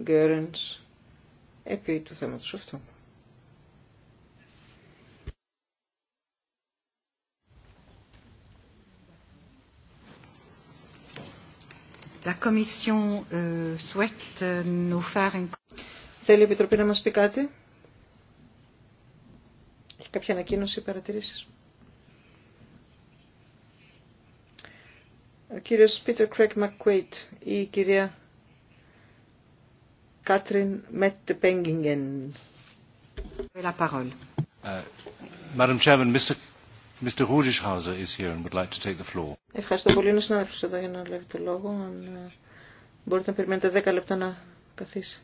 Γκέρενς επί του θέματος αυτού. La Commission euh, souhaite euh, nous faire Θέλει η Επιτροπή να μας πει κάτι. Έχει κάποια ανακοίνωση ή παρατηρήσεις. Ο κύριος Πίτερ Κρέκ Μακκουέιτ ή η κυρία Κάτριν uh, floor. Ευχαριστώ πολύ. Είναι συνάδελφος εδώ για να λάβει το λόγο. Ε, μπορείτε να περιμένετε 10 λεπτά να καθίσει.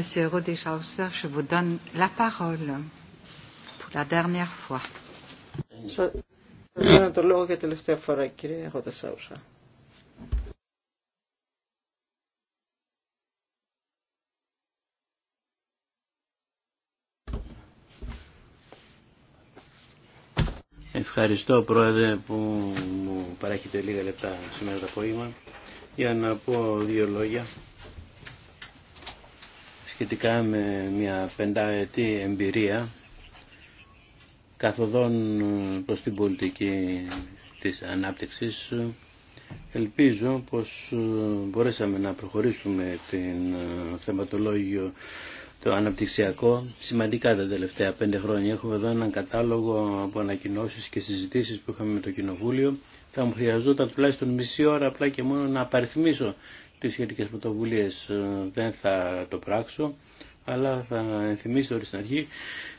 Monsieur Rodeschauser, je vous donne la parole pour la dernière fois. Ευχαριστώ Πρόεδρε που μου παρέχετε λίγα λεπτά σήμερα το απόγευμα για να πω δύο λόγια σχετικά με μια πενταετή εμπειρία καθοδόν προς την πολιτική της ανάπτυξης. Ελπίζω πως ε, μπορέσαμε να προχωρήσουμε την ε, θεματολόγιο το αναπτυξιακό σημαντικά τα τελευταία πέντε χρόνια. Έχουμε εδώ έναν κατάλογο από ανακοινώσεις και συζητήσεις που είχαμε με το Κοινοβούλιο. Θα μου χρειαζόταν τουλάχιστον μισή ώρα απλά και μόνο να απαριθμίσω τις σχετικές πρωτοβουλίε ε, δεν θα το πράξω, αλλά θα ενθυμίσω ότι στην αρχή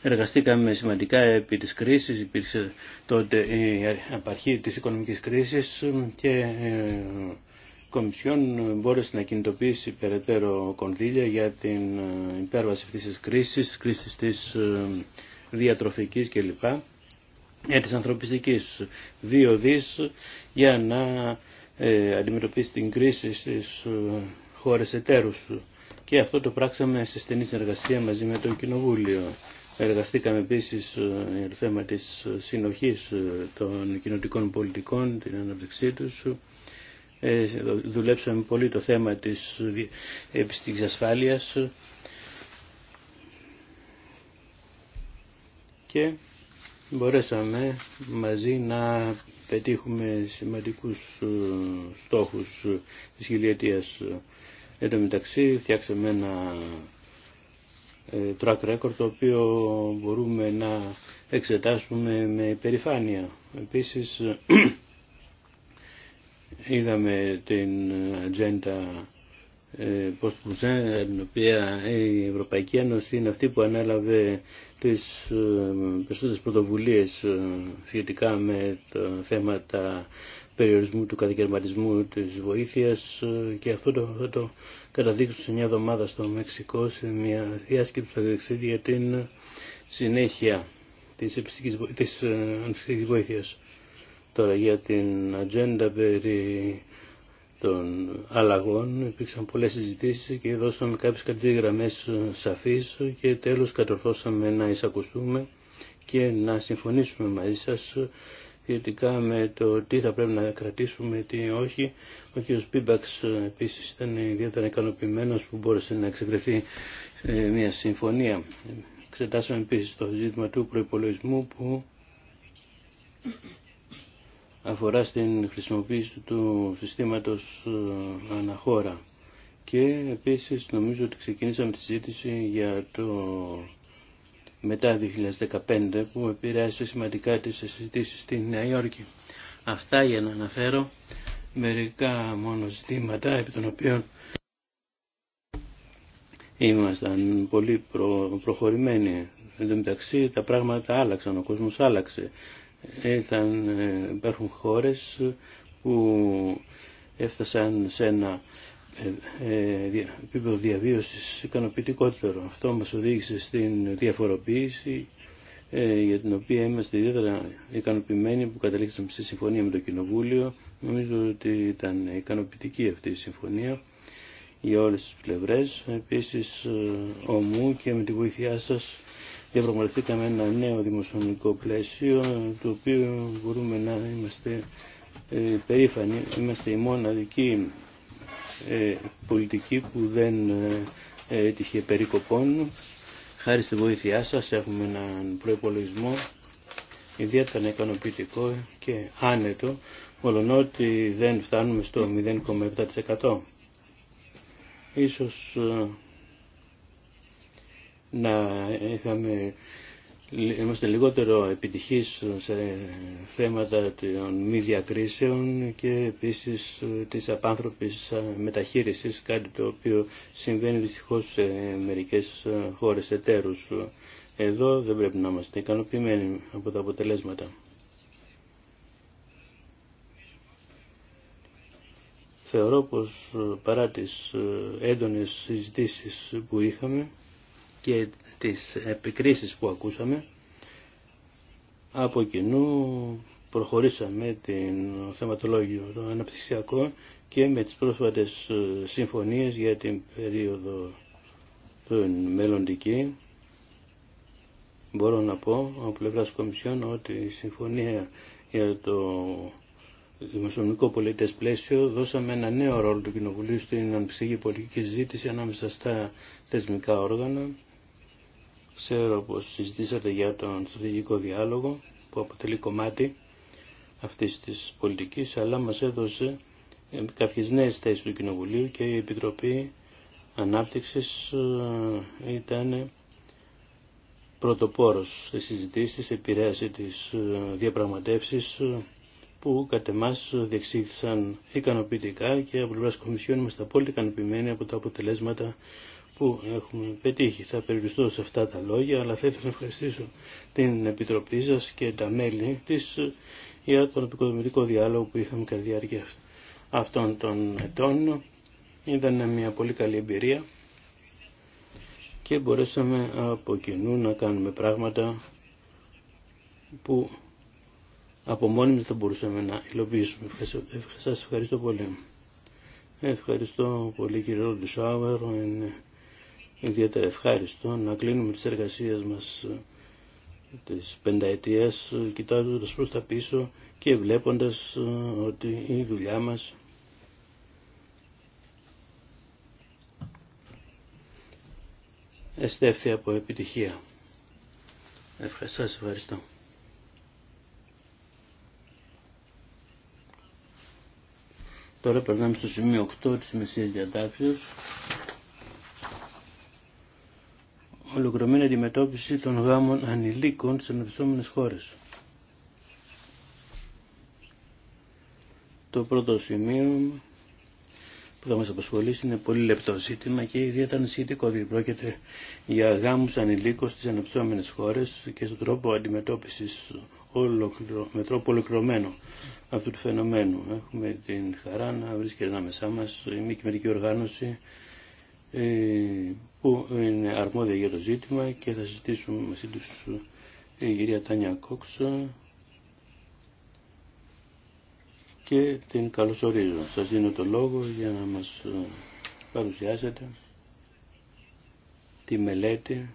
εργαστήκαμε σημαντικά επί της κρίσης, υπήρξε τότε η απαρχή της οικονομικής κρίσης και ε, η Κομισιόν μπόρεσε να κινητοποιήσει περαιτέρω κονδύλια για την ε, υπέρβαση αυτής της κρίσης, κρίσης της διατροφικής κλπ. Για της ανθρωπιστικής δύο για να ε, αντιμετωπίσει την κρίση στις ε, χώρες εταίρους και αυτό το πράξαμε σε στενή συνεργασία μαζί με το Κοινοβούλιο. Εργαστήκαμε επίσης ε, για το θέμα της συνοχής των κοινωτικών πολιτικών, την αναπτυξή τους. δουλέψαμε πολύ το θέμα της επιστήμης ασφάλειας και μπορέσαμε μαζί να πετύχουμε σημαντικούς ε, στόχους της χιλιετίας. Εν τω μεταξύ φτιάξαμε ένα ε, track record το οποίο μπορούμε να εξετάσουμε με υπερηφάνεια. Επίσης είδαμε την ατζέντα ε, Πώς οποία η Ευρωπαϊκή Ένωση είναι αυτή που ανέλαβε τις ε, περισσότερες πρωτοβουλίες ε, σχετικά με το θέματα περιορισμού του κατακαιρματισμού της βοήθειας και αυτό το, θα το σε μια εβδομάδα στο Μεξικό σε μια διάσκεψη για την συνέχεια της της, της βοήθειας. Τώρα για την ατζέντα περί των αλλαγών υπήρξαν πολλές συζητήσεις και δώσαμε κάποιες γραμμέ σαφείς και τέλος κατορθώσαμε να εισακουστούμε και να συμφωνήσουμε μαζί σας σχετικά με το τι θα πρέπει να κρατήσουμε, τι όχι. Ο κ. Πίμπαξ επίσης ήταν ιδιαίτερα ικανοποιημένο που μπόρεσε να εξευρεθεί ε, μια συμφωνία. Εξετάσαμε επίσης το ζήτημα του προπολογισμού που αφορά στην χρησιμοποίηση του συστήματος ε, αναχώρα. Και επίσης νομίζω ότι ξεκινήσαμε τη συζήτηση για το μετά 2015 που επηρέασε σημαντικά τις συζητήσεις στη Νέα Υόρκη. Αυτά για να αναφέρω μερικά μόνο ζητήματα επί των οποίων ήμασταν πολύ προχωρημένοι. Εν τω μεταξύ τα πράγματα άλλαξαν, ο κόσμος άλλαξε ήταν, ε, υπάρχουν χώρες που έφτασαν σε ένα ε, ε, επίπεδο διαβίωσης ικανοποιητικότερο. Αυτό μας οδήγησε στην διαφοροποίηση για την οποία είμαστε ιδιαίτερα ικανοποιημένοι που καταλήξαμε στη συμφωνία με το Κοινοβούλιο. Νομίζω ότι ήταν ικανοποιητική αυτή η συμφωνία για όλες τις πλευρές. Επίσης, ομού και με τη βοήθειά σας διαπραγματευτήκαμε ένα νέο δημοσιονομικό πλαίσιο το οποίο μπορούμε να είμαστε ε, περήφανοι. Είμαστε η μοναδική ε, πολιτική που δεν ε, έτυχε περικοπών. Χάρη στη βοήθειά σας έχουμε έναν προϋπολογισμό ιδιαίτερα ικανοποιητικό και άνετο, ότι δεν φτάνουμε στο 0,7%. Ίσως να είχαμε είμαστε λιγότερο επιτυχείς σε θέματα των μη διακρίσεων και επίσης ε, της απάνθρωπης ε, μεταχείρισης, κάτι το οποίο συμβαίνει δυστυχώς σε μερικές ε, χώρες εταίρους. Εδώ δεν πρέπει να είμαστε ικανοποιημένοι από τα αποτελέσματα. Θεωρώ πως παρά τις έντονες συζητήσεις που είχαμε, και τις επικρίσεις που ακούσαμε από κοινού προχωρήσαμε την θεματολόγιο το αναπτυξιακό και με τις πρόσφατες ε, συμφωνίες για την περίοδο των μελλοντική μπορώ να πω από πλευράς Κομισιόν ότι η συμφωνία για το δημοσιονομικό πολιτές πλαίσιο δώσαμε ένα νέο ρόλο του Κοινοβουλίου στην αναπτυξιακή πολιτική ζήτηση ανάμεσα στα θεσμικά όργανα Ξέρω πως συζητήσατε για τον στρατηγικό διάλογο που αποτελεί κομμάτι αυτής της πολιτικής, αλλά μας έδωσε ε, κάποιες νέες θέσεις του Κοινοβουλίου και η Επιτροπή Ανάπτυξης ε, ήταν πρωτοπόρος σε συζητήσεις, επηρέασε τις ε, διαπραγματεύσεις που κατ' εμάς διεξήχθησαν ικανοποιητικά και από πλευράς Κομισιόν είμαστε απόλυτα ικανοποιημένοι από τα αποτελέσματα που έχουμε πετύχει. Θα περιοριστώ σε αυτά τα λόγια, αλλά θα ήθελα να ευχαριστήσω την Επιτροπή σα και τα μέλη τη για τον επικοδομητικό διάλογο που είχαμε κατά τη διάρκεια αυτών των ετών. Ήταν μια πολύ καλή εμπειρία και μπορέσαμε από κοινού να κάνουμε πράγματα που από μόνοι μας θα μπορούσαμε να υλοποιήσουμε. Σας ευχαριστώ πολύ. Ευχαριστώ πολύ κύριε Ρόντισάουερ ιδιαίτερα ευχάριστο να κλείνουμε τις εργασίες μας τις πενταετίας κοιτάζοντας προς τα πίσω και βλέποντας ε, ότι η δουλειά μας εστέφθη από επιτυχία. Ευχαριστώ, σας ευχαριστώ. Τώρα περνάμε στο σημείο 8 της Μεσσίας Διατάξεως ολοκληρωμένη αντιμετώπιση των γάμων ανηλίκων σε αναπτυσσόμενες χώρες. Το πρώτο σημείο που θα μας απασχολήσει είναι πολύ λεπτό ζήτημα και ιδιαίτερα ανησυχητικό διότι πρόκειται για γάμους ανηλίκων στις αναπτυσσόμενες χώρες και στον τρόπο αντιμετώπισης ολοκληρω... με τρόπο ολοκληρωμένο αυτού του φαινομένου. Έχουμε την χαρά να βρίσκεται ανάμεσά μας η μη κυβερνική οργάνωση που είναι αρμόδια για το ζήτημα και θα συζητήσουμε μαζί τους ε, η κυρία Τάνια Κόξ και την καλωσορίζω. Σας δίνω το λόγο για να μας ε, παρουσιάσετε τη μελέτη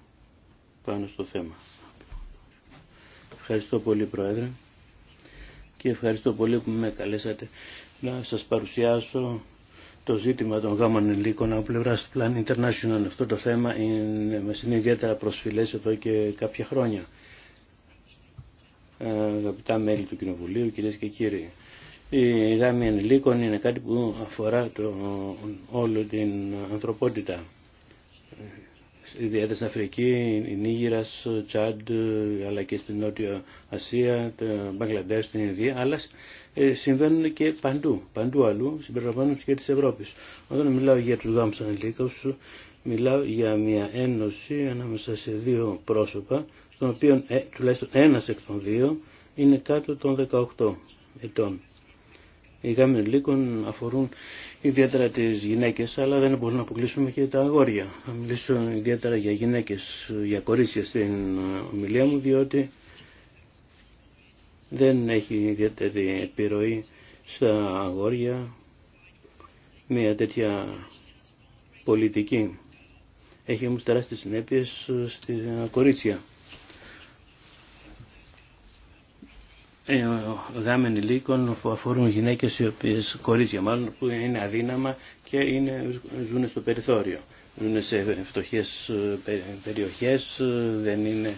πάνω στο θέμα. Ευχαριστώ πολύ Πρόεδρε και ευχαριστώ πολύ που με καλέσατε να σας παρουσιάσω το ζήτημα των γάμων ελίκων από πλευρά του Plan International. Αυτό το θέμα είναι, μας είναι ιδιαίτερα προσφυλές εδώ και κάποια χρόνια. Ε, αγαπητά μέλη του Κοινοβουλίου, κυρίε και κύριοι, η γάμη ενηλίκων είναι κάτι που αφορά το, όλη την ανθρωπότητα ιδιαίτερα στην Αφρική, η Νίγηρας, Τσάντ, αλλά και στην Νότια Ασία, το Μπαγκλαντέ, στην Ινδία, αλλά ε, συμβαίνουν και παντού, παντού αλλού, συμπεριλαμβάνοντας και της Ευρώπης. Όταν μιλάω για τους γάμου ανελίκους, μιλάω για μια ένωση ανάμεσα σε δύο πρόσωπα, των οποίο ε, τουλάχιστον ένας εκ των δύο είναι κάτω των 18 ετών. Οι γάμοι ανηλίκων αφορούν ιδιαίτερα τις γυναίκες, αλλά δεν μπορούμε να αποκλείσουμε και τα αγόρια. Θα μιλήσω ιδιαίτερα για γυναίκες, για κορίτσια στην ομιλία μου, διότι δεν έχει ιδιαίτερη επιρροή στα αγόρια μια τέτοια πολιτική. Έχει όμως τεράστιες συνέπειες στα κορίτσια. Ε, γάμεν ηλίκων που αφορούν γυναίκες οι οποίες, κορίτσια μάλλον, που είναι αδύναμα και είναι, ζουν στο περιθώριο. Ζουν σε φτωχές ε, περιοχές, ε, δεν είναι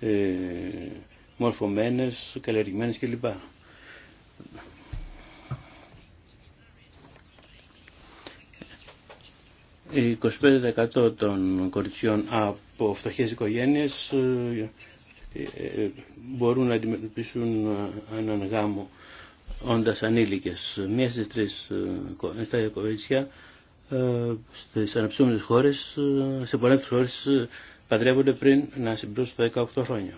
ε, μορφωμένες, καλλιεργημένες κλπ. Οι 25% των κοριτσιών από φτωχές οικογένειες ε, ε, μπορούν να αντιμετωπίσουν ε, έναν γάμο όντας ανήλικες. Μία στις τρεις στα κορίτσια στις αναψούμενες χώρες, σε πολλές χώρες παντρεύονται πριν να συμπλούσουν τα 18 χρόνια.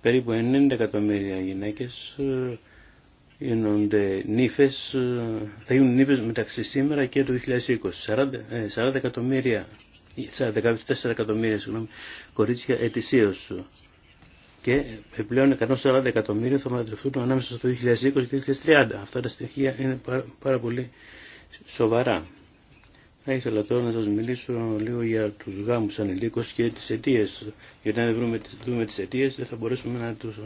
Περίπου 90 εκατομμύρια γυναίκες γίνονται νύφες, ε, θα γίνουν νύφες μεταξύ σήμερα και το 2020. 40, 40 εκατομμύρια, εκατομμύρια συγγνώμη, κορίτσια ετησίως. Και επιπλέον 140 εκατομμύρια θα μαντρευτούν ανάμεσα στο 2020 και το 2030. Αυτά τα στοιχεία είναι πάρα, πολύ σοβαρά. Θα ήθελα τώρα να σας μιλήσω λίγο για τους γάμους ανηλίκους και τις αιτίες. Γιατί αν δεν βρούμε, δούμε τις αιτίες δεν θα μπορέσουμε να τους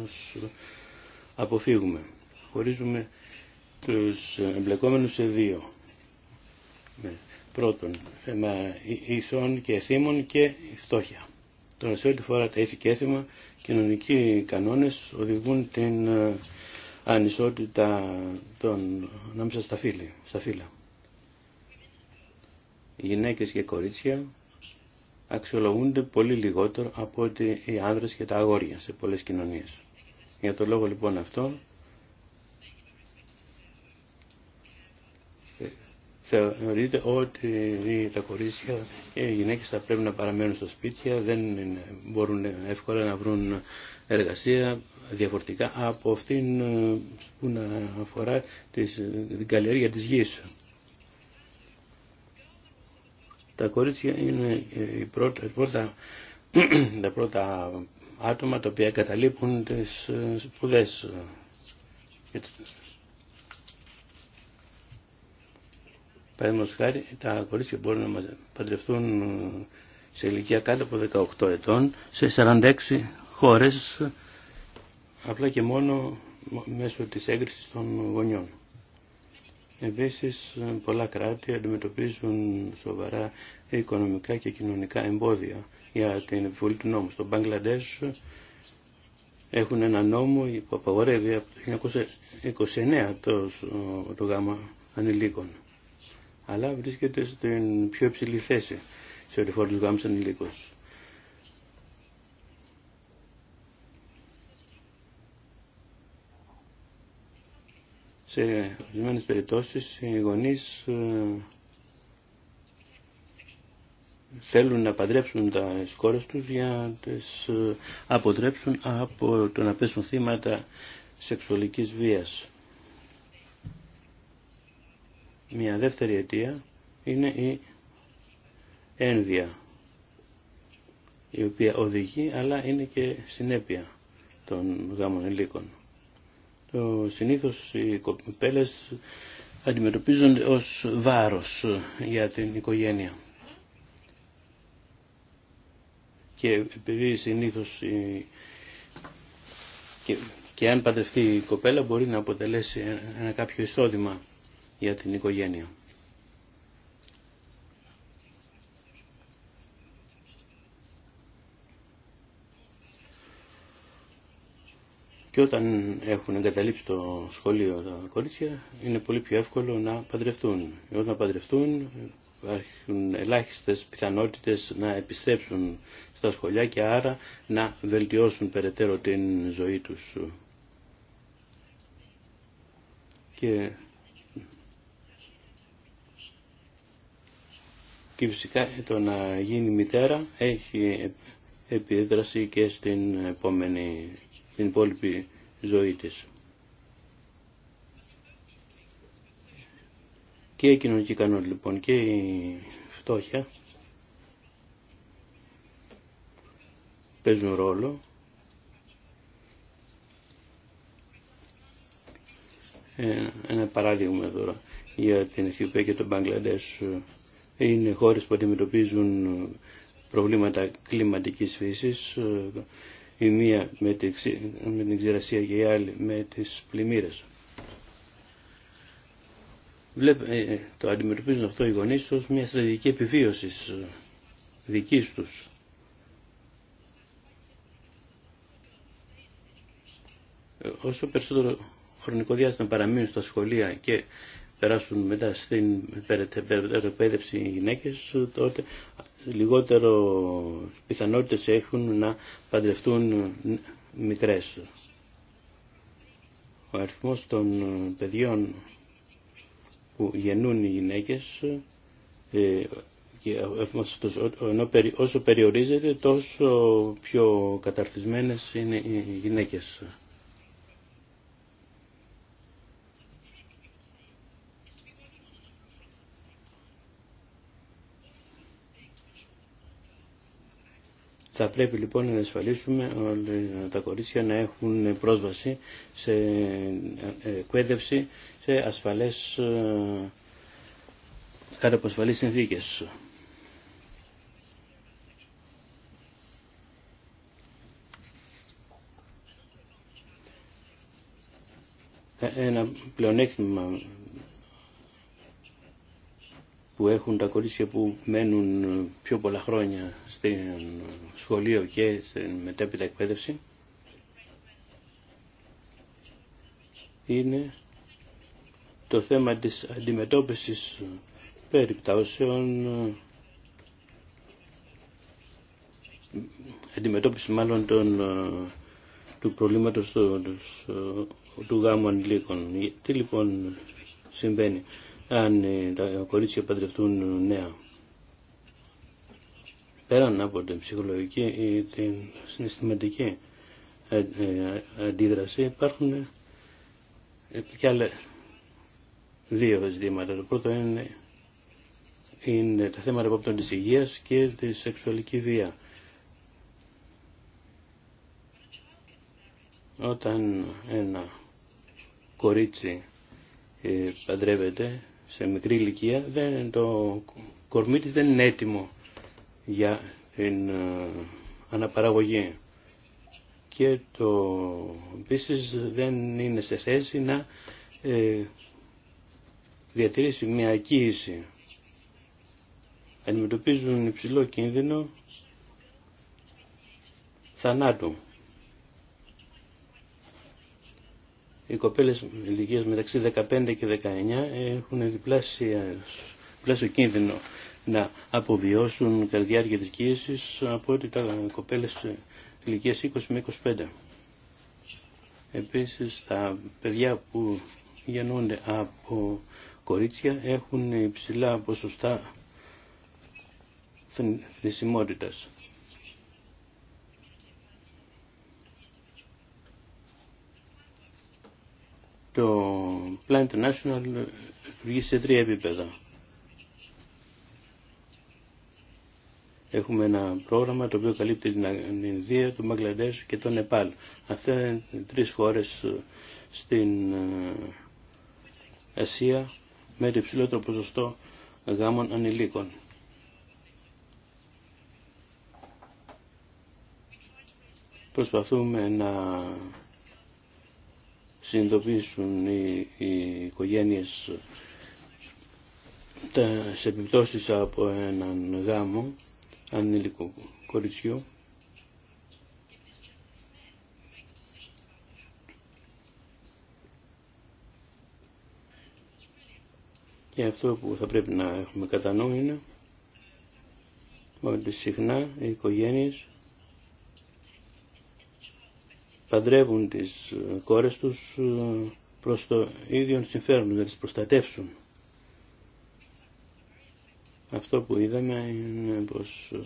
αποφύγουμε χωρίζουμε τους εμπλεκόμενους σε δύο. Πρώτον, θέμα ίσων και θύμων και φτώχεια. Τώρα σε ό,τι φορά τα ίση και έθιμα, κοινωνικοί κανόνες οδηγούν την ε, ανισότητα των, ανάμεσα στα, σαφίλα. στα φύλλα. Οι γυναίκες και κορίτσια αξιολογούνται πολύ λιγότερο από ότι οι άνδρες και τα αγόρια σε πολλές κοινωνίες. Για το λόγο λοιπόν αυτό θεωρείται ότι τα κορίτσια και οι γυναίκες θα πρέπει να παραμένουν στο σπίτια, δεν μπορούν εύκολα να βρουν εργασία διαφορετικά από αυτήν ε, που να αφορά την καλλιέργεια της γης. Τα κορίτσια είναι ε, η πρώτα, τα πρώτα άτομα τα οποία καταλείπουν τις ε, σπουδές Παραδείγματο χάρη, τα κορίτσια μπορούν να παντρευτούν σε ηλικία κάτω από 18 ετών σε 46 χώρες απλά και μόνο μέσω της έγκρισης των γονιών. Επίσης πολλά κράτη αντιμετωπίζουν σοβαρά οικονομικά και κοινωνικά εμπόδια για την επιβολή του νόμου. Στο Μπαγκλαντές έχουν ένα νόμο που απαγορεύει από το 1929 το, το γάμα ανηλίκων αλλά βρίσκεται στην πιο υψηλή θέση σε ό,τι γάμους του Σε ορισμένε περιπτώσεις οι γονείς ε, θέλουν να παντρέψουν τα σκόρες τους για να τις ε, αποτρέψουν από το να πέσουν θύματα σεξουαλικής βίας. Μια δεύτερη αιτία είναι η ένδια, η οποία οδηγεί αλλά είναι και συνέπεια των γάμων ελίκων. Το συνήθως οι κοπέλες αντιμετωπίζονται ως βάρος για την οικογένεια. Και επειδή συνήθως και, και αν παντρευτεί η κοπέλα μπορεί να αποτελέσει ένα κάποιο εισόδημα για την οικογένεια. Και όταν έχουν εγκαταλείψει το σχολείο τα κορίτσια, είναι πολύ πιο εύκολο να παντρευτούν. Όταν παντρευτούν, υπάρχουν ελάχιστες πιθανότητες να επιστρέψουν στα σχολιά και άρα να βελτιώσουν περαιτέρω την ζωή τους. Και και φυσικά το να γίνει μητέρα έχει επίδραση και στην επόμενη, την υπόλοιπη ζωή της. Και η κοινωνική κανόνη λοιπόν και η φτώχεια παίζουν ρόλο. Ένα, ε, ένα παράδειγμα τώρα για την Αιθιοπία και τον Μπαγκλαντές είναι χώρες που αντιμετωπίζουν προβλήματα κλιματικής φύσης, ε, η μία με την ξηρασία και η άλλη με τις πλημμύρες. Ε, ε, το αντιμετωπίζουν αυτό οι γονείς τους μια στρατηγική επιβίωση δικής τους. Όσο περισσότερο χρονικό διάστημα παραμείνουν στα σχολεία και περάσουν μετά στην περαιτέρω οι γυναίκες, τότε λιγότερο πιθανότητε έχουν να παντρευτούν μικρές. Ο αριθμός των παιδιών που γεννούν οι γυναίκες ε, και όσο περιορίζεται τόσο πιο καταρτισμένες είναι οι γυναίκες. Θα πρέπει λοιπόν να ασφαλίσουμε όλα τα κορίτσια να έχουν πρόσβαση σε ε, εκπαίδευση, σε ασφαλές, ε, κάτω από ασφαλείς συνθήκες. Ε, ένα πλεονέκτημα που έχουν τα κορίτσια που μένουν ε, πιο πολλά χρόνια στην ε, σχολείο και στην μετέπειτα εκπαίδευση είναι το θέμα της αντιμετώπισης περιπτώσεων ε, αντιμετώπιση μάλλον των, του προβλήματος του, του γάμου ανηλίκων. Τι λοιπόν συμβαίνει αν ε, τα κορίτσια παντρευτούν νέα. Πέραν από την ψυχολογική ή την συναισθηματική ε, ε, αντίδραση υπάρχουν και άλλα δύο ζητήματα. Το πρώτο είναι, είναι τα θέματα τον της υγείας και τη σεξουαλική βία. Όταν ένα κορίτσι παντρεύεται σε μικρή ηλικία, δεν, το κορμί της δεν είναι έτοιμο για την ε, αναπαραγωγή. Και το επίση δεν είναι σε θέση να ε, διατηρήσει μια ακίηση. Αντιμετωπίζουν υψηλό κίνδυνο θανάτου. οι κοπέλες ηλικία μεταξύ 15 και 19 έχουν διπλάσιο κίνδυνο να αποβιώσουν κατά τη διάρκεια της από ότι τα κοπέλες ηλικία 20 με 25. Επίσης τα παιδιά που γεννούνται από κορίτσια έχουν υψηλά ποσοστά θρησιμότητας. Το Plan International βγει σε τρία επίπεδα. Έχουμε ένα πρόγραμμα το οποίο καλύπτει την Ινδία, το Μαγκλαντές και το Νεπάλ. Αυτά είναι τρεις χώρες ε, στην ε, Ασία με το υψηλότερο ποσοστό γάμων ανηλίκων. Προσπαθούμε να συνειδητοποιήσουν οι, οι οικογένειες τα επιπτώσεις από έναν γάμο ανήλικου κοριτσιού και αυτό που θα πρέπει να έχουμε κατά νου είναι ότι συχνά οι οικογένειες παντρεύουν τις ε, κόρες τους ε, προς το ίδιο συμφέρον, να δηλαδή τις προστατεύσουν. Αυτό που είδαμε είναι πως ε,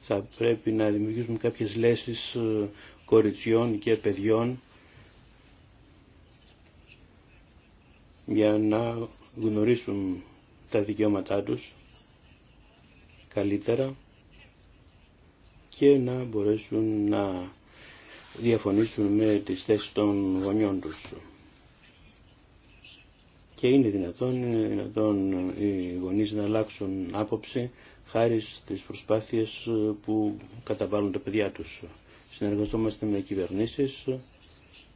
θα πρέπει να δημιουργήσουν κάποιες λέσεις κοριτσιών και παιδιών για να γνωρίσουν τα δικαιώματά τους καλύτερα και να μπορέσουν να διαφωνήσουν με τις θέσεις των γονιών τους. Και είναι δυνατόν, είναι δυνατόν οι γονείς να αλλάξουν άποψη χάρη στις προσπάθειες που καταβάλουν τα παιδιά τους. Συνεργαζόμαστε με κυβερνήσεις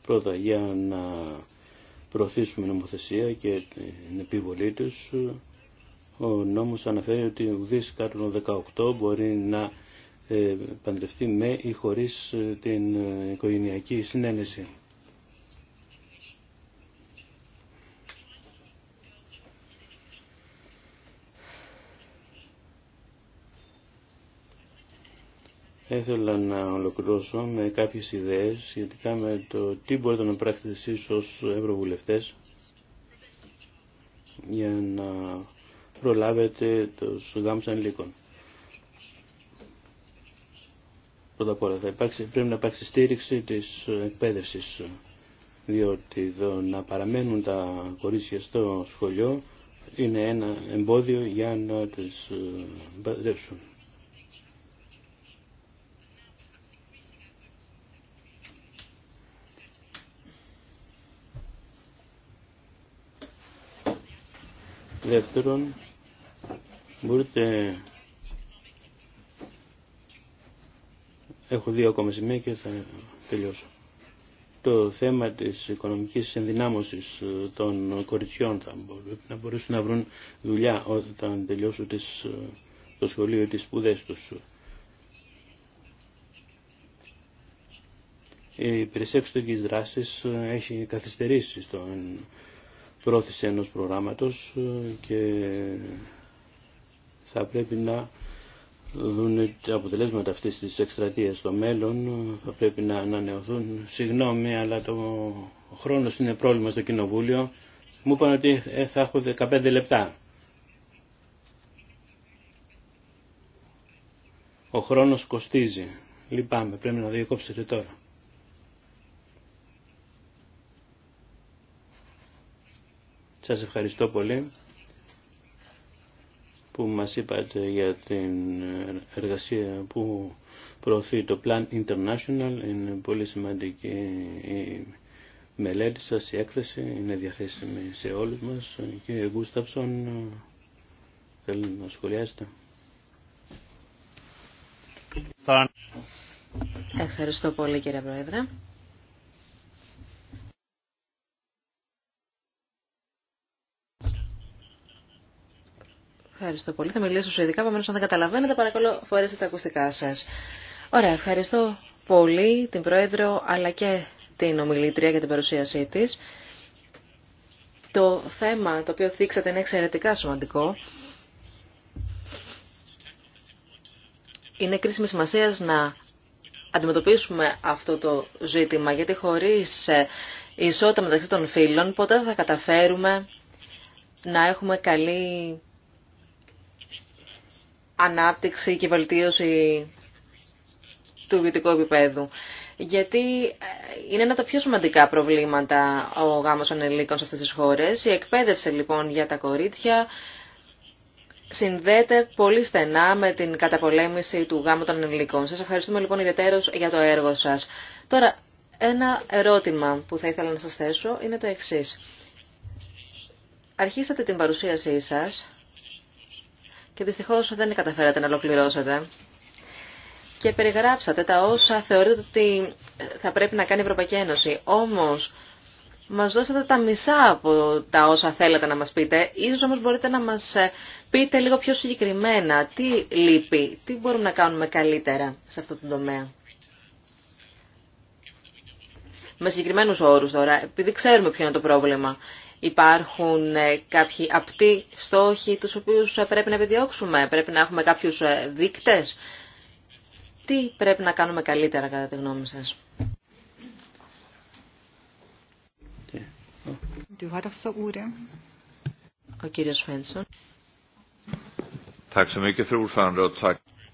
πρώτα για να προωθήσουμε νομοθεσία και την επιβολή τους. Ο νόμος αναφέρει ότι ουδής κάτω των 18 μπορεί να ε, παντρευτεί με ή χωρίς ε, την ε, οικογενειακή συνένεση. Έθελα να ολοκληρώσω με κάποιες ιδέες σχετικά με το τι μπορείτε να πράξετε εσείς ως Ευρωβουλευτές για να προλάβετε τους γάμους ανηλίκων. Πρώτα απ' όλα θα υπάρξει, πρέπει να υπάρξει στήριξη της εκπαίδευσης διότι εδώ να παραμένουν τα κορίτσια στο σχολείο είναι ένα εμπόδιο για να τις ε, μπαδεύσουν. Δεύτερον, μπορείτε Έχω δύο ακόμα σημεία και θα τελειώσω. Το θέμα της οικονομικής ενδυνάμωσης ε, των κοριτσιών θα μπορούν, να μπορούν να βρουν δουλειά όταν τελειώσουν τις, ε, το σχολείο ή τις σπουδέ τους. Η υπηρεσία εξωτερικής δράσης ε, έχει καθυστερήσει στον πρόθεση ενός προγράμματος και θα πρέπει να δουν τα αποτελέσματα αυτής της εκστρατεία στο μέλλον θα πρέπει να ανανεωθούν. Συγγνώμη, αλλά το χρόνος είναι πρόβλημα στο Κοινοβούλιο. Μου είπαν ότι ε, θα έχω 15 λεπτά. Ο χρόνος κοστίζει. Λυπάμαι, πρέπει να διακόψετε τώρα. Σας ευχαριστώ πολύ που μας είπατε για την εργασία που προωθεί το Plan International. Είναι πολύ σημαντική η μελέτη σας, η έκθεση. Είναι διαθέσιμη σε όλους μας. Κύριε Γκούσταψον, θέλετε να σχολιάσετε. Ευχαριστώ πολύ κύριε Πρόεδρε. Ευχαριστώ πολύ. Θα μιλήσω σου ειδικά, αν δεν καταλαβαίνετε παρακαλώ φορέστε τα ακουστικά σας. Ωραία, ευχαριστώ πολύ την Πρόεδρο αλλά και την ομιλήτρια για την παρουσίασή της. Το θέμα το οποίο θίξατε είναι εξαιρετικά σημαντικό. Είναι κρίσιμη σημασία να αντιμετωπίσουμε αυτό το ζήτημα, γιατί χωρίς ε, ισότητα μεταξύ των φίλων ποτέ θα καταφέρουμε να έχουμε καλή ανάπτυξη και βελτίωση του βιωτικού επίπεδου. Γιατί ε, είναι ένα από τα πιο σημαντικά προβλήματα ο γάμος ανελίκων σε αυτές τις χώρες. Η εκπαίδευση λοιπόν για τα κορίτσια συνδέεται πολύ στενά με την καταπολέμηση του γάμου των ανελίκων. Σας ευχαριστούμε λοιπόν ιδιαίτερως για το έργο σας. Τώρα, ένα ερώτημα που θα ήθελα να σας θέσω είναι το εξής. Αρχίσατε την παρουσίασή σας και δυστυχώς δεν καταφέρατε να ολοκληρώσετε. Και περιγράψατε τα όσα θεωρείτε ότι θα πρέπει να κάνει η Ευρωπαϊκή Ένωση. Όμως, μας δώσατε τα μισά από τα όσα θέλατε να μας πείτε. Ίσως όμως μπορείτε να μας ε, πείτε λίγο πιο συγκεκριμένα τι λείπει, τι μπορούμε να κάνουμε καλύτερα σε αυτό το τομέα. Με συγκεκριμένους όρους τώρα, επειδή ξέρουμε ποιο είναι το πρόβλημα υπάρχουν ε, κάποιοι απτοί στόχοι τους οποίους ε, πρέπει να επιδιώξουμε. Πρέπει να έχουμε κάποιους ε, δείκτες. Τι πρέπει να κάνουμε καλύτερα κατά τη γνώμη σας. Ο κύριος Φένσον.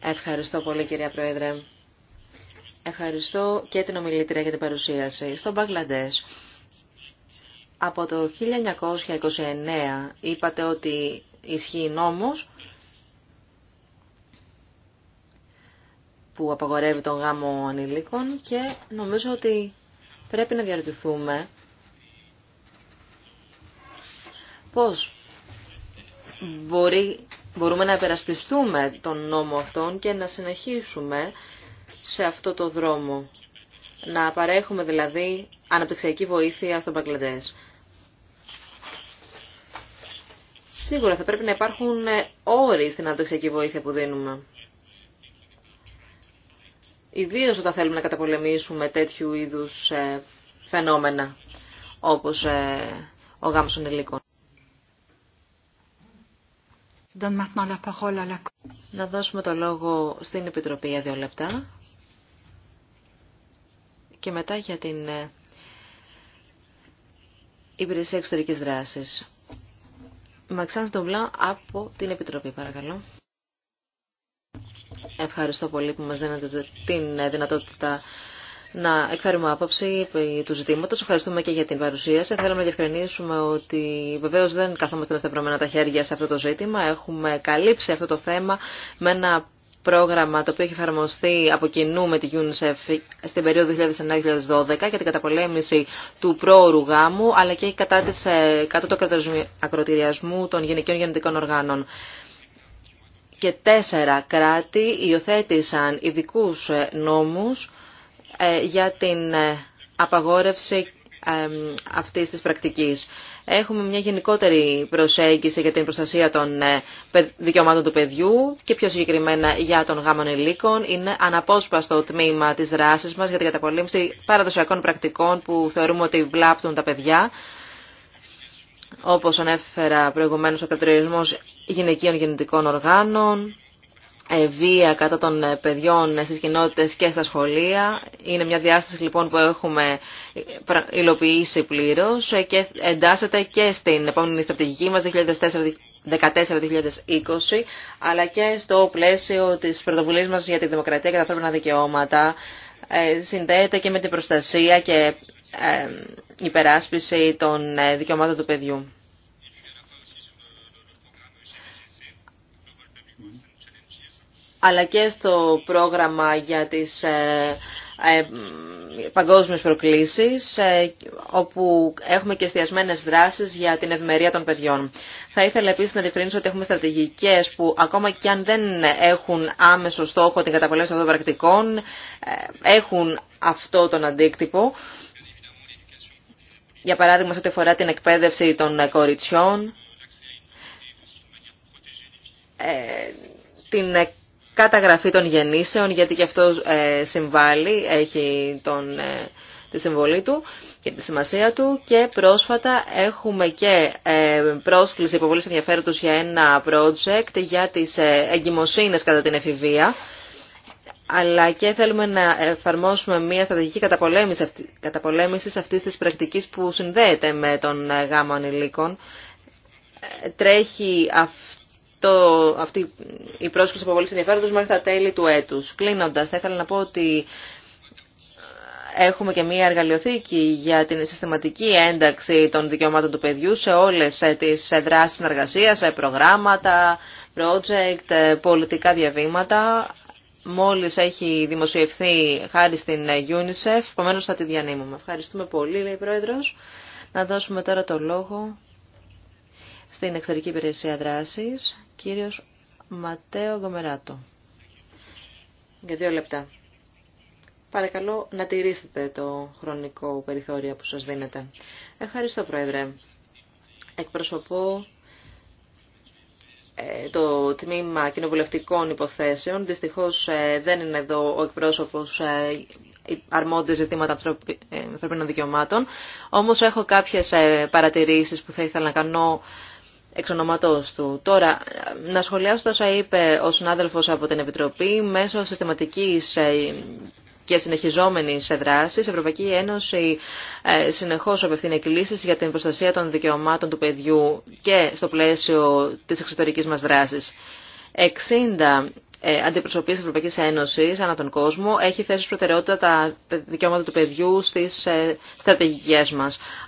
Ευχαριστώ πολύ κυρία Πρόεδρε. Ευχαριστώ και την ομιλητήρια για την παρουσίαση. Στον Μπαγκλαντές από το 1929 είπατε ότι ισχύει νόμος που απαγορεύει τον γάμο ανηλίκων και νομίζω ότι πρέπει να διαρωτηθούμε πώς μπορεί, μπορούμε να επερασπιστούμε τον νόμο αυτόν και να συνεχίσουμε σε αυτό το δρόμο. Να παρέχουμε δηλαδή αναπτυξιακή βοήθεια στον Παγκλαντές. Σίγουρα θα πρέπει να υπάρχουν ε, όροι στην αντοξιακή βοήθεια που δίνουμε. Ιδίως όταν θέλουμε να καταπολεμήσουμε τέτοιου είδους ε, φαινόμενα, όπως ε, ο γάμος των υλικών. Να δώσουμε το λόγο στην Επιτροπή για δύο λεπτά και μετά για την Υπηρεσία Εξωτερικής Δράσης. Μαξάν Στοβλά από την Επιτροπή, παρακαλώ. Ευχαριστώ πολύ που μας δίνετε την δυνατότητα να εκφέρουμε άποψη του ζητήματο. Ευχαριστούμε και για την παρουσία παρουσίαση. Θέλουμε να διευκρινίσουμε ότι βεβαίω δεν καθόμαστε με σταυρωμένα τα χέρια σε αυτό το ζήτημα. Έχουμε καλύψει αυτό το θέμα με ένα πρόγραμμα το οποίο έχει εφαρμοστεί από κοινού με τη UNICEF στην περίοδο 2009-2012 για την καταπολέμηση του πρόωρου γάμου αλλά και κατά, της, ε, κατά το ακροτηριασμού των γυναικείων γενετικών οργάνων. Και τέσσερα κράτη υιοθέτησαν ειδικού ε, νόμους ε, για την απαγόρευση αυτής της πρακτικής. Έχουμε μια γενικότερη προσέγγιση για την προστασία των ε, δικαιωμάτων του παιδιού και πιο συγκεκριμένα για τον γάμων υλίκων. Είναι αναπόσπαστο τμήμα της δράσης μας για την καταπολέμηση παραδοσιακών πρακτικών που θεωρούμε ότι βλάπτουν τα παιδιά. Όπως ανέφερα προηγουμένως ο κατηριασμός γυναικείων γεννητικών οργάνων, ε, βία κατά των ε, παιδιών στις κοινότητες και στα σχολεία. Είναι μια διάσταση λοιπόν που έχουμε ε, υλοποιήσει πλήρως και εντάσσεται και στην επόμενη στρατηγική μας 2014-2020 αλλά και στο πλαίσιο της πρωτοβουλίας μας για τη δημοκρατία και τα ανθρώπινα δικαιώματα συνδέεται και με την προστασία και υπεράσπιση των δικαιωμάτων του παιδιού. αλλά και στο πρόγραμμα για τις ε, ε, παγκόσμιες προκλήσεις, ε, όπου έχουμε και εστιασμένες δράσεις για την ευμερία των παιδιών. Θα ήθελα επίσης να διευκρινίσω ότι έχουμε στρατηγικές που ακόμα και αν δεν έχουν άμεσο στόχο την καταπολέμηση των πρακτικών, έχουν αυτό τον αντίκτυπο. Για παράδειγμα, σε ό,τι αφορά την εκπαίδευση των κοριτσιών, την καταγραφή των γεννήσεων, γιατί και αυτό ε, συμβάλλει, έχει τον, ε, τη συμβολή του και τη σημασία του και πρόσφατα έχουμε και ε, πρόσκληση υποβολή ενδιαφέροντος για ένα project για τις εγκυμοσύνες κατά την εφηβεία αλλά και θέλουμε να εφαρμόσουμε μια στρατηγική καταπολέμηση, καταπολέμησης αυτής της πρακτικής που συνδέεται με τον γάμο ανηλίκων. Τρέχει το, αυτή η πρόσκληση πολύ ενδιαφέροντο μέχρι τα τέλη του έτους. Κλείνοντας, θα ήθελα να πω ότι ε, έχουμε και μία εργαλειοθήκη για την συστηματική ένταξη των δικαιωμάτων του παιδιού σε όλες ε, τις ε, δράσεις σε προγράμματα, project, πολιτικά διαβήματα. Μόλις έχει δημοσιευθεί χάρη στην UNICEF, επομένως θα τη διανύμουμε. Ευχαριστούμε πολύ, λέει η Πρόεδρος. Να δώσουμε τώρα το λόγο στην Εξωτερική Υπηρεσία Δράσης, κύριος Ματέο Γκομεράτο. Για δύο λεπτά. Παρακαλώ να τηρήσετε το χρονικό περιθώριο που σας δίνετε. Ευχαριστώ, Πρόεδρε. Εκπροσωπώ ε, το Τμήμα Κοινοβουλευτικών Υποθέσεων. Δυστυχώς ε, δεν είναι εδώ ο εκπρόσωπος ε, αρμόδιες ζητήματα ανθρωπίνων δικαιωμάτων. Όμως έχω κάποιες παρατηρήσεις που θα ήθελα να κάνω εξ ονοματός του. Τώρα, να σχολιάσω όσα είπε ο συνάδελφος από την Επιτροπή, μέσω συστηματικής ε, και συνεχιζόμενη δράση, η Ευρωπαϊκή Ένωση ε, συνεχώ απευθύνει εκκλήσει για την προστασία των δικαιωμάτων του παιδιού και στο πλαίσιο τη εξωτερική μα δράση. 60 ε, αντιπροσωπή της Ευρωπαϊκής Ένωσης ανά τον κόσμο έχει θέσει προτεραιότητα τα δικαιώματα του παιδιού στι ε, στρατηγικέ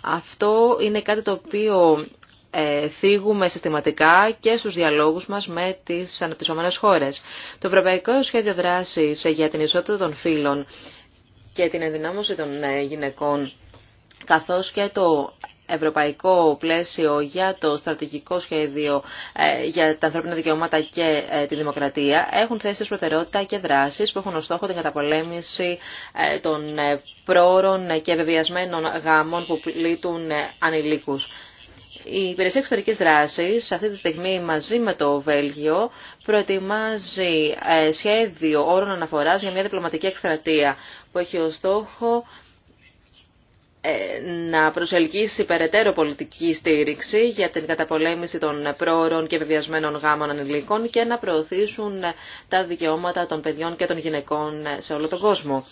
Αυτό είναι κάτι το οποίο ε, θίγουμε συστηματικά και στους διαλόγους μας με τις αναπτυσσόμενες χώρες. Το Ευρωπαϊκό Σχέδιο Δράσης για την Ισότητα των Φύλων και την ενδυνάμωση των ε, γυναικών καθώς και το ευρωπαϊκό πλαίσιο για το στρατηγικό σχέδιο ε, για τα ανθρώπινα δικαιώματα και τη δημοκρατία έχουν θέσει προτεραιότητα και δράσεις που έχουν ως στόχο την καταπολέμηση των πρόωρων και βεβαιασμένων γάμων που πλήττουν ανηλίκους. Η Υπηρεσία Εξωτερικής Δράσης αυτή τη στιγμή μαζί με το Βέλγιο προετοιμάζει ε, σχέδιο όρων αναφοράς για μια διπλωματική εκστρατεία που έχει ως στόχο ε, να προσελκύσει περαιτέρω πολιτική στήριξη για την καταπολέμηση των πρόωρων και βεβαιασμένων γάμων ανηλίκων και να προωθήσουν τα δικαιώματα των παιδιών και των γυναικών σε όλο τον κόσμο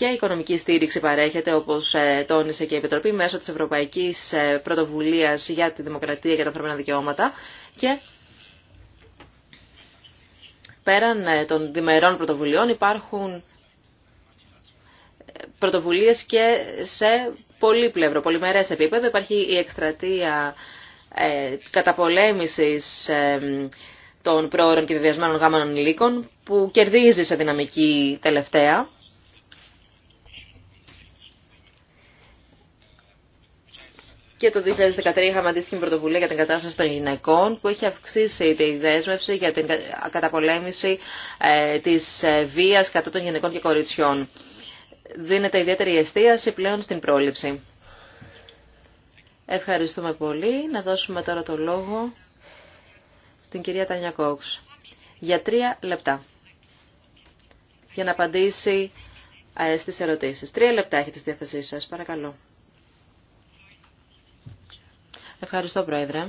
και οικονομική στήριξη παρέχεται, όπως ε, τόνισε και η Επιτροπή, μέσω της Ευρωπαϊκής ε, Πρωτοβουλίας για τη Δημοκρατία και τα Ανθρώπινα Δικαιώματα και πέραν ε, των διμερών πρωτοβουλειών υπάρχουν πρωτοβουλίες και σε πολύπλευρο, πολυμερές επίπεδο. Υπάρχει η εκστρατεία ε, καταπολέμησης των πρόωρων και βιβιασμένων γάμων ανηλίκων που κερδίζει σε δυναμική τελευταία Και το 2013 είχαμε αντίστοιχη πρωτοβουλία για την κατάσταση των γυναικών που έχει αυξήσει τη δέσμευση για την καταπολέμηση ε, της ε, βίας κατά των γυναικών και κοριτσιών. Δίνεται ιδιαίτερη εστίαση πλέον στην πρόληψη. Ευχαριστούμε πολύ. Να δώσουμε τώρα το λόγο στην κυρία Τανιά Κόξ για τρία λεπτά για να απαντήσει ε, στις ερωτήσεις. Τρία λεπτά έχετε στη διάθεσή σας. Παρακαλώ. Ευχαριστώ, Πρόεδρε.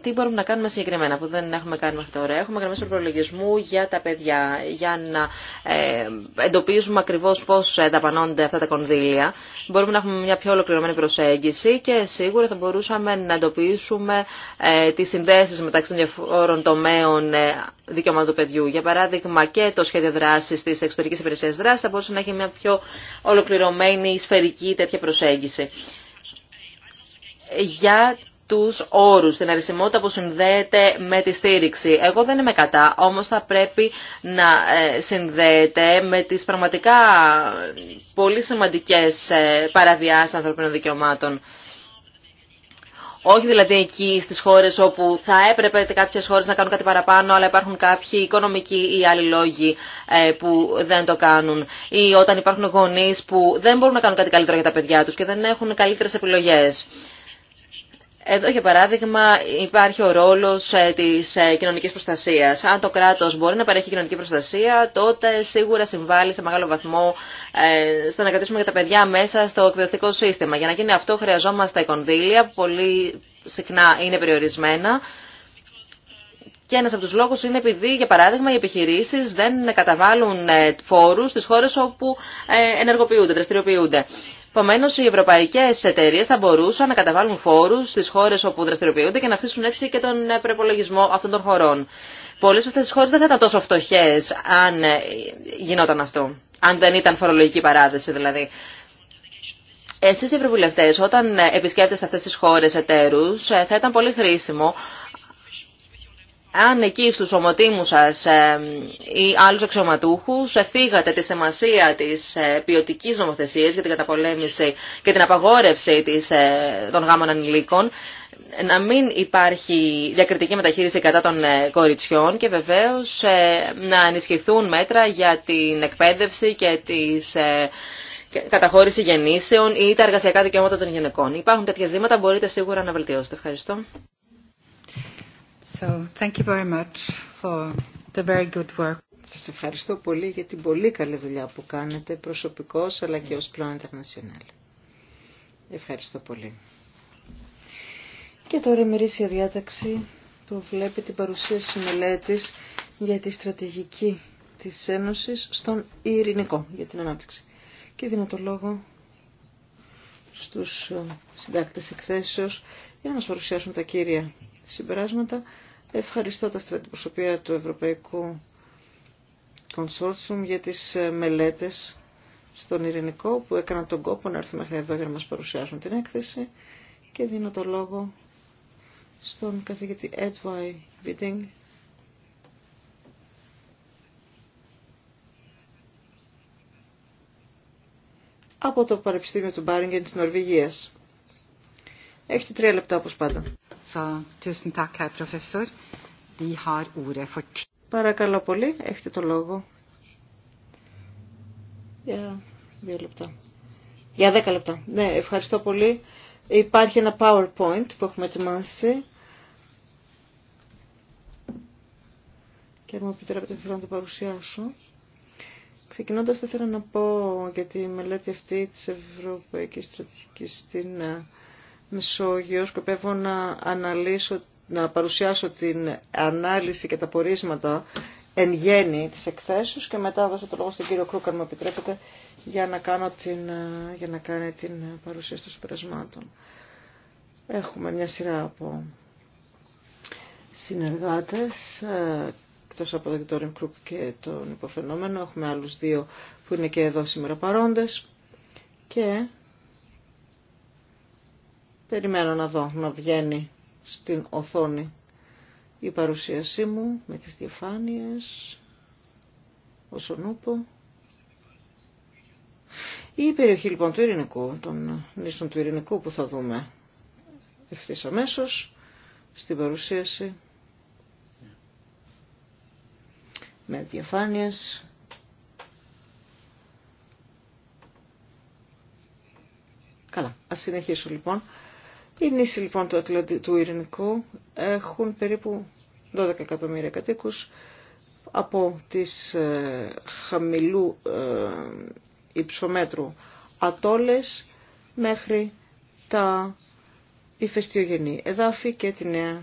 Τι μπορούμε να κάνουμε συγκεκριμένα που δεν έχουμε κάνει μέχρι τώρα. Έχουμε γραμμές προπολογισμού για τα παιδιά, για να ε, εντοπίζουμε ακριβώς πώς ενταπανώνται αυτά τα κονδύλια. Μπορούμε να έχουμε μια πιο ολοκληρωμένη προσέγγιση και σίγουρα θα μπορούσαμε να εντοπίσουμε ε, τις συνδέσεις μεταξύ των διαφόρων τομέων ε, δικαιωμάτων του παιδιού. Για παράδειγμα και το σχέδιο δράση τη εξωτερική υπηρεσία δράση θα μπορούσε να έχει μια πιο ολοκληρωμένη σφαιρική τέτοια προσέγγιση για τους όρους, την αρισιμότητα που συνδέεται με τη στήριξη. Εγώ δεν είμαι κατά, όμως θα πρέπει να ε, συνδέεται με τις πραγματικά πολύ σημαντικές ε, παραβιάσεις ανθρωπίνων δικαιωμάτων. Όχι δηλαδή εκεί στις χώρες όπου θα έπρεπε κάποιες χώρες να κάνουν κάτι παραπάνω, αλλά υπάρχουν κάποιοι οικονομικοί ή άλλοι λόγοι ε, που δεν το κάνουν. Ή όταν υπάρχουν γονείς που δεν μπορούν να κάνουν κάτι καλύτερο για τα παιδιά τους και δεν έχουν καλύτερες επιλογές. Εδώ, για παράδειγμα, υπάρχει ο ρόλο ε, τη ε, κοινωνικής προστασίας. Αν το κράτος μπορεί να παρέχει κοινωνική προστασία, τότε σίγουρα συμβάλλει σε μεγάλο βαθμό ε, στο να κρατήσουμε και τα παιδιά μέσα στο εκπαιδευτικό σύστημα. Για να γίνει αυτό, χρειαζόμαστε κονδύλια, πολύ συχνά είναι περιορισμένα. Και ένα από τους λόγους είναι επειδή, για παράδειγμα, οι επιχειρήσει δεν καταβάλουν φόρους στις χώρες όπου ενεργοποιούνται, δραστηριοποιούνται. Επομένω, οι ευρωπαϊκέ εταιρείε θα μπορούσαν να καταβάλουν φόρου στι χώρε όπου δραστηριοποιούνται και να αφήσουν έτσι και τον ε, προπολογισμό αυτών των χωρών. Πολλέ από αυτέ τι χώρε δεν θα ήταν τόσο φτωχέ αν ε, γινόταν αυτό. Αν δεν ήταν φορολογική παράδεση δηλαδή. Εσεί, οι ευρωβουλευτέ, όταν ε, επισκέπτεστε αυτέ τι χώρε εταίρου, θα ήταν πολύ χρήσιμο αν εκεί στους ομοτήμους σας ή ε, άλλους αξιωματούχους ε, θίγατε τη σημασία της ε, ποιοτική νομοθεσίας για την καταπολέμηση και την απαγόρευση της, των γάμων ανηλίκων, να μην υπάρχει διακριτική μεταχείριση κατά των κοριτσιών και βεβαίως να ενισχυθούν μέτρα για την εκπαίδευση και τις καταχώρηση γεννήσεων ή τα εργασιακά δικαιώματα των γυναικών. Υπάρχουν τέτοια ζήματα, μπορείτε σίγουρα να βελτιώσετε. Ευχαριστώ. So, ευχαριστώ πολύ για την πολύ καλή δουλειά που κάνετε προσωπικώς αλλά και ως πλάνο. Ευχαριστώ πολύ. Και τώρα η μερίσια διάταξη προβλέπει την παρουσίαση μελέτης για τη στρατηγική της Ένωσης στον Ειρηνικό για την ανάπτυξη. Και δίνω το λόγο στους ε, συντάκτες εκθέσεως για να μας παρουσιάσουν τα κύρια συμπεράσματα Ευχαριστώ τα στρατιπροσωπεία του Ευρωπαϊκού Consortium για τις ε, μελέτες στον Ειρηνικό που έκαναν τον κόπο να έρθουν μέχρι εδώ για να μας παρουσιάσουν την έκθεση και δίνω το λόγο στον καθηγητή Edvai Bidding από το Παρεπιστήμιο του Μπάριγκεν της Νορβηγίας. Έχετε τρία λεπτά όπως πάντα. Παρακαλώ πολύ, έχετε το λόγο. Για δύο λεπτά. Για δέκα λεπτά. Ναι, ευχαριστώ πολύ. Υπάρχει ένα PowerPoint που έχουμε ετοιμάσει. Και αν μου επιτρέπετε θέλω να το παρουσιάσω. Ξεκινώντας θα ήθελα να πω για τη μελέτη αυτή της Ευρωπαϊκής Στρατηγικής στην ε, Μεσόγειο σκοπεύω να αναλύσω, να παρουσιάσω την ανάλυση και τα πορίσματα εν γέννη της εκθέσεως και μετά δώσω το λόγο στον κύριο Κρούκ, αν μου επιτρέπετε, για να, κάνω την, για να κάνει την παρουσίαση των συμπερασμάτων. Έχουμε μια σειρά από συνεργάτες, ε, εκτός από τον κύριο Κρούκ και τον υποφαινόμενο. Έχουμε άλλους δύο που είναι και εδώ σήμερα παρόντες. Και Περιμένω να δω να βγαίνει στην οθόνη η παρουσίασή μου με τις διαφάνειες, όσον υπο Η περιοχή λοιπόν του Ειρηνικού, των νήσων του Ειρηνικού που θα δούμε ευθύς αμέσως στην παρουσίαση με διαφάνειες Καλά, ας συνεχίσω λοιπόν. Οι νήσοι λοιπόν του, Ατλαντι... του Ειρηνικού έχουν περίπου 12 εκατομμύρια κατοίκους από τις ε, χαμηλού ε, υψομέτρου ατόλες μέχρι τα ηφαιστειογενή εδάφη και τη Νέα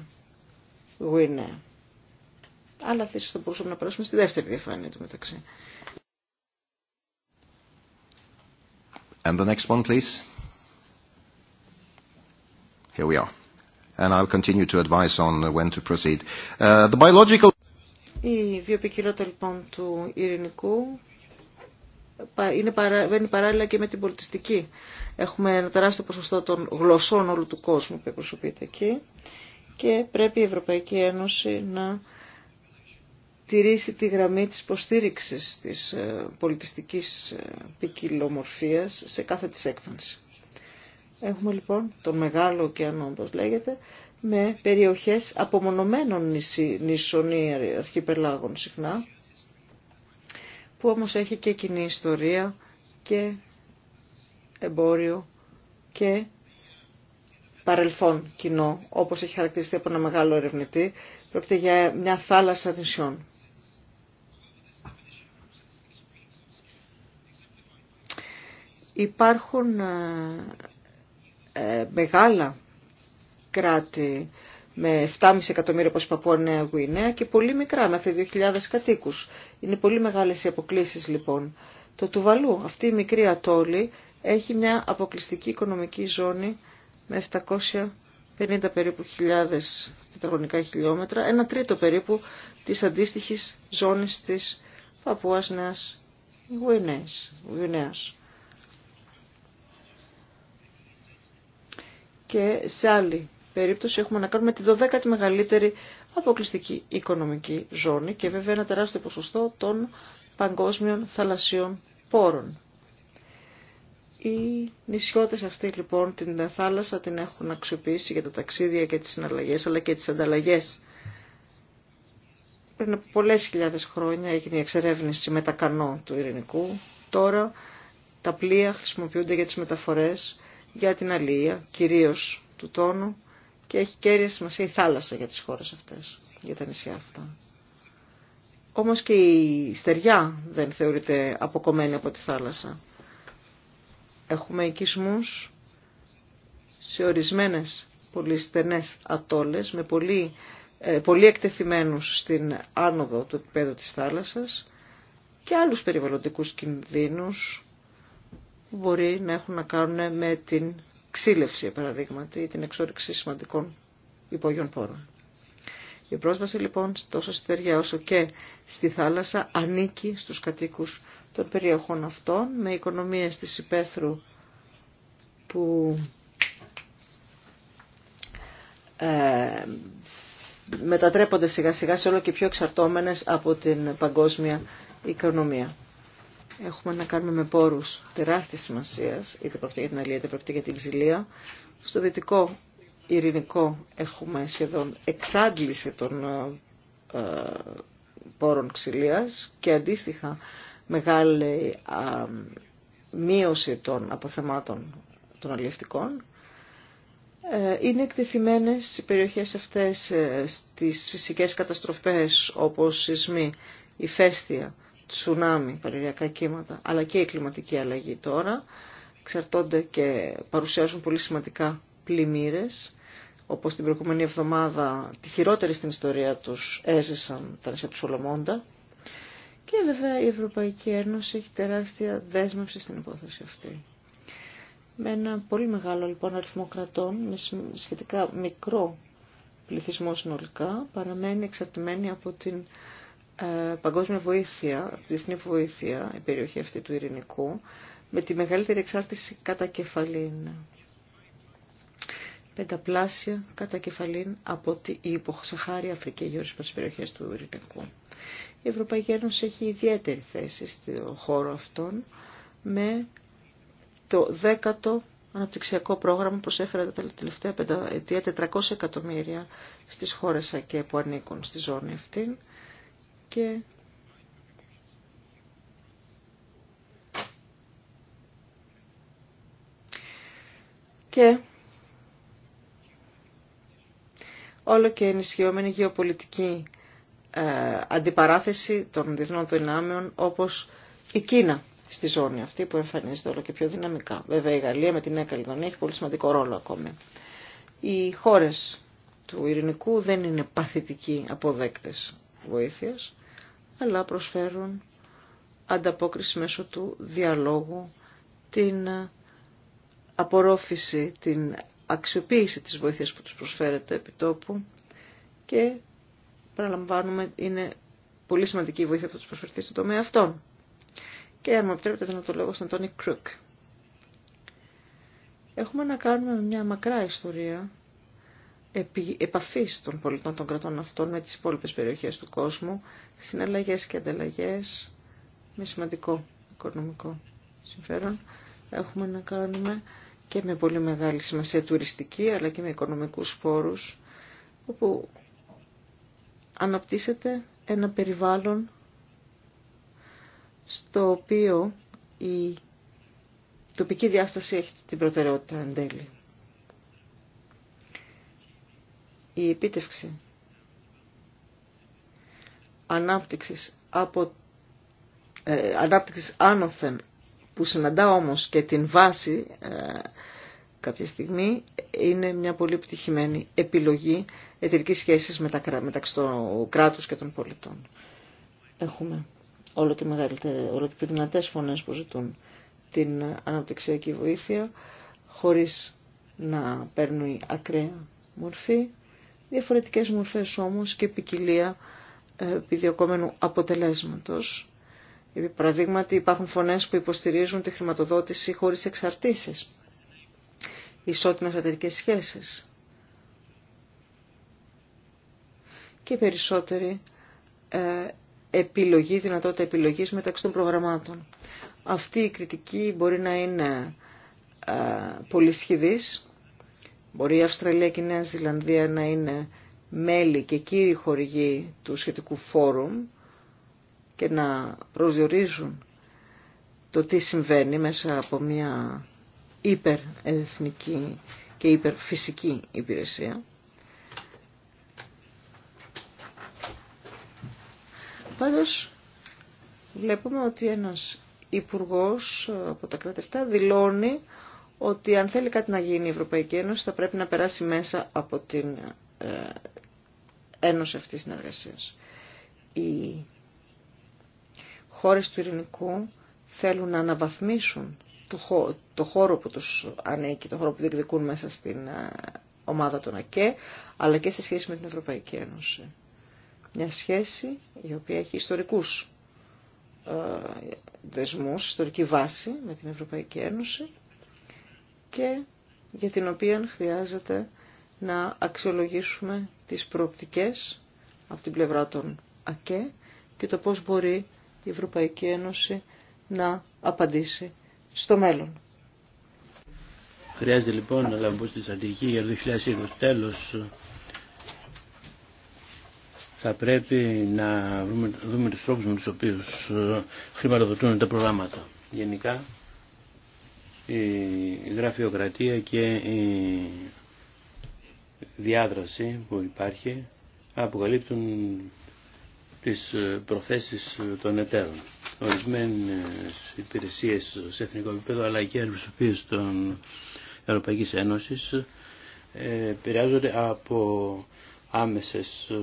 Γουινέα. Άλλα θέσεις θα μπορούσαμε να περάσουμε στη δεύτερη διαφάνεια του μεταξύ. And the next one, please here we are. And I'll continue to advise on when to proceed. Uh, the biological... Η βιοπικιλότητα λοιπόν του ειρηνικού είναι παρά, βαίνει παράλληλα και με την πολιτιστική. Έχουμε ένα τεράστιο ποσοστό των γλωσσών όλου του κόσμου που εκπροσωπείται εκεί και πρέπει η Ευρωπαϊκή Ένωση να τηρήσει τη γραμμή της υποστήριξη της ε, πολιτιστικής ε, ποικιλομορφίας σε κάθε της έκφανση. Έχουμε λοιπόν τον μεγάλο ωκεανό, όπως λέγεται, με περιοχές απομονωμένων νησί, νησών ή αρχιπελάγων συχνά, που όμως έχει και κοινή ιστορία και εμπόριο και παρελθόν κοινό, όπως έχει χαρακτηριστεί από ένα μεγάλο ερευνητή, πρόκειται για μια θάλασσα νησιών. Υπάρχουν ε, ε, μεγάλα κράτη με 7,5 εκατομμύρια όπως Παππούα Νέα Γουινέα και πολύ μικρά μέχρι 2.000 κατοίκους. Είναι πολύ μεγάλες οι αποκλήσεις λοιπόν. Το Τουβαλού, αυτή η μικρή ατόλη, έχει μια αποκλειστική οικονομική ζώνη με 750 περίπου χιλιάδες τετραγωνικά χιλιόμετρα, ένα τρίτο περίπου της αντίστοιχης ζώνης της Παπουάς Νέας Γουινέας. και σε άλλη περίπτωση έχουμε να κάνουμε τη 12η μεγαλύτερη αποκλειστική οικονομική ζώνη και βέβαια ένα τεράστιο ποσοστό των παγκόσμιων θαλασσίων πόρων. Οι νησιώτες αυτοί λοιπόν την θάλασσα την έχουν αξιοποιήσει για τα ταξίδια και τις συναλλαγές αλλά και τις ανταλλαγές. Πριν από πολλές χιλιάδες χρόνια έγινε η εξερεύνηση με τα κανό του ειρηνικού. Τώρα τα πλοία χρησιμοποιούνται για τις μεταφορές για την αλληλεία, κυρίως του τόνου, και έχει κέρια σημασία η θάλασσα για τις χώρες αυτές, για τα νησιά αυτά. Όμως και η στεριά δεν θεωρείται αποκομμένη από τη θάλασσα. Έχουμε οικισμούς σε ορισμένες πολύ στενές ατόλες, με πολύ, ε, πολύ εκτεθειμένους στην άνοδο του επίπεδου της θάλασσας και άλλους περιβαλλοντικού κινδύνους, που μπορεί να έχουν να κάνουν με την ξύλευση, παραδείγματι, ή την εξόριξη σημαντικών υπόγειων πόρων. Η πρόσβαση λοιπόν τόσο στη θεριά όσο και στη θάλασσα ανήκει στους κατοίκους των περιοχών αυτών με οικονομίες της υπαίθρου που ε, μετατρέπονται σιγά σιγά σε όλο και πιο εξαρτώμενες από την παγκόσμια οικονομία έχουμε να κάνουμε με πόρους τεράστιας σημασίας, είτε πρόκειται για την αλία είτε πρόκειται για την ξυλία. Στο δυτικό ειρηνικό έχουμε σχεδόν εξάντληση των ε, ε, πόρων ξυλίας και αντίστοιχα μεγάλη μείωση των αποθεμάτων των αλληλευτικών. Ε, είναι εκτεθειμένες οι περιοχές αυτές στις φυσικές καταστροφές όπως σεισμοί, ηφαίστεια, τσουνάμι, παλαιριακά κύματα, αλλά και η κλιματική αλλαγή τώρα, εξαρτώνται και παρουσιάζουν πολύ σημαντικά πλημμύρες, όπως την προηγούμενη εβδομάδα τη χειρότερη στην ιστορία τους έζησαν τα νησιά του Σολομώντα. Και βέβαια η Ευρωπαϊκή Ένωση έχει τεράστια δέσμευση στην υπόθεση αυτή. Με ένα πολύ μεγάλο λοιπόν αριθμό κρατών, με σχετικά μικρό πληθυσμό συνολικά, παραμένει εξαρτημένη από την ε, παγκόσμια βοήθεια, διεθνή βοήθεια, η περιοχή αυτή του Ειρηνικού, με τη μεγαλύτερη εξάρτηση κατά κεφαλήν. Πενταπλάσια κατά κεφαλήν από ό,τι η υποσαχάρη Αφρική για όλες τις περιοχές του Ειρηνικού. Η Ευρωπαϊκή Ένωση έχει ιδιαίτερη θέση στο χώρο αυτόν με το δέκατο αναπτυξιακό πρόγραμμα που προσέφερε τα τελευταία πενταετία 400 εκατομμύρια στις χώρες ΑΚΕ που ανήκουν στη ζώνη αυτή και και όλο και ενισχυόμενη γεωπολιτική ε, αντιπαράθεση των διεθνών δυνάμεων όπως η Κίνα στη ζώνη αυτή που εμφανίζεται όλο και πιο δυναμικά. Βέβαια η Γαλλία με την Νέα Καλλιδονία έχει πολύ σημαντικό ρόλο ακόμη. Οι χώρες του ειρηνικού δεν είναι παθητικοί αποδέκτες βοήθειας αλλά προσφέρουν ανταπόκριση μέσω του διαλόγου, την απορρόφηση, την αξιοποίηση της βοήθειας που τους προσφέρεται επί τόπου και παραλαμβάνουμε είναι πολύ σημαντική η βοήθεια που τους προσφερθεί στον τομέα αυτόν. Και αν μου επιτρέπετε να το λέγω, στον Τόνι Κρουκ. Έχουμε να κάνουμε μια μακρά ιστορία επί, επαφής των πολιτών των κρατών αυτών με τις υπόλοιπες περιοχές του κόσμου, συναλλαγές και ανταλλαγές με σημαντικό οικονομικό συμφέρον. Έχουμε να κάνουμε και με πολύ μεγάλη σημασία τουριστική, αλλά και με οικονομικούς φόρους όπου αναπτύσσεται ένα περιβάλλον στο οποίο η τοπική διάσταση έχει την προτεραιότητα εν τέλει. η επίτευξη ανάπτυξης, από, ε, ανάπτυξης άνωθεν που συναντά όμως και την βάση ε, κάποια στιγμή είναι μια πολύ επιτυχημένη επιλογή εταιρικής σχέσης μεταξύ του κράτους και των πολιτών. Έχουμε όλο και, όλο και πιο δυνατές φωνές που ζητούν την αναπτυξιακή βοήθεια χωρίς να παίρνουν ακραία μορφή διαφορετικές μορφές όμως και ποικιλία ε, επιδιωκόμενου αποτελέσματος. παραδείγματι υπάρχουν φωνές που υποστηρίζουν τη χρηματοδότηση χωρίς εξαρτήσεις, ισότιμες εταιρικές σχέσεις και περισσότερη ε, επιλογή, δυνατότητα επιλογής μεταξύ των προγραμμάτων. Αυτή η κριτική μπορεί να είναι ε, πολύ σχηδής. Μπορεί η Αυστραλία και η Νέα Ζηλανδία να είναι μέλη και κύριοι χορηγοί του σχετικού φόρουμ και να προσδιορίζουν το τι συμβαίνει μέσα από μια υπερεθνική και υπερφυσική υπηρεσία. Πάντως βλέπουμε ότι ένας υπουργός από τα κρατευτά δηλώνει ότι αν θέλει κάτι να γίνει η Ευρωπαϊκή Ένωση θα πρέπει να περάσει μέσα από την ε, Ένωση αυτής της συνεργασίας. Οι χώρες του ειρηνικού θέλουν να αναβαθμίσουν το χώρο που τους ανήκει, το χώρο που διεκδικούν μέσα στην ε, ομάδα των ΑΚΕ, αλλά και σε σχέση με την Ευρωπαϊκή Ένωση. Μια σχέση η οποία έχει ιστορικούς ε, δεσμούς, ιστορική βάση με την Ευρωπαϊκή Ένωση και για την οποία χρειάζεται να αξιολογήσουμε τις προοπτικές από την πλευρά των ΑΚΕ και το πώς μπορεί η Ευρωπαϊκή Ένωση να απαντήσει στο μέλλον. Χρειάζεται λοιπόν να λάβουμε στη στρατηγική για το 2020. Τέλος, θα πρέπει να δούμε, δούμε τους τρόπους με τους οποίους χρηματοδοτούν τα προγράμματα. Γενικά, η γραφειοκρατία και η διάδραση που υπάρχει αποκαλύπτουν τις προθέσεις των εταίρων. Ορισμένες υπηρεσίες σε εθνικό επίπεδο αλλά και αρπισοπίες των Ευρωπαϊκής Ένωσης ε, επηρεάζονται από άμεσες ε,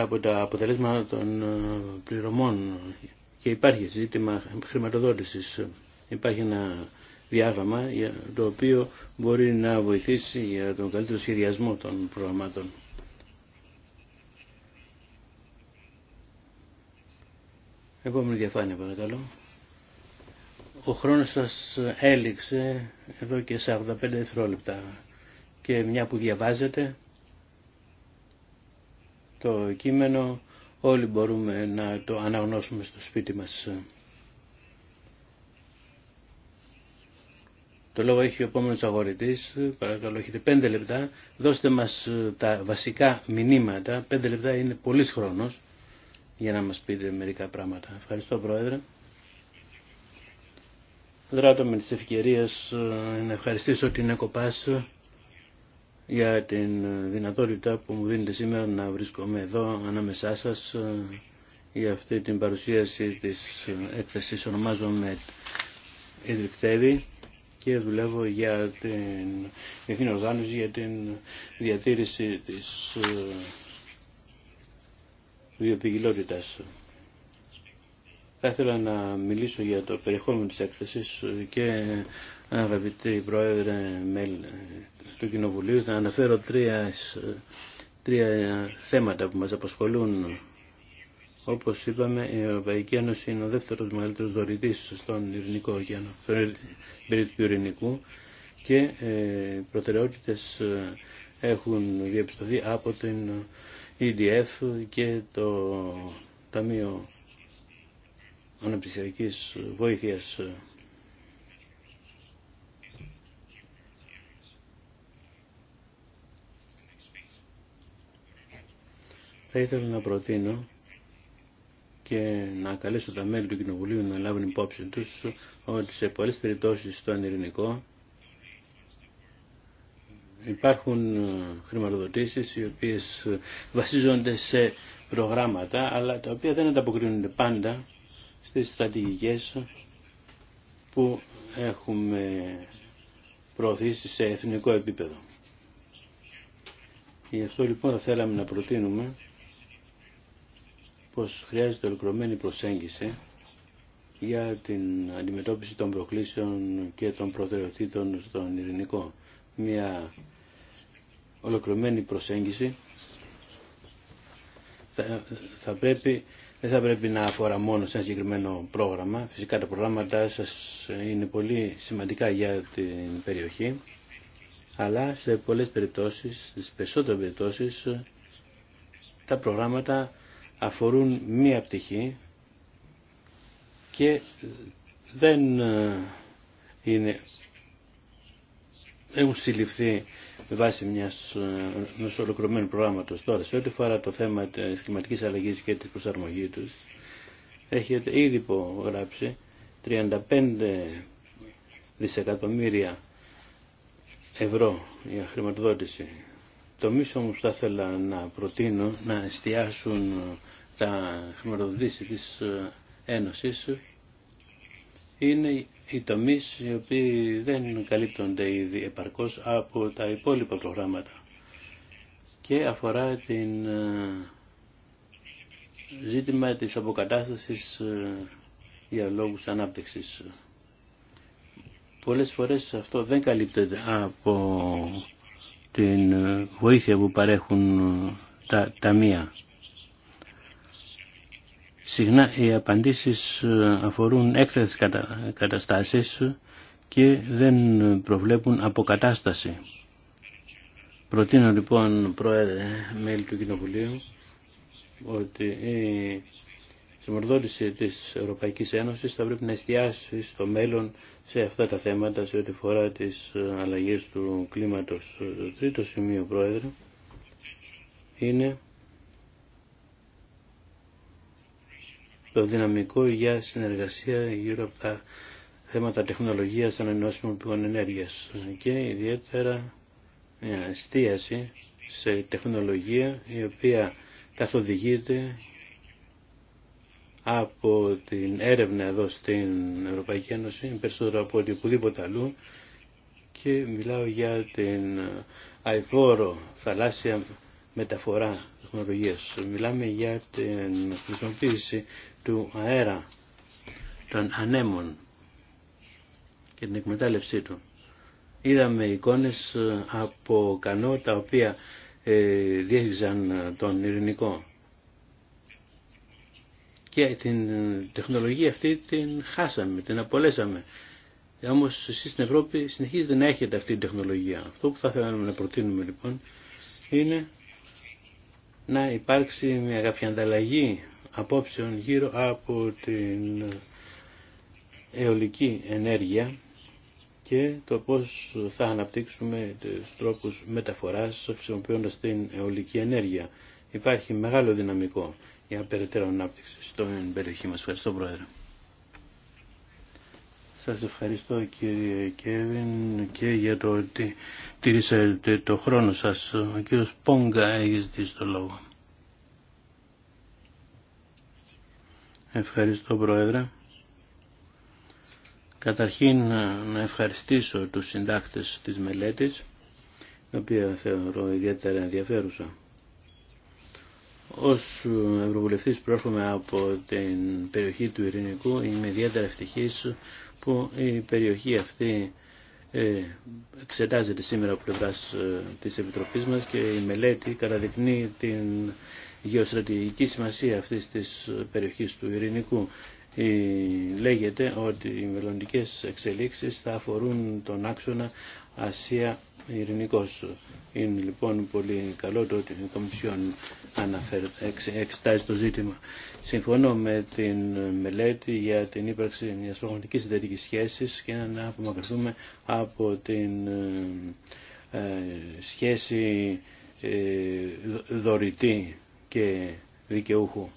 από τα αποτελέσματα των ε, πληρωμών και υπάρχει ζήτημα χρηματοδότησης. Υπάρχει ένα διάγραμμα το οποίο μπορεί να βοηθήσει για τον καλύτερο σχεδιασμό των προγραμμάτων. Επόμενη διαφάνεια παρακαλώ. Ο χρόνος σας έληξε εδώ και 45 δευτερόλεπτα και μια που διαβάζετε το κείμενο όλοι μπορούμε να το αναγνώσουμε στο σπίτι μας. Το λόγο έχει ο επόμενο αγορητή. Παρακαλώ, έχετε πέντε λεπτά. Δώστε μα ε, τα βασικά μηνύματα. Πέντε λεπτά είναι πολύς χρόνος για να μας πείτε μερικά πράγματα. Ευχαριστώ, Πρόεδρε. Δράτω με τις ευκαιρία ε, να ευχαριστήσω την ΕΚΟΠΑΣ για την δυνατότητα που μου δίνετε σήμερα να βρίσκομαι εδώ ανάμεσά σας ε, για αυτή την παρουσίαση της έκθεσης ονομάζομαι Ιδρυκτεύη και δουλεύω για την Διεθνή Οργάνωση για την διατήρηση της ε, βιοποικιλότητας. Θα ήθελα να μιλήσω για το περιεχόμενο της έκθεσης και αγαπητή Πρόεδρε μέλη του Κοινοβουλίου θα αναφέρω τρία, τρία θέματα που μας απασχολούν. Όπως είπαμε η Ευρωπαϊκή Ένωση είναι ο δεύτερος μεγαλύτερος δωρητής στον Ειρηνικό ωκεανό, στον του Ειρηνικού και οι ε, προτεραιότητες ε, έχουν διαπιστωθεί από την EDF και το Ταμείο αναπτυξιακής βοήθειας. Θα ήθελα να προτείνω και να καλέσω τα μέλη του Κοινοβουλίου να λάβουν υπόψη τους ότι σε πολλές περιπτώσεις στο ειρηνικό υπάρχουν χρηματοδοτήσεις οι οποίες βασίζονται σε προγράμματα αλλά τα οποία δεν ανταποκρίνονται πάντα στις στρατηγικές που έχουμε προωθήσει σε εθνικό επίπεδο. Γι' αυτό λοιπόν θα θέλαμε να προτείνουμε πως χρειάζεται ολοκληρωμένη προσέγγιση για την αντιμετώπιση των προκλήσεων και των προτεραιοτήτων στον ειρηνικό. Μια ολοκληρωμένη προσέγγιση θα, θα πρέπει δεν θα πρέπει να αφορά μόνο σε ένα συγκεκριμένο πρόγραμμα. Φυσικά τα προγράμματα σας είναι πολύ σημαντικά για την περιοχή, αλλά σε πολλές περιπτώσεις, στις περισσότερες περιπτώσεις, τα προγράμματα αφορούν μία πτυχή και δεν ε, είναι έχουν συλληφθεί με βάση ε, μιας, ολοκληρωμένου προγράμματος. Τώρα, σε ό,τι φορά το θέμα της κλιματικής αλλαγής και της προσαρμογής τους, έχετε ήδη υπογράψει 35 δισεκατομμύρια ευρώ για χρηματοδότηση. Το μίσο όμως θα ήθελα να προτείνω να εστιάσουν τα χρηματοδοτήσει της ε, Ένωσης είναι οι τομείς οι οποίοι δεν καλύπτονται ήδη επαρκώς από τα υπόλοιπα προγράμματα και αφορά την ε, ζήτημα της αποκατάστασης ε, για λόγους ανάπτυξης. Πολλές φορές αυτό δεν καλύπτεται από την ε, βοήθεια που παρέχουν τα ταμεία συχνά οι απαντήσεις ε, αφορούν κατα... καταστάσεις και δεν προβλέπουν αποκατάσταση. Προτείνω λοιπόν, Πρόεδρε, μέλη του Κοινοβουλίου, ότι η συμμορδότηση της Ευρωπαϊκής Ένωσης θα πρέπει να εστιάσει στο μέλλον σε αυτά τα θέματα σε ό,τι φορά τις αλλαγές του κλίματος. Το τρίτο σημείο, Πρόεδρε, είναι το δυναμικό για συνεργασία γύρω από τα θέματα τεχνολογίας των ενώσιμων πηγών ενέργειας και ιδιαίτερα μια εστίαση σε τεχνολογία η οποία καθοδηγείται από την έρευνα εδώ στην Ευρωπαϊκή Ένωση περισσότερο από ότι οπουδήποτε αλλού και μιλάω για την αϊφόρο θαλάσσια μεταφορά Μιλάμε για την χρησιμοποίηση του αέρα των ανέμων και την εκμετάλλευσή του. Είδαμε εικόνες ε, από κανό τα οποία ε, ε, τον ειρηνικό και την τεχνολογία αυτή την χάσαμε, την απολέσαμε. Όμω εσεί στην Ευρώπη συνεχίζετε να έχετε αυτή την τεχνολογία. Αυτό που θα θέλαμε να προτείνουμε λοιπόν είναι να υπάρξει μια κάποια ανταλλαγή απόψεων γύρω από την αιωλική ενέργεια και το πώς θα αναπτύξουμε τους τρόπους μεταφοράς χρησιμοποιώντα την αιωλική ενέργεια. Υπάρχει μεγάλο δυναμικό για περαιτέρω ανάπτυξη στην περιοχή μας. Ευχαριστώ Πρόεδρε. Σας ευχαριστώ κύριε Κέβιν και για το ότι τηρήσατε το χρόνο σας. Ο κύριος Πόγκα έχει ζητήσει το λόγο. Ευχαριστώ Πρόεδρε. Καταρχήν να ευχαριστήσω τους συντάκτες της μελέτης, την οποία θεωρώ ιδιαίτερα ενδιαφέρουσα. Ως Ευρωβουλευτής προέρχομαι από την περιοχή του Ειρηνικού, είμαι ιδιαίτερα ευτυχής που η περιοχή αυτή ε, εξετάζεται σήμερα από πλευρά ε, της Επιτροπής μας και η μελέτη καταδεικνύει την γεωστρατηγική σημασία αυτής της ε, περιοχής του Ειρηνικού λέγεται ότι οι μελλοντικές εξελίξεις θα αφορούν τον άξονα Ασία ειρηνικό. Είναι λοιπόν πολύ καλό το ότι η Κομισιόν εξετάζει το ζήτημα. Συμφωνώ με την μελέτη για την ύπαρξη μιας πραγματικής συντατική σχέσης και να απομακρυνθούμε από την ε, ε, σχέση ε, δωρητή και δικαιούχου.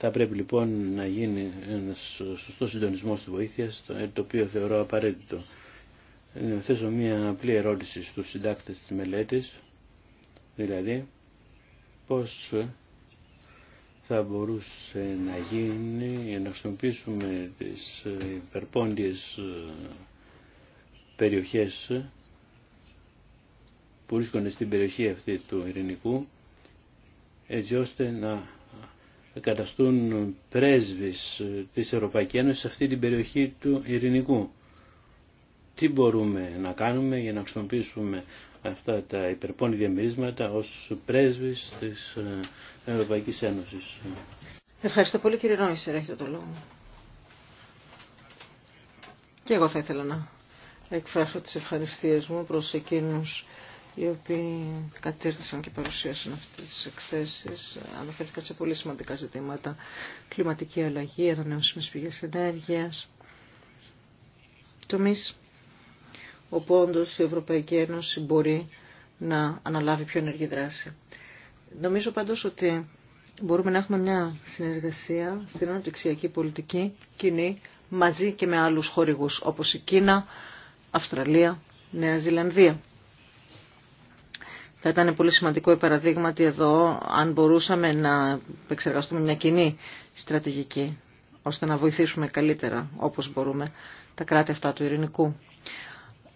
Θα πρέπει λοιπόν να γίνει ένα σωστό συντονισμό της βοήθεια, το οποίο θεωρώ απαραίτητο. θέσω μία απλή ερώτηση στους συντάκτες της μελέτης, δηλαδή πώς θα μπορούσε να γίνει να χρησιμοποιήσουμε τις υπερπόντιες ε, περιοχές που βρίσκονται στην περιοχή αυτή του ειρηνικού έτσι ώστε να καταστούν πρέσβεις της Ευρωπαϊκής Ένωσης σε αυτή την περιοχή του Ειρηνικού. Τι μπορούμε να κάνουμε για να χρησιμοποιήσουμε αυτά τα υπερπόνη διαμερίσματα ως πρέσβεις της ε, Ευρωπαϊκής Ένωσης. Ευχαριστώ πολύ κύριε Νόησερ, έχετε το λόγο. Και εγώ θα ήθελα να εκφράσω τις ευχαριστίες μου προς εκείνους οι οποίοι κατήρθησαν και παρουσίασαν αυτές τις εκθέσεις. Αναφέρθηκαν σε πολύ σημαντικά ζητήματα. Κλιματική αλλαγή, ανανεώσιμες πηγές ενέργειας. Τομείς όπου όντως η Ευρωπαϊκή Ένωση μπορεί να αναλάβει πιο ενεργή δράση. Νομίζω πάντως ότι μπορούμε να έχουμε μια συνεργασία στην αναπτυξιακή πολιτική κοινή μαζί και με άλλους χορηγούς όπως η Κίνα, Αυστραλία, Νέα Ζηλανδία. Θα ήταν πολύ σημαντικό, παραδείγματι, εδώ, αν μπορούσαμε να επεξεργαστούμε μια κοινή στρατηγική, ώστε να βοηθήσουμε καλύτερα, όπως μπορούμε, τα κράτη αυτά του ειρηνικού.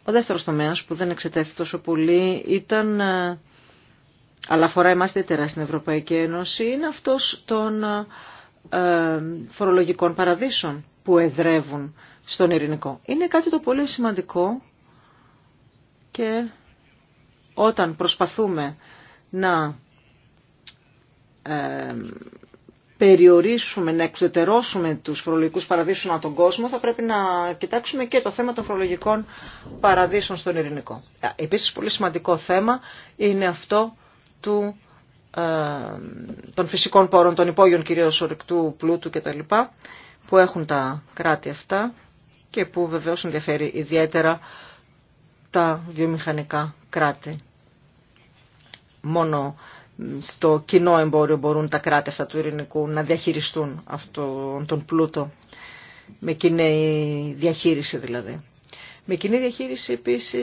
Ο δεύτερος τομέας που δεν εξετέθη τόσο πολύ ήταν, ε, αλλά αφορά εμάς ιδιαίτερα στην Ευρωπαϊκή Ένωση, είναι αυτός των ε, φορολογικών παραδείσων που εδρεύουν στον ειρηνικό. Είναι κάτι το πολύ σημαντικό και όταν προσπαθούμε να ε, περιορίσουμε, να εξωτερώσουμε τους φορολογικούς παραδείσους από τον κόσμο, θα πρέπει να κοιτάξουμε και το θέμα των φορολογικών παραδείσων στον ειρηνικό. Επίσης, πολύ σημαντικό θέμα είναι αυτό του, ε, των φυσικών πόρων, των υπόγειων κυρίως ορυκτού πλούτου κτλ. που έχουν τα κράτη αυτά και που βεβαίως ενδιαφέρει ιδιαίτερα τα βιομηχανικά κράτη. Μόνο στο κοινό εμπόριο μπορούν τα κράτη αυτά του ειρηνικού να διαχειριστούν αυτόν τον πλούτο. Με κοινή διαχείριση δηλαδή. Με κοινή διαχείριση επίση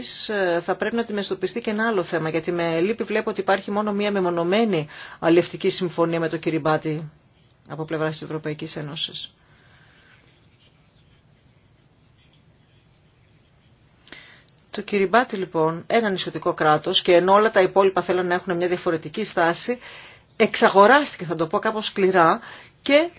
θα πρέπει να αντιμετωπιστεί και ένα άλλο θέμα, γιατί με λύπη βλέπω ότι υπάρχει μόνο μία μεμονωμένη αλληλευτική συμφωνία με το Κυριμπάτι από πλευρά τη Ευρωπαϊκή Ένωση. Το Κυριμπάτι λοιπόν, ένα νησιωτικό κράτος και ενώ όλα τα υπόλοιπα θέλουν να έχουν μια διαφορετική στάση, εξαγοράστηκε, θα το πω κάπως σκληρά, και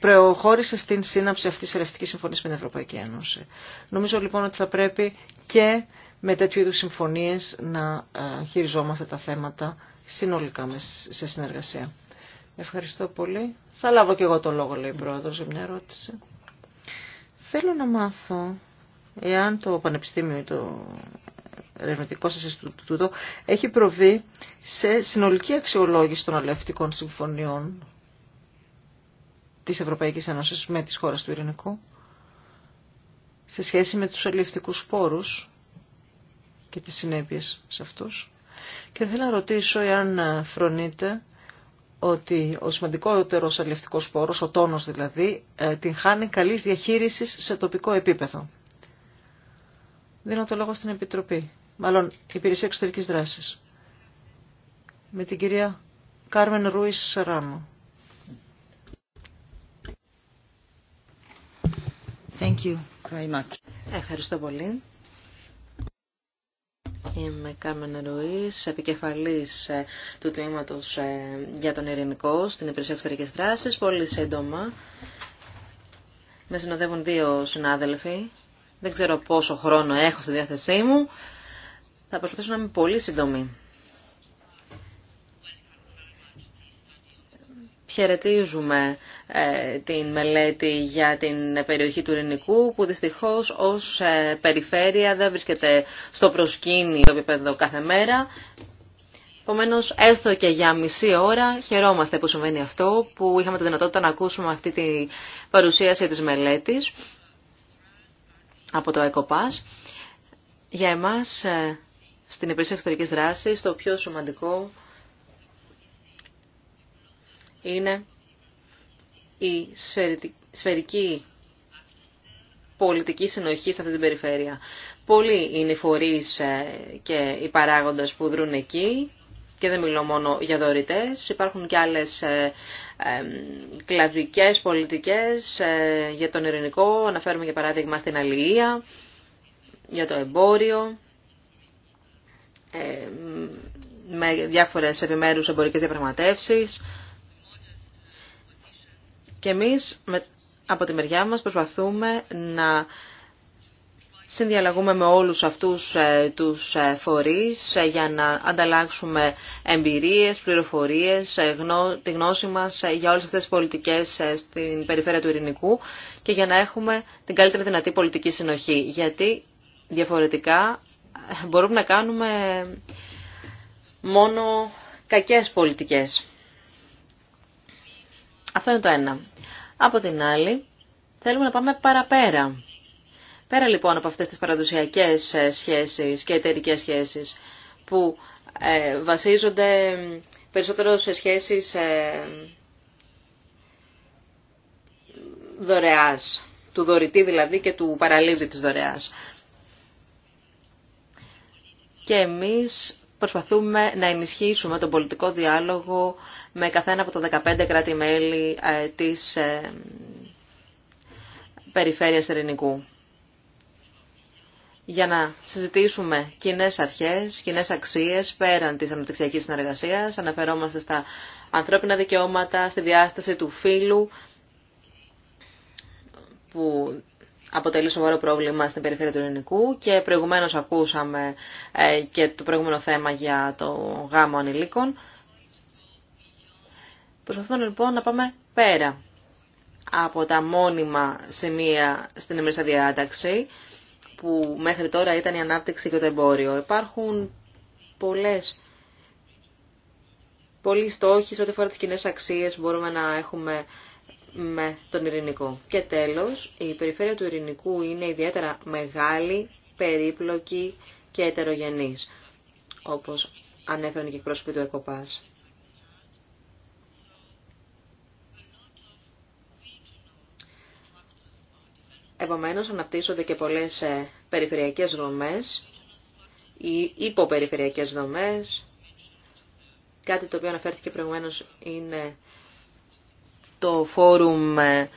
προχώρησε στην σύναψη αυτής της ελευθερικής συμφωνίας με την Ευρωπαϊκή Ένωση. Νομίζω λοιπόν ότι θα πρέπει και με τέτοιου είδους συμφωνίες να ε, χειριζόμαστε τα θέματα συνολικά σε συνεργασία. Ευχαριστώ πολύ. Θα λάβω και εγώ το λόγο, λέει η Πρόεδρος, για μια ερώτηση. Θέλω να μάθω εάν το Πανεπιστήμιο ή το ερευνητικό σας τούτο έχει προβεί σε συνολική αξιολόγηση των αλληλευτικών συμφωνιών της Ευρωπαϊκής Ένωσης με τις χώρες του Ειρηνικού σε σχέση με τους αλληλευτικούς σπόρους και τις συνέπειες σε αυτούς. Και θέλω να ρωτήσω εάν φρονείτε ότι ο σημαντικότερος αλληλευτικός σπόρος, ο τόνος δηλαδή, ε, την χάνει καλής διαχείρισης σε τοπικό επίπεδο. Δίνω το λόγο στην Επιτροπή, μάλλον Υπηρεσία Εξωτερικής Δράσης, με την κυρία Κάρμεν Ρούις Σαράμου. Thank you Ευχαριστώ πολύ. Είμαι Κάρμεν Ρουής, επικεφαλής ε, του τμήματος ε, για τον Ειρηνικό στην Υπηρεσία Εξωτερικής Δράσης. Πολύ σύντομα. Με συνοδεύουν δύο συνάδελφοι δεν ξέρω πόσο χρόνο έχω στη διάθεσή μου. Θα προσπαθήσω να είμαι πολύ σύντομη. Χαιρετίζουμε ε, την μελέτη για την περιοχή του Ειρηνικού που δυστυχώς ως ε, περιφέρεια δεν βρίσκεται στο προσκήνιο επίπεδο κάθε μέρα. Επομένω, έστω και για μισή ώρα χαιρόμαστε που συμβαίνει αυτό που είχαμε τη δυνατότητα να ακούσουμε αυτή τη παρουσίαση της μελέτης από το ΕΚΟΠΑΣ. Για εμάς, ε, στην υπηρεσία εξωτερική δράση, το πιο σημαντικό είναι η σφαιρική πολιτική συνοχή σε αυτή την περιφέρεια. Πολλοί είναι οι φορείς ε, και οι παράγοντες που δρούν εκεί και δεν μιλώ μόνο για δωρητές, υπάρχουν και άλλες ε, ε, κλαδικές πολιτικές ε, για τον ειρηνικό, αναφέρουμε για παράδειγμα στην αλληλεία, για το εμπόριο, ε, με διάφορες επιμέρους εμπορικές διαπραγματεύσεις. Και εμείς με, από τη μεριά μας προσπαθούμε να συνδιαλλαγούμε με όλους αυτούς ε, τους ε, φορείς ε, για να ανταλλάξουμε εμπειρίες, πληροφορίες, τη γνώση μας για όλες αυτές τις πολιτικές στην περιφέρεια του Ειρηνικού και για να έχουμε την καλύτερη δυνατή πολιτική συνοχή. Γιατί διαφορετικά μπορούμε να κάνουμε μόνο κακές πολιτικές. Αυτό είναι το ένα. Από την άλλη, θέλουμε να πάμε παραπέρα Πέρα λοιπόν από αυτές τις παραδοσιακές ε, σχέσεις και εταιρικέ σχέσεις που ε, βασίζονται περισσότερο σε σχέσεις ε, δωρεάς, του δωρητή δηλαδή και του παραλήπτη της δωρεάς. Και εμείς προσπαθούμε να ενισχύσουμε τον πολιτικό διάλογο με καθένα από τα 15 κράτη-μέλη της περιφέρειας Ειρηνικού για να συζητήσουμε κοινέ αρχές, κοινέ αξίες πέραν της αναπτυξιακής συνεργασίας. Αναφερόμαστε στα ανθρώπινα δικαιώματα, στη διάσταση του φύλου που αποτελεί σοβαρό πρόβλημα στην περιφέρεια του ελληνικού και προηγουμένως ακούσαμε ε, και το προηγούμενο θέμα για το γάμο ανηλίκων. Προσπαθούμε λοιπόν να πάμε πέρα από τα μόνιμα σημεία στην ημερήσια διάταξη που μέχρι τώρα ήταν η ανάπτυξη και το εμπόριο. Υπάρχουν πολλές, πολλοί στόχοι σε ό,τι φορά τις κοινέ αξίες που μπορούμε να έχουμε με τον ειρηνικό. Και τέλος, η περιφέρεια του ειρηνικού είναι ιδιαίτερα μεγάλη, περίπλοκη και ετερογενής, όπως ανέφεραν και οι πρόσωποι του ΕΚΟΠΑΣ. Επομένως, αναπτύσσονται και πολλές ε, περιφερειακές δομές ή υποπεριφερειακές δομές. Κάτι το οποίο αναφέρθηκε προηγουμένως είναι το φόρουμ ε,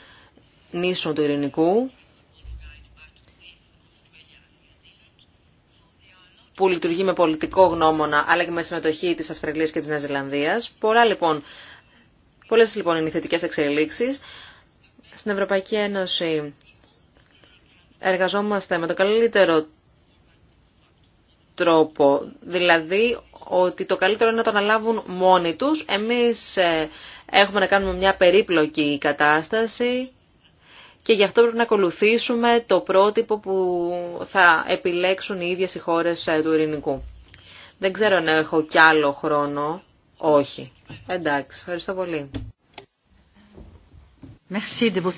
νήσων του Ειρηνικού, που λειτουργεί με πολιτικό γνώμονα, αλλά και με συμμετοχή της Αυστραλίας και της Νέας Ζηλανδίας. Πολλά, λοιπόν, πολλές λοιπόν είναι οι θετικές εξελίξεις. Στην Ευρωπαϊκή Ένωση εργαζόμαστε με το καλύτερο τρόπο. Δηλαδή ότι το καλύτερο είναι να το αναλάβουν μόνοι τους. Εμείς ε, έχουμε να κάνουμε μια περίπλοκη κατάσταση και γι' αυτό πρέπει να ακολουθήσουμε το πρότυπο που θα επιλέξουν οι ίδιες οι χώρες ε, του ειρηνικού. Δεν ξέρω αν έχω κι άλλο χρόνο. Όχι. Εντάξει, ευχαριστώ πολύ. Merci de vos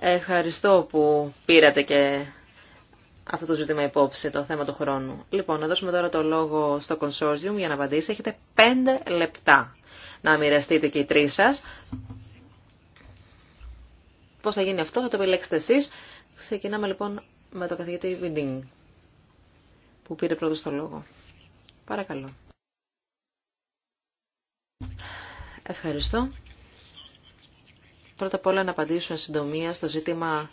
Ευχαριστώ που πήρατε και αυτό το ζήτημα υπόψη, το θέμα του χρόνου. Λοιπόν, να δώσουμε τώρα το λόγο στο consortium για να απαντήσει. Έχετε πέντε λεπτά να μοιραστείτε και οι τρεις σας. Πώς θα γίνει αυτό, θα το επιλέξετε εσείς. Ξεκινάμε λοιπόν με το καθηγητή Βιντίνγκ, που πήρε πρώτος το λόγο. Παρακαλώ. Ευχαριστώ. Πρώτα απ' όλα να απαντήσω εν συντομία στο ζήτημα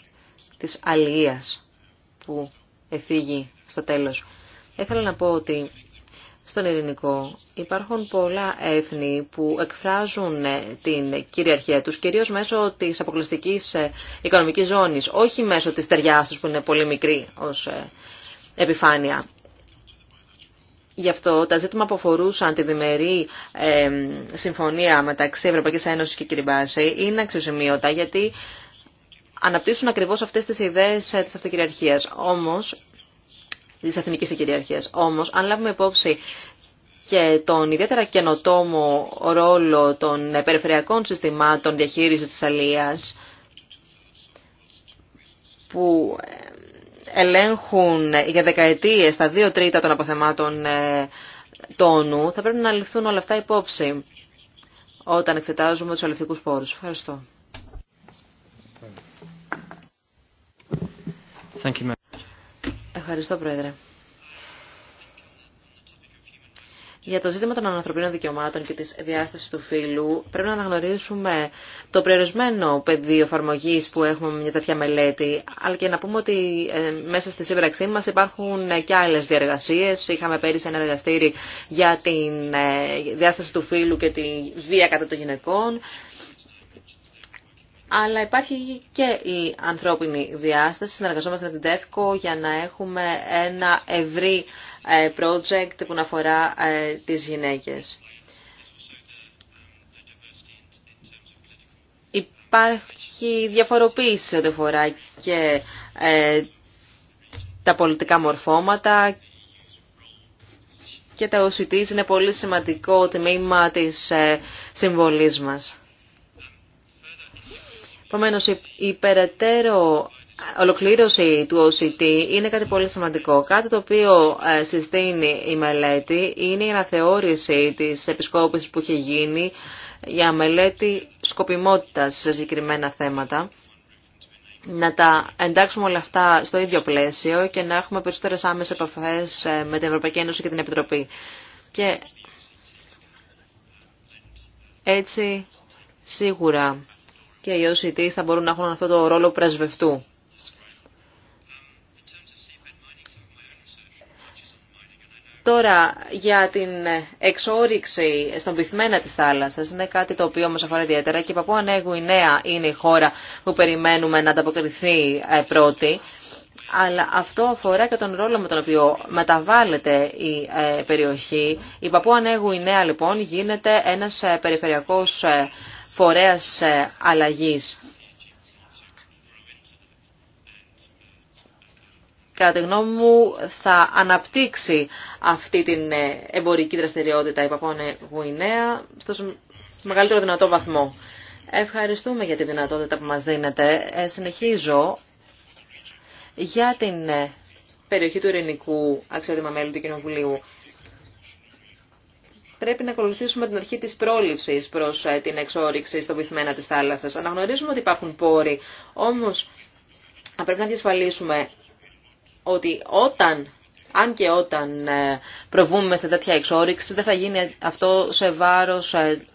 της αλίας που εφήγει στο τέλος. Ήθελα να πω ότι στον ειρηνικό υπάρχουν πολλά έθνη που εκφράζουν ε, την κυριαρχία τους κυρίως μέσω της αποκλειστικής ε, οικονομικής ζώνης, όχι μέσω της ταιριάς που είναι πολύ μικρή ως ε, επιφάνεια. Γι' αυτό τα ζήτημα που αφορούσαν τη διμερή συμφωνία μεταξύ Ευρωπαϊκή Ένωση και Κυριμπάση είναι αξιοσημείωτα γιατί αναπτύσσουν ακριβώς αυτές τις ιδέες ε, τη αυτοκυριαρχία, Όμως, της εθνική κυριαρχίας. Όμως, αν λάβουμε υπόψη και τον ιδιαίτερα καινοτόμο ρόλο των ε, περιφερειακών συστημάτων διαχείριση της αλίας, που ε, ελέγχουν για δεκαετίες τα δύο τρίτα των αποθεμάτων ε, τόνου, θα πρέπει να ληφθούν όλα αυτά υπόψη όταν εξετάζουμε τους αλευτικούς πόρους. Ευχαριστώ. Ευχαριστώ, Πρόεδρε. Για το ζήτημα των ανθρωπίνων δικαιωμάτων και της Διάσταση του φύλου πρέπει να αναγνωρίσουμε το περιορισμένο πεδίο εφαρμογή που έχουμε με μια τέτοια μελέτη, αλλά και να πούμε ότι ε, μέσα στη σύμπραξή μα υπάρχουν ε, και άλλε διαργασίε. Είχαμε πέρυσι ένα εργαστήρι για τη ε, διάσταση του φύλου και τη βία κατά των γυναικών αλλά υπάρχει και η ανθρώπινη διάσταση. Συνεργαζόμαστε με την ΤΕΦΚΟ για να έχουμε ένα ευρύ ε, project που να αφορά ε, τις γυναίκες. Υπάρχει διαφοροποίηση ό,τι αφορά και ε, τα πολιτικά μορφώματα και τα OCTs είναι πολύ σημαντικό τμήμα της συμβολής μας. Επομένω, η περαιτέρω ολοκλήρωση του OCT είναι κάτι πολύ σημαντικό. Κάτι το οποίο ε, συστήνει η μελέτη είναι η αναθεώρηση της επισκόπησης που είχε γίνει για μελέτη σκοπιμότητας σε συγκεκριμένα θέματα. Να τα εντάξουμε όλα αυτά στο ίδιο πλαίσιο και να έχουμε περισσότερες άμεσες επαφές ε, με την Ευρωπαϊκή Ένωση και την Επιτροπή. Και έτσι σίγουρα και οι OCT θα μπορούν να έχουν αυτό το ρόλο πρεσβευτού. Τώρα, για την εξόριξη στον πυθμένα της θάλασσας είναι κάτι το οποίο μας αφορά ιδιαίτερα και η Παππού Ανέγου η Νέα είναι η χώρα που περιμένουμε να ανταποκριθεί ε, πρώτη. Αλλά αυτό αφορά και τον ρόλο με τον οποίο μεταβάλλεται η ε, περιοχή. Η Παππού Ανέγου η Νέα λοιπόν γίνεται ένας ε, περιφερειακός φορέας ε, αλλαγής. Κατά τη γνώμη μου θα αναπτύξει αυτή την ε, εμπορική δραστηριότητα η Παπώνε Γουινέα στο μεγαλύτερο δυνατό βαθμό. Ευχαριστούμε για τη δυνατότητα που μας δίνετε. Ε, συνεχίζω για την περιοχή του Ειρηνικού αξιότιμα μέλη του Κοινοβουλίου πρέπει να ακολουθήσουμε την αρχή της πρόληψης προς ε, την εξόριξη στο βυθμένα της θάλασσας. Αναγνωρίζουμε ότι υπάρχουν πόροι, όμως πρέπει να διασφαλίσουμε ότι όταν αν και όταν ε, προβούμε σε τέτοια εξόριξη, δεν θα γίνει αυτό σε βάρος ε,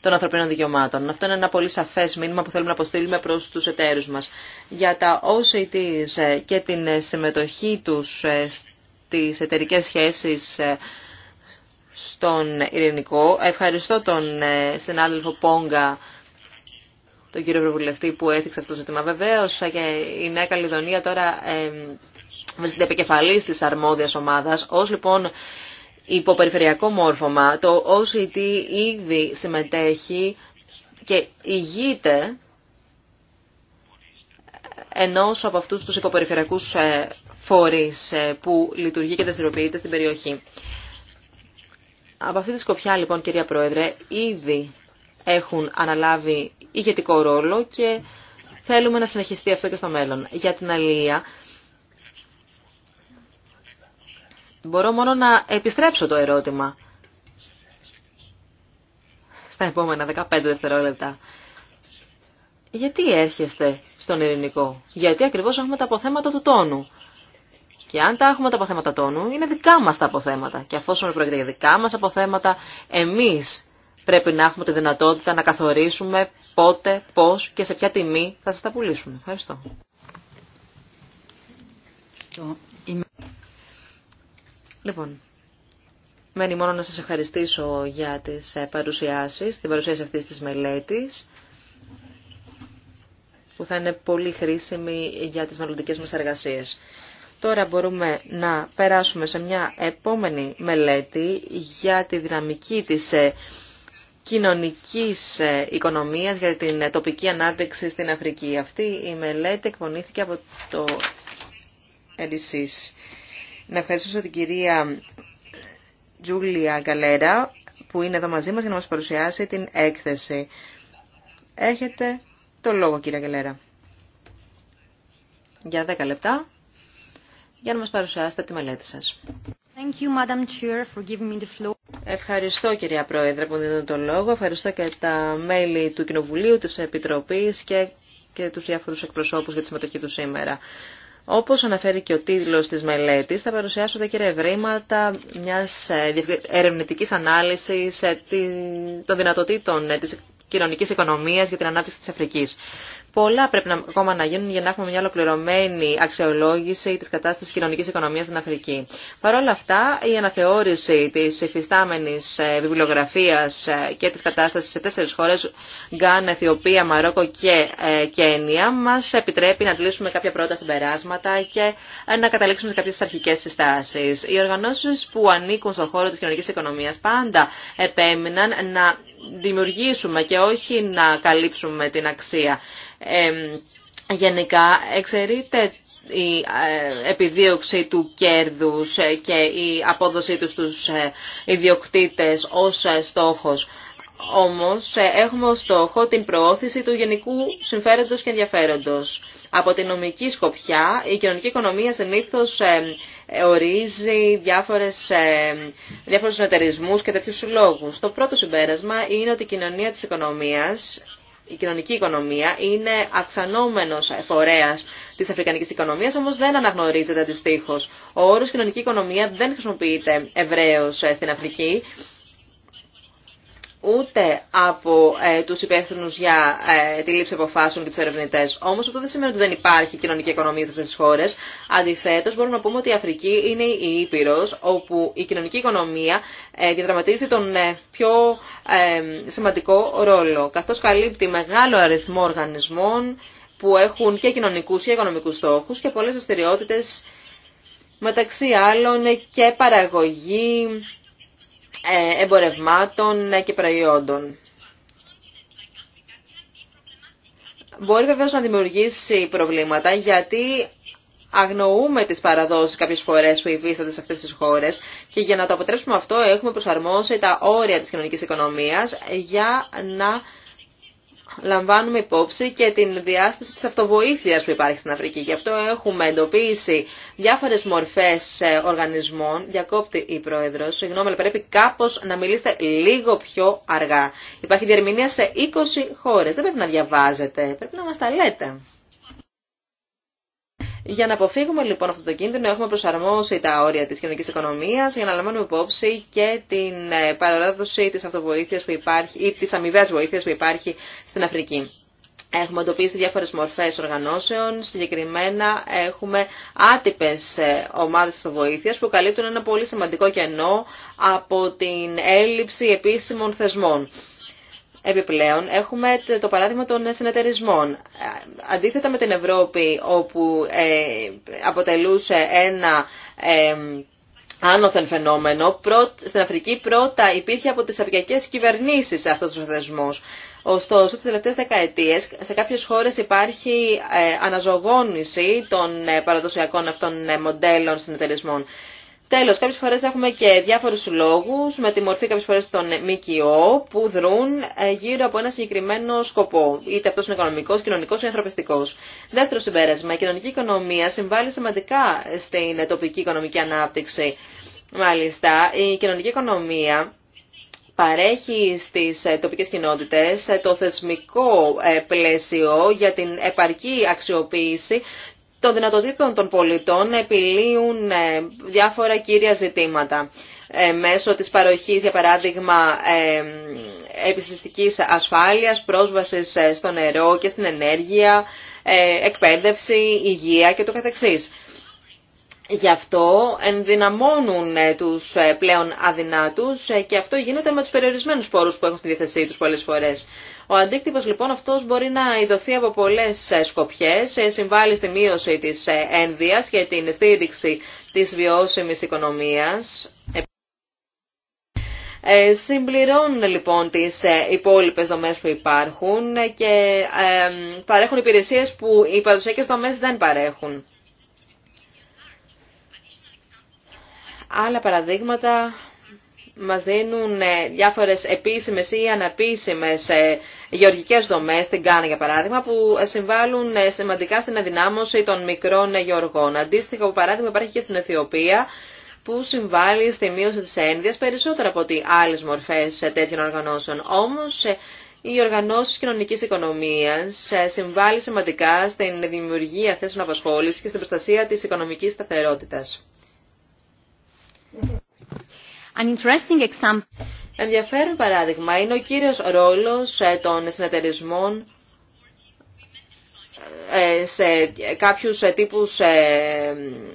των ανθρωπίνων δικαιωμάτων. Αυτό είναι ένα πολύ σαφές μήνυμα που θέλουμε να αποστείλουμε προς τους εταίρους μας. Για τα OCTs και την συμμετοχή τους στις εταιρικές σχέσεις στον Ειρηνικό. Ευχαριστώ τον ε, συνάδελφο Πόγκα, τον κύριο Ευρωβουλευτή που έθιξε αυτό το ζήτημα. Βεβαίω ε, και η Νέα Καλλιδονία τώρα ε, βρίσκεται επικεφαλή τη αρμόδια ομάδα. Ω λοιπόν υποπεριφερειακό μόρφωμα, το OCT ήδη συμμετέχει και ηγείται ενό από αυτούς τους υποπεριφερειακούς φορείς που λειτουργεί και δραστηριοποιείται στην περιοχή. Από αυτή τη σκοπιά λοιπόν κυρία Πρόεδρε ήδη έχουν αναλάβει ηγετικό ρόλο και θέλουμε να συνεχιστεί αυτό και στο μέλλον. Για την αλληλεία μπορώ μόνο να επιστρέψω το ερώτημα στα επόμενα 15 δευτερόλεπτα. Γιατί έρχεστε στον ειρηνικό, γιατί ακριβώς έχουμε τα αποθέματα του τόνου. Και αν τα έχουμε τα αποθέματα τόνου, είναι δικά μας τα αποθέματα. Και αφόσον πρόκειται για δικά μας αποθέματα, εμείς πρέπει να έχουμε τη δυνατότητα να καθορίσουμε πότε, πώς και σε ποια τιμή θα σας τα πουλήσουμε. Ευχαριστώ. Λοιπόν, μένει μόνο να σας ευχαριστήσω για τις ε, παρουσιάσεις, την παρουσίαση αυτής της μελέτης που θα είναι πολύ χρήσιμη για τις μελλοντικές μας εργασίες. Τώρα μπορούμε να περάσουμε σε μια επόμενη μελέτη για τη δυναμική της ε, κοινωνικής ε, οικονομίας για την ε, τοπική ανάπτυξη στην Αφρική. Αυτή η μελέτη εκπονήθηκε από το Έλισις. Να ευχαριστήσω την κυρία Τζούλια Γκαλέρα που είναι εδώ μαζί μας για να μας παρουσιάσει την έκθεση. Έχετε το λόγο κύρια Γκαλέρα. Για 10 λεπτά για να μας παρουσιάσετε τη μελέτη σας. Thank you, Madam Chair, for me the floor. Ευχαριστώ κυρία Πρόεδρε που δίνετε τον λόγο. Ευχαριστώ και τα μέλη του Κοινοβουλίου, της Επιτροπής και, και τους διάφορους εκπροσώπους για τη συμμετοχή του σήμερα. Όπως αναφέρει και ο τίτλος της μελέτης, θα παρουσιάσονται κύριε ευρήματα μιας ε, ερευνητικής ανάλυσης ε, των δυνατοτήτων ε, της κοινωνικής οικονομίας για την ανάπτυξη της Αφρικής. Πολλά πρέπει να, ακόμα να γίνουν για να έχουμε μια ολοκληρωμένη αξιολόγηση τη κατάσταση κοινωνική οικονομία στην Αφρική. Παρ' όλα αυτά, η αναθεώρηση τη υφιστάμενη ε, βιβλιογραφία ε, και τη κατάσταση σε τέσσερι χώρε, Γκάν, Αιθιοπία, Μαρόκο και ε, Κένια, μα επιτρέπει να τλήσουμε κάποια πρώτα συμπεράσματα και να καταλήξουμε σε κάποιε αρχικέ συστάσει. Οι οργανώσει που ανήκουν στον χώρο τη κοινωνική οικονομία πάντα επέμειναν να δημιουργήσουμε και όχι να καλύψουμε την αξία γενικά εξαιρείται η ε, επιδίωξη του κέρδους ε, και η απόδοσή τους στους ε, ιδιοκτήτες ως στόχος. Όμως έχουμε ως στόχο την προώθηση του γενικού συμφέροντος και ενδιαφέροντος. Από την νομική σκοπιά η κοινωνική οικονομία συνήθως ορίζει διάφορες, διάφορους και τέτοιους λόγους. Το πρώτο συμπέρασμα είναι ότι η κοινωνία της οικονομίας η κοινωνική οικονομία είναι αυξανόμενος φορέας της αφρικανικής οικονομίας, όμως δεν αναγνωρίζεται αντιστοίχω. Ο όρος κοινωνική οικονομία δεν χρησιμοποιείται ευρέως στην Αφρική ούτε από ε, τους υπεύθυνους για ε, τη λήψη αποφάσεων και τους ερευνητές. Όμως αυτό δεν σημαίνει ότι δεν υπάρχει κοινωνική οικονομία σε αυτές τις χώρες. Αντιθέτως μπορούμε να πούμε ότι η Αφρική είναι η Ήπειρος όπου η κοινωνική οικονομία ε, διαδραματίζει τον ε, πιο ε, σημαντικό ρόλο καθώς καλύπτει μεγάλο αριθμό οργανισμών που έχουν και κοινωνικούς και οικονομικούς στόχους και πολλές δραστηριότητε μεταξύ άλλων και παραγωγή ε, εμπορευμάτων ε, και προϊόντων. Μπορεί βεβαίως να δημιουργήσει προβλήματα γιατί αγνοούμε τις παραδόσεις κάποιες φορές που υφίστανται σε αυτές τις χώρες και για να το αποτρέψουμε αυτό έχουμε προσαρμόσει τα όρια της κοινωνικής οικονομίας για να λαμβάνουμε υπόψη και την διάσταση της αυτοβοήθειας που υπάρχει στην Αφρική. Γι' αυτό έχουμε εντοπίσει διάφορες μορφές ε, οργανισμών. Διακόπτη η Πρόεδρος, συγγνώμη, αλλά πρέπει κάπως να μιλήσετε λίγο πιο αργά. Υπάρχει διερμηνία σε 20 χώρες, δεν πρέπει να διαβάζετε, πρέπει να μας τα λέτε. Για να αποφύγουμε λοιπόν αυτό το κίνδυνο, έχουμε προσαρμόσει τα όρια τη κοινωνική οικονομία για να λαμβάνουμε υπόψη και την ε, παράδοση τη αυτοβοήθεια που υπάρχει ή τη αμοιβαία βοήθεια που υπάρχει στην Αφρική. Έχουμε εντοπίσει διάφορε μορφέ οργανώσεων. Συγκεκριμένα έχουμε άτυπε ομάδε αυτοβοήθεια που καλύπτουν ένα πολύ σημαντικό κενό από την έλλειψη επίσημων θεσμών. Επιπλέον, έχουμε το παράδειγμα των συνεταιρισμών. Ε, αντίθετα με την Ευρώπη, όπου ε, αποτελούσε ένα ε, άνωθεν φαινόμενο, στην Αφρική πρώτα υπήρχε από τις αφρικανικές κυβερνήσεις αυτός ο θεσμός. Ωστόσο, τις τελευταίες δεκαετίες σε κάποιες χώρες υπάρχει αναζωογόνηση των παραδοσιακών αυτών μοντέλων συνεταιρισμών. Τέλος, κάποιες φορές έχουμε και διάφορους λόγους με τη μορφή κάποιες φορές των ΜΚΟ που δρούν ε, γύρω από ένα συγκεκριμένο σκοπό, είτε αυτός είναι οικονομικός, κοινωνικός ή ανθρωπιστικός. Δεύτερο συμπέρασμα, η κοινωνική οικονομία συμβάλλει σημαντικά στην τοπική οικονομική ανάπτυξη. Μάλιστα, η κοινωνική οικονομία παρέχει στις ε, τοπικές κοινότητες ε, το θεσμικό πλαίσιο για την επαρκή αξιοποίηση των δυνατοτήτων των πολιτών να επιλύουν ε, διάφορα κύρια ζητήματα ε, μέσω της παροχής, για παράδειγμα, ε, επιστηστικής ασφάλειας, πρόσβασης στο νερό και στην ενέργεια, εκπαίδευση, υγεία και το καθεξής. Γι' αυτό ενδυναμώνουν ε, τους ε, πλέον αδυνάτους ε, και αυτό γίνεται με τους περιορισμένους πόρους που έχουν στη διαθεσή τους πολλές φορές. Ο αντίκτυπος λοιπόν αυτός μπορεί να ειδωθεί από πολλές σκοπιές, συμβάλλει στη μείωση της ένδυας και την στήριξη της βιώσιμης οικονομίας. Συμπληρώνουν λοιπόν τις υπόλοιπες δομές που υπάρχουν και παρέχουν υπηρεσίες που οι παραδοσιακές δομές δεν παρέχουν. Άλλα παραδείγματα μας δίνουν ε, διάφορες επίσημες ή αναπίσημες ε, γεωργικές δομές, στην Κάνα για παράδειγμα, που συμβάλλουν ε, σημαντικά στην αδυνάμωση των μικρών γεωργών. Αντίστοιχο παράδειγμα υπάρχει και στην Αιθιοπία, που συμβάλλει στη μείωση της ένδυας περισσότερο από ότι άλλες μορφές τέτοιων οργανώσεων. Όμως, οι οργανώσεις κοινωνικής οικονομίας συμβάλλει σημαντικά στην δημιουργία θέσεων απασχόλησης και στην προστασία της οικονομικής σταθερότητας. Ενδιαφέρον παράδειγμα είναι ο κύριος ρόλος ε, των συνεταιρισμών ε, σε κάποιους ε, τύπους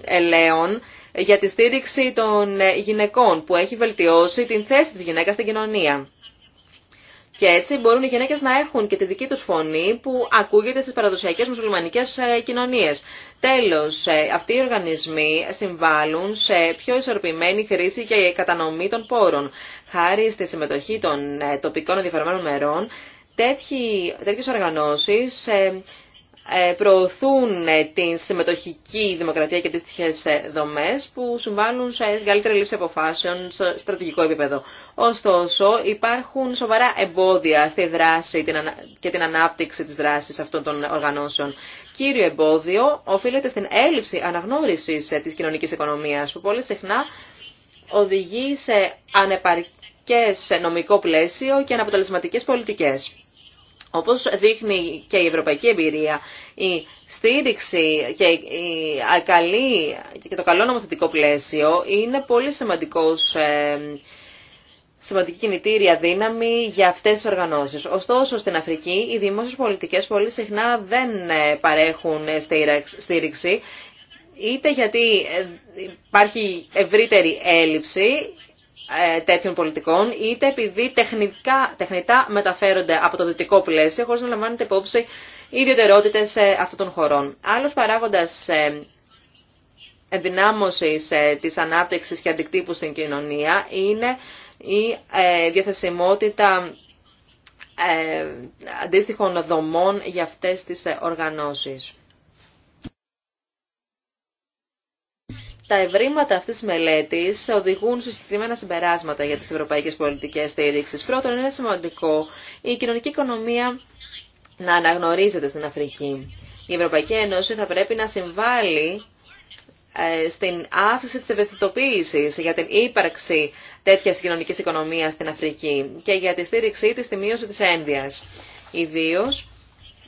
ελαίων για τη στήριξη των γυναικών που έχει βελτιώσει την θέση της γυναίκας στην κοινωνία. Και έτσι μπορούν οι γυναίκε να έχουν και τη δική τους φωνή που ακούγεται στις παραδοσιακές μουσουλμανικές ε, κοινωνίε. Τέλος, ε, αυτοί οι οργανισμοί συμβάλλουν σε πιο ισορροπημένη χρήση και κατανομή των πόρων. Χάρη στη συμμετοχή των ε, τοπικών ενδιαφερμένων μερών, τέτοιε οργανώσεις ε, προωθούν ε, την συμμετοχική δημοκρατία και τις τυχές ε, δομές που συμβάλλουν σε καλύτερη λήψη αποφάσεων στο στρατηγικό επίπεδο. Ωστόσο, υπάρχουν σοβαρά εμπόδια στη δράση και την ανάπτυξη της δράσης αυτών των οργανώσεων. Κύριο εμπόδιο οφείλεται στην έλλειψη αναγνώρισης της κοινωνικής οικονομίας που πολύ συχνά οδηγεί σε ανεπαρκές νομικό πλαίσιο και αναποτελεσματικές πολιτικές. Όπως δείχνει και η ευρωπαϊκή εμπειρία, η στήριξη και, και το καλό νομοθετικό πλαίσιο είναι πολύ σημαντικός, ε, σημαντική κινητήρια δύναμη για αυτές τις οργανώσεις. Ωστόσο, στην Αφρική οι δημόσιες πολιτικές πολύ συχνά δεν ε, παρέχουν ε, στήριξη, είτε γιατί υπάρχει ευρύτερη έλλειψη, ε, τέτοιων πολιτικών, είτε επειδή τεχνικά, τεχνητά μεταφέρονται από το δυτικό πλαίσιο, χωρίς να λαμβάνεται υπόψη οι ιδιαιτερότητες ε, αυτών των χωρών. Άλλος παράγοντας ε, ενδυνάμωσης της ανάπτυξης και αντικτύπου στην κοινωνία είναι η διαθεσιμότητα αντίστοιχων δομών για αυτές τις οργανώσεις. Τα ευρήματα αυτή τη μελέτη οδηγούν σε συγκεκριμένα συμπεράσματα για τι ευρωπαϊκέ πολιτικέ στήριξη. Πρώτον, είναι σημαντικό η κοινωνική οικονομία να αναγνωρίζεται στην Αφρική. Η Ευρωπαϊκή Ένωση θα πρέπει να συμβάλλει ε, στην αύξηση της ευαισθητοποίησης για την ύπαρξη τέτοιας κοινωνικής οικονομίας στην Αφρική και για τη στήριξή της στη μείωση της ένδυας.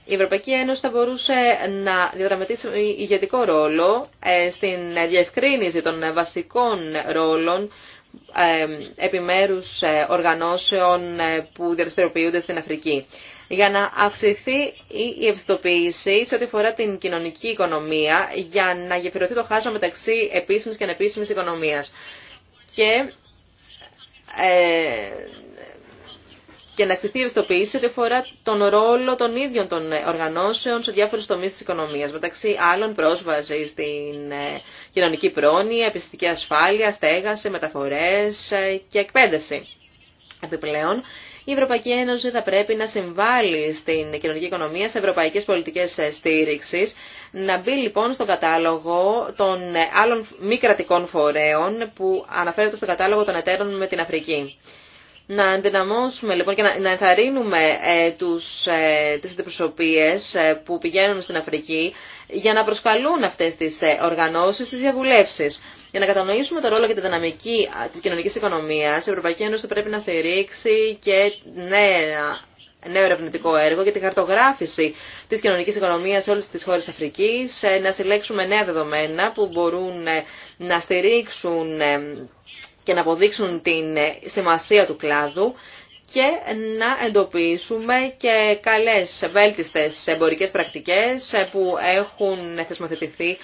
Η Ευρωπαϊκή Ένωση θα μπορούσε να διαδραματίσει ηγετικό ρόλο ε, στην διευκρίνηση των βασικών ρόλων ε, επιμέρους ε, οργανώσεων που διαδραστηριοποιούνται στην Αφρική για να αυξηθεί η ευθυτοποίηση σε ό,τι φορά την κοινωνική οικονομία για να γεφυρωθεί το χάσμα μεταξύ επίσημης και ανεπίσημης οικονομίας. Και και να αυξηθεί η ευαισθητοποίηση ό,τι αφορά τον ρόλο των ίδιων των ε, οργανώσεων σε διάφορου τομεί τη οικονομία. Μεταξύ άλλων, πρόσβαση στην ε, κοινωνική πρόνοια, επιστημική ασφάλεια, στέγαση, μεταφορέ ε, και εκπαίδευση. Επιπλέον, η Ευρωπαϊκή Ένωση θα πρέπει να συμβάλλει στην κοινωνική οικονομία σε ευρωπαϊκές πολιτικές στήριξης, να μπει λοιπόν στον κατάλογο των άλλων μη κρατικών φορέων που αναφέρεται στο κατάλογο των εταίρων με την Αφρική. Να ενδυναμώσουμε λοιπόν και να, ενθαρρύνουμε ε, τους, ε, τις αντιπροσωπείες ε, που πηγαίνουν στην Αφρική για να προσκαλούν αυτές τις ε, οργανώσεις, τις διαβουλεύσεις. Για να κατανοήσουμε το ρόλο και τη δυναμική της κοινωνικής οικονομίας, η Ευρωπαϊκή Ένωση πρέπει να στηρίξει και νέα νέο ερευνητικό έργο για τη χαρτογράφηση τη κοινωνική οικονομία σε όλε τι χώρε Αφρική, ε, να συλλέξουμε νέα δεδομένα που μπορούν ε, να στηρίξουν και να αποδείξουν την ε, σημασία του κλάδου και να εντοπίσουμε και καλές βέλτιστες εμπορικές πρακτικές ε, που έχουν θεσμοθετηθεί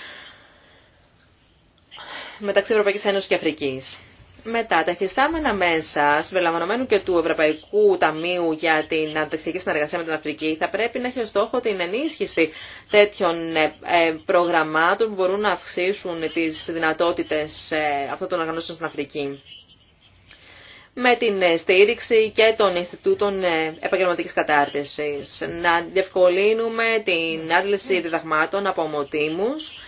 μεταξύ Ευρωπαϊκής Ένωσης και Αφρικής. Μετά, τα εφιστάμενα μέσα, συμπεριλαμβανομένου και του Ευρωπαϊκού Ταμείου για την Ανταξιακή Συνεργασία με την Αφρική, θα πρέπει να έχει ως στόχο την ενίσχυση τέτοιων ε, ε, προγραμμάτων που μπορούν να αυξήσουν τις δυνατότητες ε, αυτών των οργανώσεων στην Αφρική. Με την στήριξη και των Ινστιτούτων Επαγγελματικής Κατάρτισης. Να διευκολύνουμε την άντληση διδαγμάτων από ομοτήμους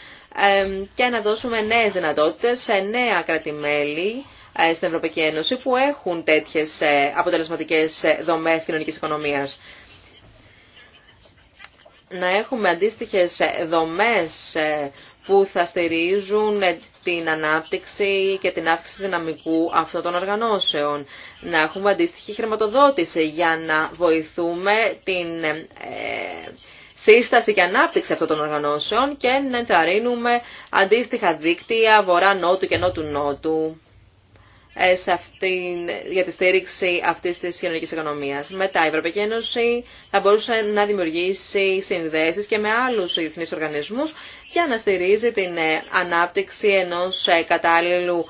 και να δώσουμε νέες δυνατότητες σε νέα κρατημέλη ε, στην Ευρωπαϊκή Ένωση που έχουν τέτοιες ε, αποτελεσματικές ε, δομές κοινωνικής οικονομίας. Να έχουμε αντίστοιχες δομές που θα στηρίζουν την ανάπτυξη και την αύξηση δυναμικού αυτών των οργανώσεων. Να έχουμε αντίστοιχη χρηματοδότηση για να βοηθούμε την σύσταση και ανάπτυξη αυτών των οργανώσεων και να ενθαρρύνουμε αντίστοιχα δίκτυα βορρά-νότου και νότου-νότου ε, για τη στήριξη αυτή τη κοινωνική οικονομία. Μετά η Ευρωπαϊκή Ένωση θα μπορούσε να δημιουργήσει συνδέσει και με άλλου διεθνεί οργανισμούς για να στηρίζει την ε, ανάπτυξη ενό ε, κατάλληλου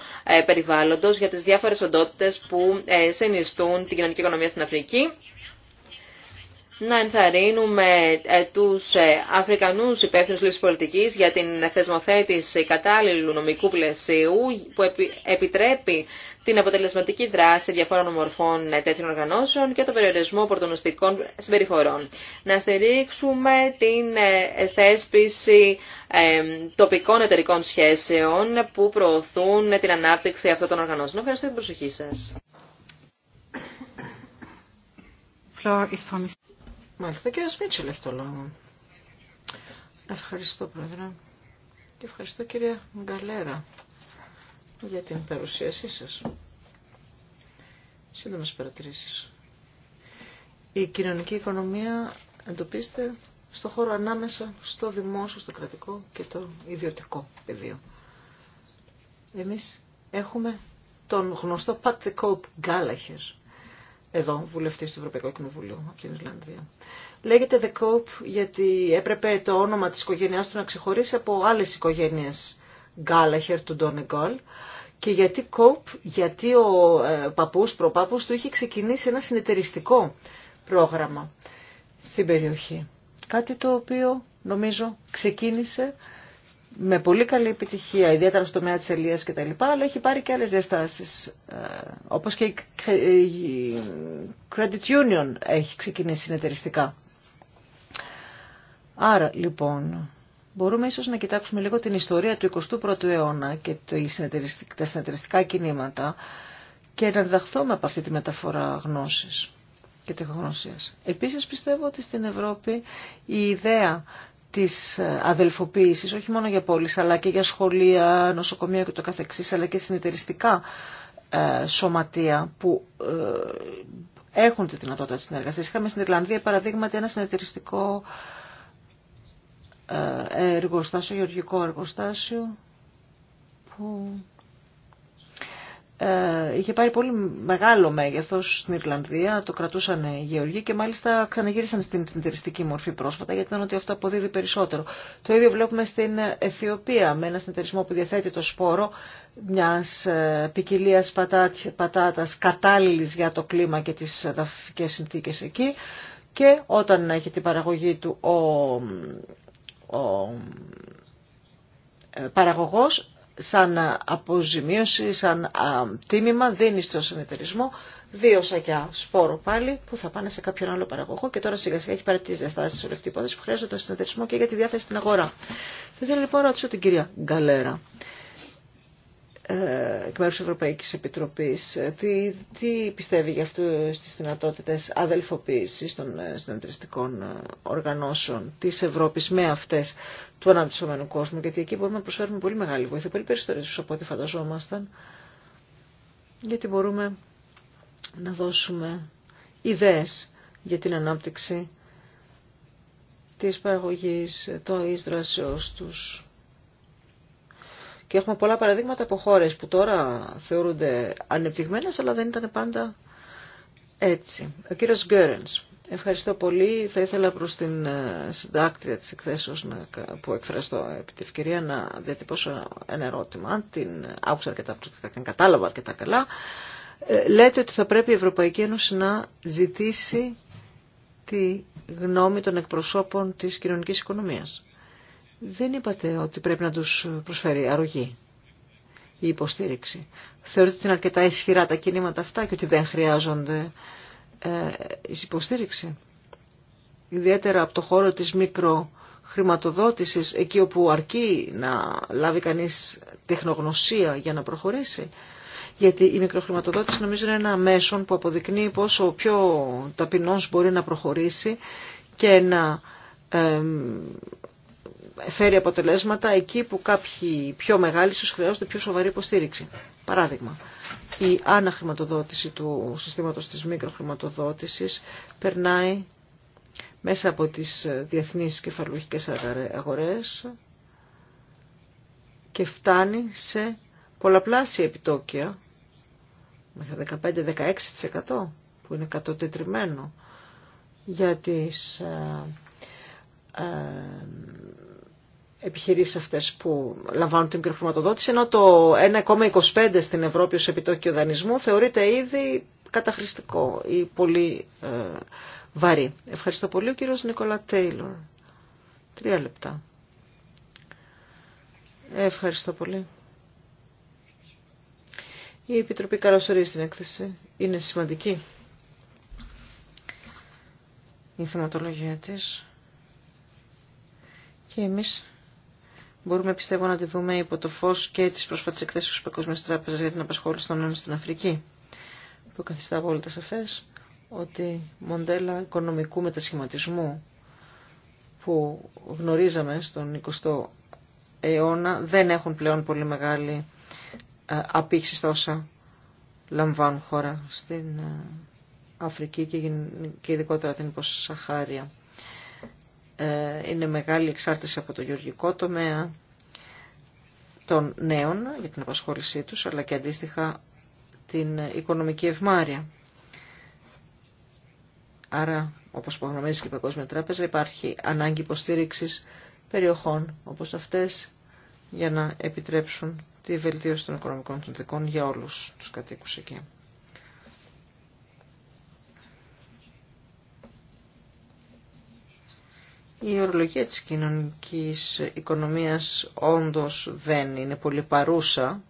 περιβάλλοντο για τι διάφορε οντότητε που συνιστούν την κοινωνική οικονομία στην Αφρική να ενθαρρύνουμε τους Αφρικανούς υπεύθυνους λύσης πολιτικής για την θεσμοθέτηση κατάλληλου νομικού πλαισίου που επιτρέπει την αποτελεσματική δράση διαφόρων μορφών τέτοιων οργανώσεων και τον περιορισμό πορτονοστικών συμπεριφορών. Να στηρίξουμε την ε, θέσπιση ε, τοπικών εταιρικών σχέσεων που προωθούν την ανάπτυξη αυτών των οργανώσεων. Ευχαριστώ την προσοχή σας. Μάλιστα, κύριε Σμίτσελ έχει το λόγο. Ευχαριστώ, Πρόεδρε. Και ευχαριστώ, κυρία Γκαλέρα για την παρουσίασή σας. Σύντομες παρατηρήσεις. Η κοινωνική οικονομία εντοπίστε στο χώρο ανάμεσα στο δημόσιο, στο κρατικό και το ιδιωτικό πεδίο. Εμείς έχουμε τον γνωστό Pat the Cope Gallagher, εδώ, βουλευτής του Ευρωπαϊκού Κοινοβουλίου από την Ισλανδία. Λέγεται The Cope γιατί έπρεπε το όνομα της οικογένειάς του να ξεχωρίσει από άλλες οικογένειες Γκάλαχερ του Ντόνεγκολ και γιατί Κόπ, γιατί ο ε, παππούς, προπάππος του είχε ξεκινήσει ένα συνεταιριστικό πρόγραμμα στην περιοχή. Κάτι το οποίο νομίζω ξεκίνησε με πολύ καλή επιτυχία, ιδιαίτερα στο τομέα της Ελίας και τα λοιπά, αλλά έχει πάρει και άλλες διαστάσεις, ε, όπως και η Credit Union έχει ξεκινήσει συνεταιριστικά. Άρα, λοιπόν, μπορούμε ίσως να κοιτάξουμε λίγο την ιστορία του 21ου αιώνα και τα συνεταιριστικά κινήματα και να διδαχθούμε από αυτή τη μεταφορά γνώσης και τεχνογνωσίας. Επίσης πιστεύω ότι στην Ευρώπη η ιδέα της αδελφοποίησης, όχι μόνο για πόλεις, αλλά και για σχολεία, νοσοκομεία και το καθεξής, αλλά και συνεταιριστικά ε, σωματεία που ε, έχουν τη δυνατότητα της συνεργασίας. Είχαμε στην Ιρλανδία, παραδείγματι, ένα συνεταιριστικό ε, εργοστάσιο, γεωργικό εργοστάσιο που ε, είχε πάρει πολύ μεγάλο μέγεθος στην Ιρλανδία, το κρατούσαν οι γεωργοί και μάλιστα ξαναγύρισαν στην συντηριστική μορφή πρόσφατα γιατί ήταν ότι αυτό αποδίδει περισσότερο. Το ίδιο βλέπουμε στην Αιθιοπία με ένα συνεταιρισμό που διαθέτει το σπόρο μιας ε, ποικιλία πατάτας κατάλληλης για το κλίμα και τις δαφικέ συνθήκες εκεί και όταν έχει την παραγωγή του ο ο ε, παραγωγός σαν αποζημίωση, σαν τίμημα δίνει στο συνεταιρισμό δύο σακιά σπόρο πάλι που θα πάνε σε κάποιον άλλο παραγωγό και τώρα σιγά σιγά έχει πάρει τις διαστάσεις σε αυτή που χρειάζεται το συνεταιρισμό και για τη διάθεση στην αγορά. Θα ήθελα λοιπόν να ρωτήσω την κυρία Γκαλέρα. Ε, εκ μέρους Ευρωπαϊκής Επιτροπής ε, τι, τι πιστεύει για αυτό στις δυνατότητες αδελφοποίησης των ε, συνεταιριστικών οργανώσεων της Ευρώπης με αυτές του αναπτυσσόμενου κόσμου γιατί εκεί μπορούμε να προσφέρουμε πολύ μεγάλη βοήθεια, πολύ περισσότερες από ό,τι φανταζόμασταν γιατί μπορούμε να δώσουμε ιδέες για την ανάπτυξη της παραγωγής, το εις τους και έχουμε πολλά παραδείγματα από χώρε που τώρα θεωρούνται ανεπτυγμένε, αλλά δεν ήταν πάντα έτσι. Ο κύριο Γκέρεν. Ευχαριστώ πολύ. Θα ήθελα προς την ε, συντάκτρια της εκθέσεως που εκφραστώ επί τη ευκαιρία να διατυπώσω ένα ερώτημα. Αν την άκουσα αρκετά, την κατάλαβα αρκετά καλά. Ε, λέτε ότι θα πρέπει η Ευρωπαϊκή Ένωση να ζητήσει τη γνώμη των εκπροσώπων της κοινωνικής οικονομίας. Δεν είπατε ότι πρέπει να τους προσφέρει αρρωγή η υποστήριξη. Θεωρείτε ότι είναι αρκετά ισχυρά τα κινήματα αυτά και ότι δεν χρειάζονται ε, υποστήριξη. Ιδιαίτερα από το χώρο της μικροχρηματοδότησης, εκεί όπου αρκεί να λάβει κανείς τεχνογνωσία για να προχωρήσει. Γιατί η μικροχρηματοδότηση νομίζω είναι ένα μέσον που αποδεικνύει πόσο πιο ταπεινός μπορεί να προχωρήσει και να ε, φέρει αποτελέσματα εκεί που κάποιοι πιο μεγάλοι του χρειάζονται πιο σοβαρή υποστήριξη. Παράδειγμα, η αναχρηματοδότηση του συστήματος της μικροχρηματοδότησης περνάει μέσα από τις διεθνείς κεφαλουχικές αγορές και φτάνει σε πολλαπλάσια επιτόκια, μέχρι 15-16% που είναι κατωτετριμένο για τις ε, ε, επιχειρήσεις αυτές που λαμβάνουν την μικροχρηματοδότηση, ενώ το 1,25 στην Ευρώπη ως επιτόκιο δανεισμού θεωρείται ήδη καταχρηστικό ή πολύ ε, βαρύ. Ευχαριστώ πολύ ο κύριος Νικόλα Τέιλορ. Τρία λεπτά. Ευχαριστώ πολύ. Η πολυ βαρυ καλωσορίζει την έκθεση. Είναι σημαντική η θεματολογία της. Και εμείς μπορούμε πιστεύω να τη δούμε υπό το φως και της πρόσφατες εκθέσει της Παγκόσμιας Τράπεζας για την απασχόληση των νέων στην Αφρική, Το καθιστά απόλυτα σαφές ότι μοντέλα οικονομικού μετασχηματισμού που γνωρίζαμε στον 20ο αιώνα δεν έχουν πλέον πολύ μεγάλη ε, απήξη στα όσα λαμβάνουν χώρα στην ε, Αφρική και ειδικότερα την υποσαχάρια. Ε, είναι μεγάλη εξάρτηση από το γεωργικό τομέα των νέων για την απασχόλησή τους, αλλά και αντίστοιχα την οικονομική ευμάρεια. Άρα, όπως προγραμμίζει και η Παγκόσμια Τράπεζα, υπάρχει ανάγκη υποστήριξης περιοχών όπως αυτές για να επιτρέψουν τη βελτίωση των οικονομικών δικών για όλους τους κατοίκους εκεί. Η ορολογία της κοινωνικής οικονομίας όντως δεν είναι πολύ παρούσα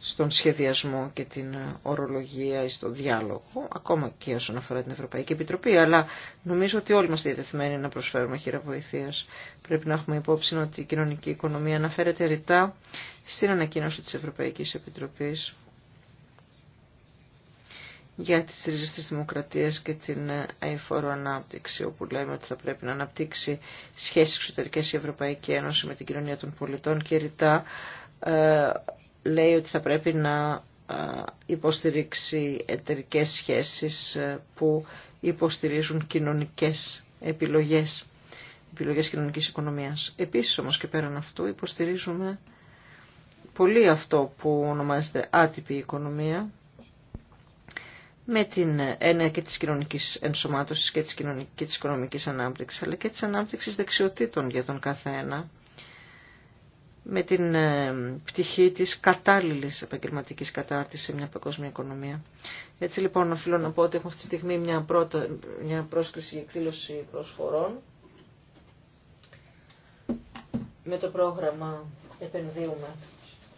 στον σχεδιασμό και την ορολογία ή στον διάλογο, ακόμα και όσον αφορά την Ευρωπαϊκή Επιτροπή, αλλά νομίζω ότι όλοι είμαστε διατεθειμένοι να προσφέρουμε χείρα βοηθείας. Πρέπει να έχουμε υπόψη ότι η κοινωνική οικονομία αναφέρεται ρητά στην ανακοίνωση της Ευρωπαϊκής Επιτροπής για τις ρίζες δημοκρατίας και την ε, αηφόρο ανάπτυξη, όπου λέμε ότι θα πρέπει να αναπτύξει σχέσεις εξωτερικές η Ευρωπαϊκή Ένωση με την κοινωνία των πολιτών και ρητά ε, λέει ότι θα πρέπει να ε, υποστηρίξει εταιρικές σχέσεις που υποστηρίζουν κοινωνικές επιλογές, επιλογές κοινωνικής οικονομίας. Επίσης όμως και πέραν αυτού υποστηρίζουμε πολύ αυτό που ονομάζεται άτυπη οικονομία, με την έννοια και της κοινωνικής ενσωμάτωσης και της, κοινωνικής, και της οικονομικής ανάπτυξης, αλλά και της ανάπτυξης δεξιοτήτων για τον καθένα, με την ε, πτυχή της κατάλληλης επαγγελματικής κατάρτισης σε μια παγκόσμια οικονομία. Έτσι λοιπόν οφείλω να πω ότι έχουμε αυτή τη στιγμή μια, πρώτα, μια πρόσκληση για εκδήλωση προσφορών με το πρόγραμμα «Επενδύουμε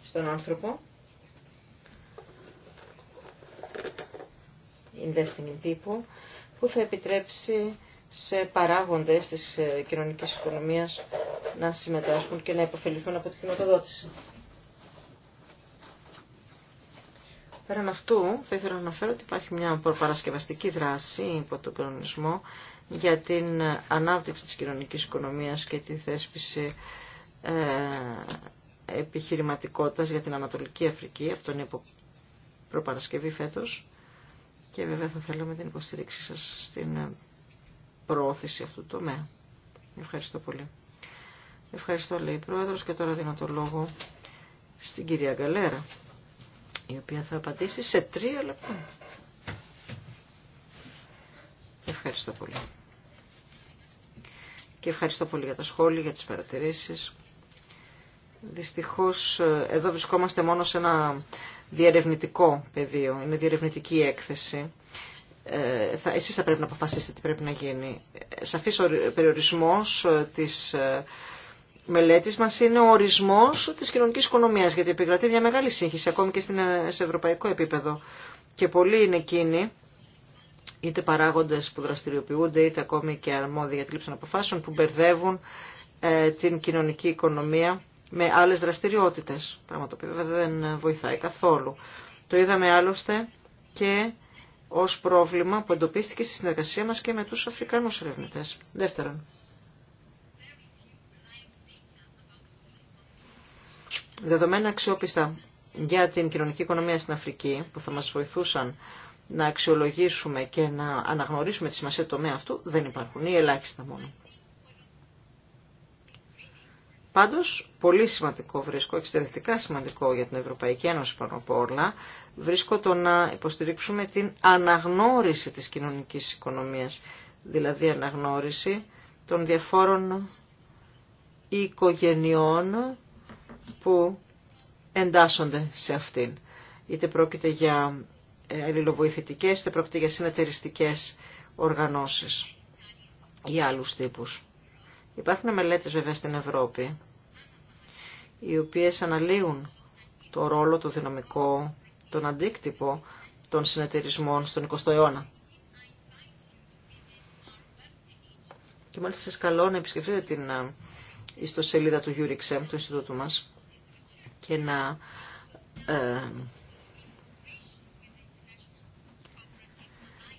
στον άνθρωπο» Investing in People, που θα επιτρέψει σε παράγοντες της ε, κοινωνικής οικονομίας να συμμετάσχουν και να υποφεληθούν από τη χρηματοδότηση. Πέραν αυτού, θα ήθελα να αναφέρω ότι υπάρχει μια προπαρασκευαστική δράση υπό τον κοινωνισμό για την ε, ανάπτυξη της κοινωνικής οικονομίας και τη θέσπιση ε, επιχειρηματικότητας για την Ανατολική Αφρική. Αυτό είναι προπαρασκευή φέτος και βέβαια θα θέλαμε την υποστήριξή σας στην ε, προώθηση αυτού του τομέα. Ευχαριστώ πολύ. Ευχαριστώ λέει η Πρόεδρος και τώρα δίνω το λόγο στην κυρία Γκαλέρα η οποία θα απαντήσει σε τρία λεπτά. Ευχαριστώ πολύ. Και ευχαριστώ πολύ για τα σχόλια, για τις παρατηρήσεις. Δυστυχώς ε, εδώ βρισκόμαστε μόνο σε ένα διερευνητικό πεδίο, είναι διερευνητική έκθεση. Ε, θα, εσείς θα πρέπει να αποφασίσετε τι πρέπει να γίνει. Σαφής περιορισμός ε, της ε, μελέτης μας είναι ο ορισμός της κοινωνικής οικονομίας, γιατί επικρατεί μια μεγάλη σύγχυση ακόμη και στην, ε, σε ευρωπαϊκό επίπεδο. Και πολλοί είναι εκείνοι, είτε παράγοντες που δραστηριοποιούνται, είτε ακόμη και αρμόδιοι για τη λήψη αποφάσεων, που μπερδεύουν την κοινωνική οικονομία με άλλες δραστηριότητες, πράγμα το οποίο βέβαια δεν βοηθάει καθόλου. Το είδαμε άλλωστε και ως πρόβλημα που εντοπίστηκε στη συνεργασία μας και με τους Αφρικανούς ερευνητέ. Δεύτερον, δεδομένα αξιόπιστα για την κοινωνική οικονομία στην Αφρική που θα μας βοηθούσαν να αξιολογήσουμε και να αναγνωρίσουμε τη σημασία του τομέα αυτού δεν υπάρχουν ή ελάχιστα μόνο. Πάντως, πολύ σημαντικό βρίσκω, εξαιρετικά σημαντικό για την Ευρωπαϊκή Ένωση πάνω από όλα, βρίσκω το να υποστηρίξουμε την αναγνώριση της κοινωνικής οικονομίας, δηλαδή αναγνώριση των διαφόρων οικογενειών που εντάσσονται σε αυτήν. Είτε πρόκειται για ε, αλληλοβοηθητικές, είτε πρόκειται για συνεταιριστικές οργανώσεις ή άλλους τύπους. Υπάρχουν μελέτες βέβαια στην Ευρώπη οι οποίες αναλύουν το ρόλο, το δυναμικό, τον αντίκτυπο των συνεταιρισμών στον 20ο αιώνα. Και μάλιστα σας καλώ να επισκεφτείτε την ε, ιστοσελίδα του Eurexem, του Ινστιτούτου μας, και να ε,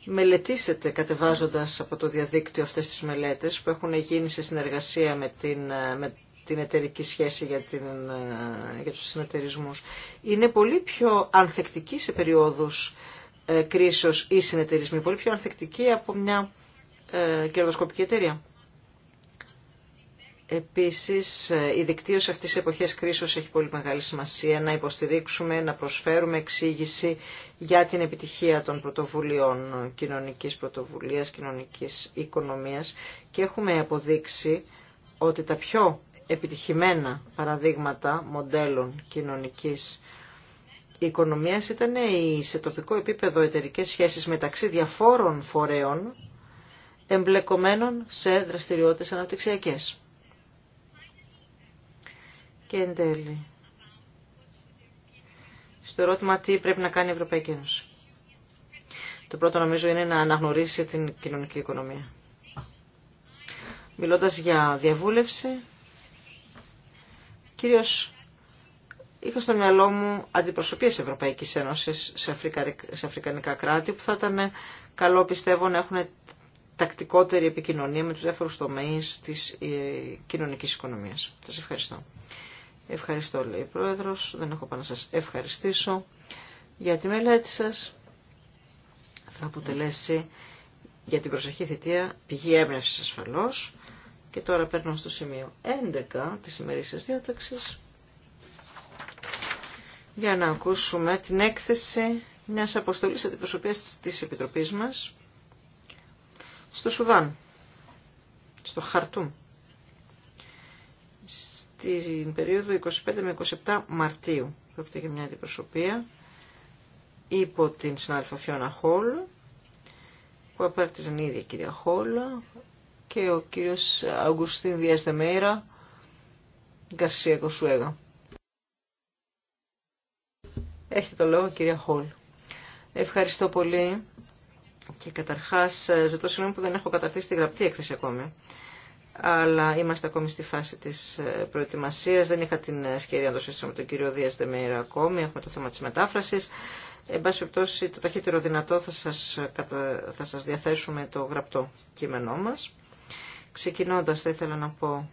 μελετήσετε κατεβάζοντας από το διαδίκτυο αυτές τις μελέτες που έχουν γίνει σε συνεργασία με, την, ε, με την εταιρική σχέση για, την, ε, για τους συνεταιρισμούς. Είναι πολύ πιο ανθεκτική σε περιόδους ε, κρίσεως η συνεταιρισμοί, πολύ πιο ανθεκτική από μια ε, κερδοσκοπική εταιρεία. Επίσης, ε, η δικτύωση αυτής της εποχής κρίσεως έχει πολύ μεγάλη σημασία να υποστηρίξουμε, να προσφέρουμε εξήγηση για την επιτυχία των πρωτοβουλειών κοινωνικής πρωτοβουλίας, κοινωνικής οικονομίας και έχουμε αποδείξει ότι τα πιο επιτυχημένα παραδείγματα μοντέλων κοινωνικής οικονομίας ήταν η σε τοπικό επίπεδο εταιρικέ σχέσεις μεταξύ διαφόρων φορέων εμπλεκομένων σε δραστηριότητες αναπτυξιακές. Και εν τέλει, στο ερώτημα τι πρέπει να κάνει η Ευρωπαϊκή Ένωση. Το πρώτο νομίζω είναι να αναγνωρίσει την κοινωνική οικονομία. Μιλώντας για διαβούλευση, Κυρίως είχα στο μυαλό μου αντιπροσωπείες Ευρωπαϊκής Ένωσης σε, αφρικανικά κράτη που θα ήταν καλό πιστεύω να έχουν τακτικότερη επικοινωνία με τους διάφορους τομείς της ε, κοινωνικής οικονομίας. Σας ευχαριστώ. Ευχαριστώ λέει η Πρόεδρος, δεν έχω πάνω να σας ευχαριστήσω για τη μελέτη σας. Θα αποτελέσει για την προσεχή θητεία πηγή έμπνευσης ασφαλώς. Και τώρα παίρνω στο σημείο 11 της ημερήσιας διάταξης για να ακούσουμε την έκθεση μιας αποστολής αντιπροσωπείας της Επιτροπής μας στο Σουδάν, στο Χαρτούμ, στην περίοδο 25 με 27 Μαρτίου. Πρόκειται για μια αντιπροσωπεία υπό την συνάδελφα Φιώνα Χόλ, που ήδη η κυρία Χόλ, και ο κύριος Αγκουστίν Διασδεμέιρα, Γκαρσία Κοσουέγα. Έχετε το λόγο κυρία Χολ. Ευχαριστώ πολύ και καταρχάς ζητώ συγγνώμη που δεν έχω καταρτήσει τη γραπτή έκθεση ακόμη αλλά είμαστε ακόμη στη φάση της ε, προετοιμασία. Δεν είχα την ευκαιρία να το συζητήσω με τον κύριο Διασδεμέιρα ακόμη. Έχουμε το θέμα της μετάφραση. Εν πάση περιπτώσει, το ταχύτερο δυνατό θα σα θα διαθέσουμε το γραπτό κείμενό μα. Ξεκινώντας θα ήθελα να πω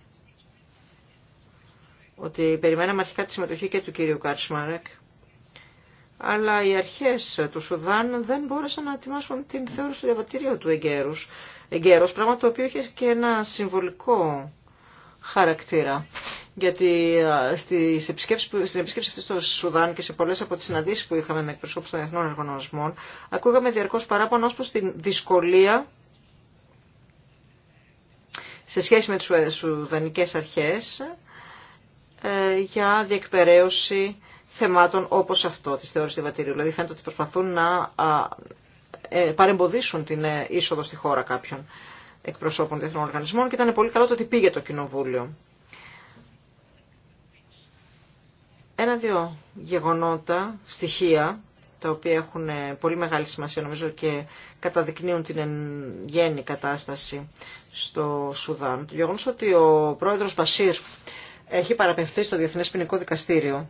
ότι περιμέναμε αρχικά τη συμμετοχή και του κύριου Κάρσμαρεκ αλλά οι αρχές του Σουδάν δεν μπόρεσαν να ετοιμάσουν την θεώρηση του διαβατήριου του εγκαίρους, εγκαίρος, πράγμα το οποίο είχε και ένα συμβολικό χαρακτήρα. Γιατί στις επισκέψεις, στην επισκέψη αυτή στο Σουδάν και σε πολλές από τις συναντήσεις που είχαμε με εκπροσώπους των Εθνών Εργονοσμών, ακούγαμε διαρκώς παράπονα ως προς την δυσκολία σε σχέση με τις Σουδανικές αρχές ε, για διεκπαιρέωση θεμάτων όπως αυτό της θεώρησης διαβατήριου. Δηλαδή φαίνεται ότι προσπαθούν να ε, παρεμποδίσουν την ε, είσοδο στη χώρα κάποιων εκπροσώπων διεθνών οργανισμών και ήταν πολύ καλό το ότι πήγε το Κοινοβούλιο. Ένα-δύο γεγονότα, στοιχεία τα οποία έχουν ε, πολύ μεγάλη σημασία νομίζω και καταδεικνύουν την γέννη κατάσταση στο Σουδάν. Το γεγονό ότι ο πρόεδρος Μπασίρ έχει παραπευθεί στο Διεθνές Ποινικό Δικαστήριο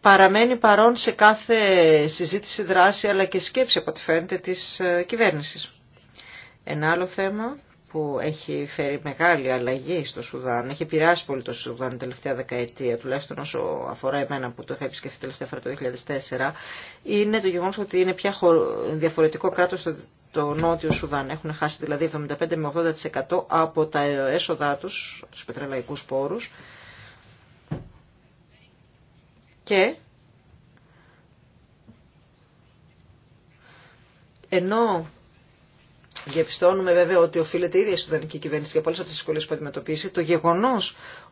παραμένει παρόν σε κάθε συζήτηση, δράση αλλά και σκέψη από ό,τι φαίνεται της ε, κυβέρνησης. Ένα άλλο θέμα που έχει φέρει μεγάλη αλλαγή στο Σουδάν. Έχει πειράσει πολύ το Σουδάν την τελευταία δεκαετία, τουλάχιστον όσο αφορά εμένα που το είχα επισκεφθεί τελευταία φορά το 2004, είναι το γεγονός ότι είναι πια διαφορετικό κράτος το, το νότιο Σουδάν. Έχουν χάσει δηλαδή 75 με 80% από τα έσοδά τους, τους πετρελαϊκούς πόρους. Και ενώ Διαπιστώνουμε βέβαια ότι οφείλεται η ίδια η Σουδανική κυβέρνηση για πολλέ από τι δυσκολίε που αντιμετωπίσει. Το γεγονό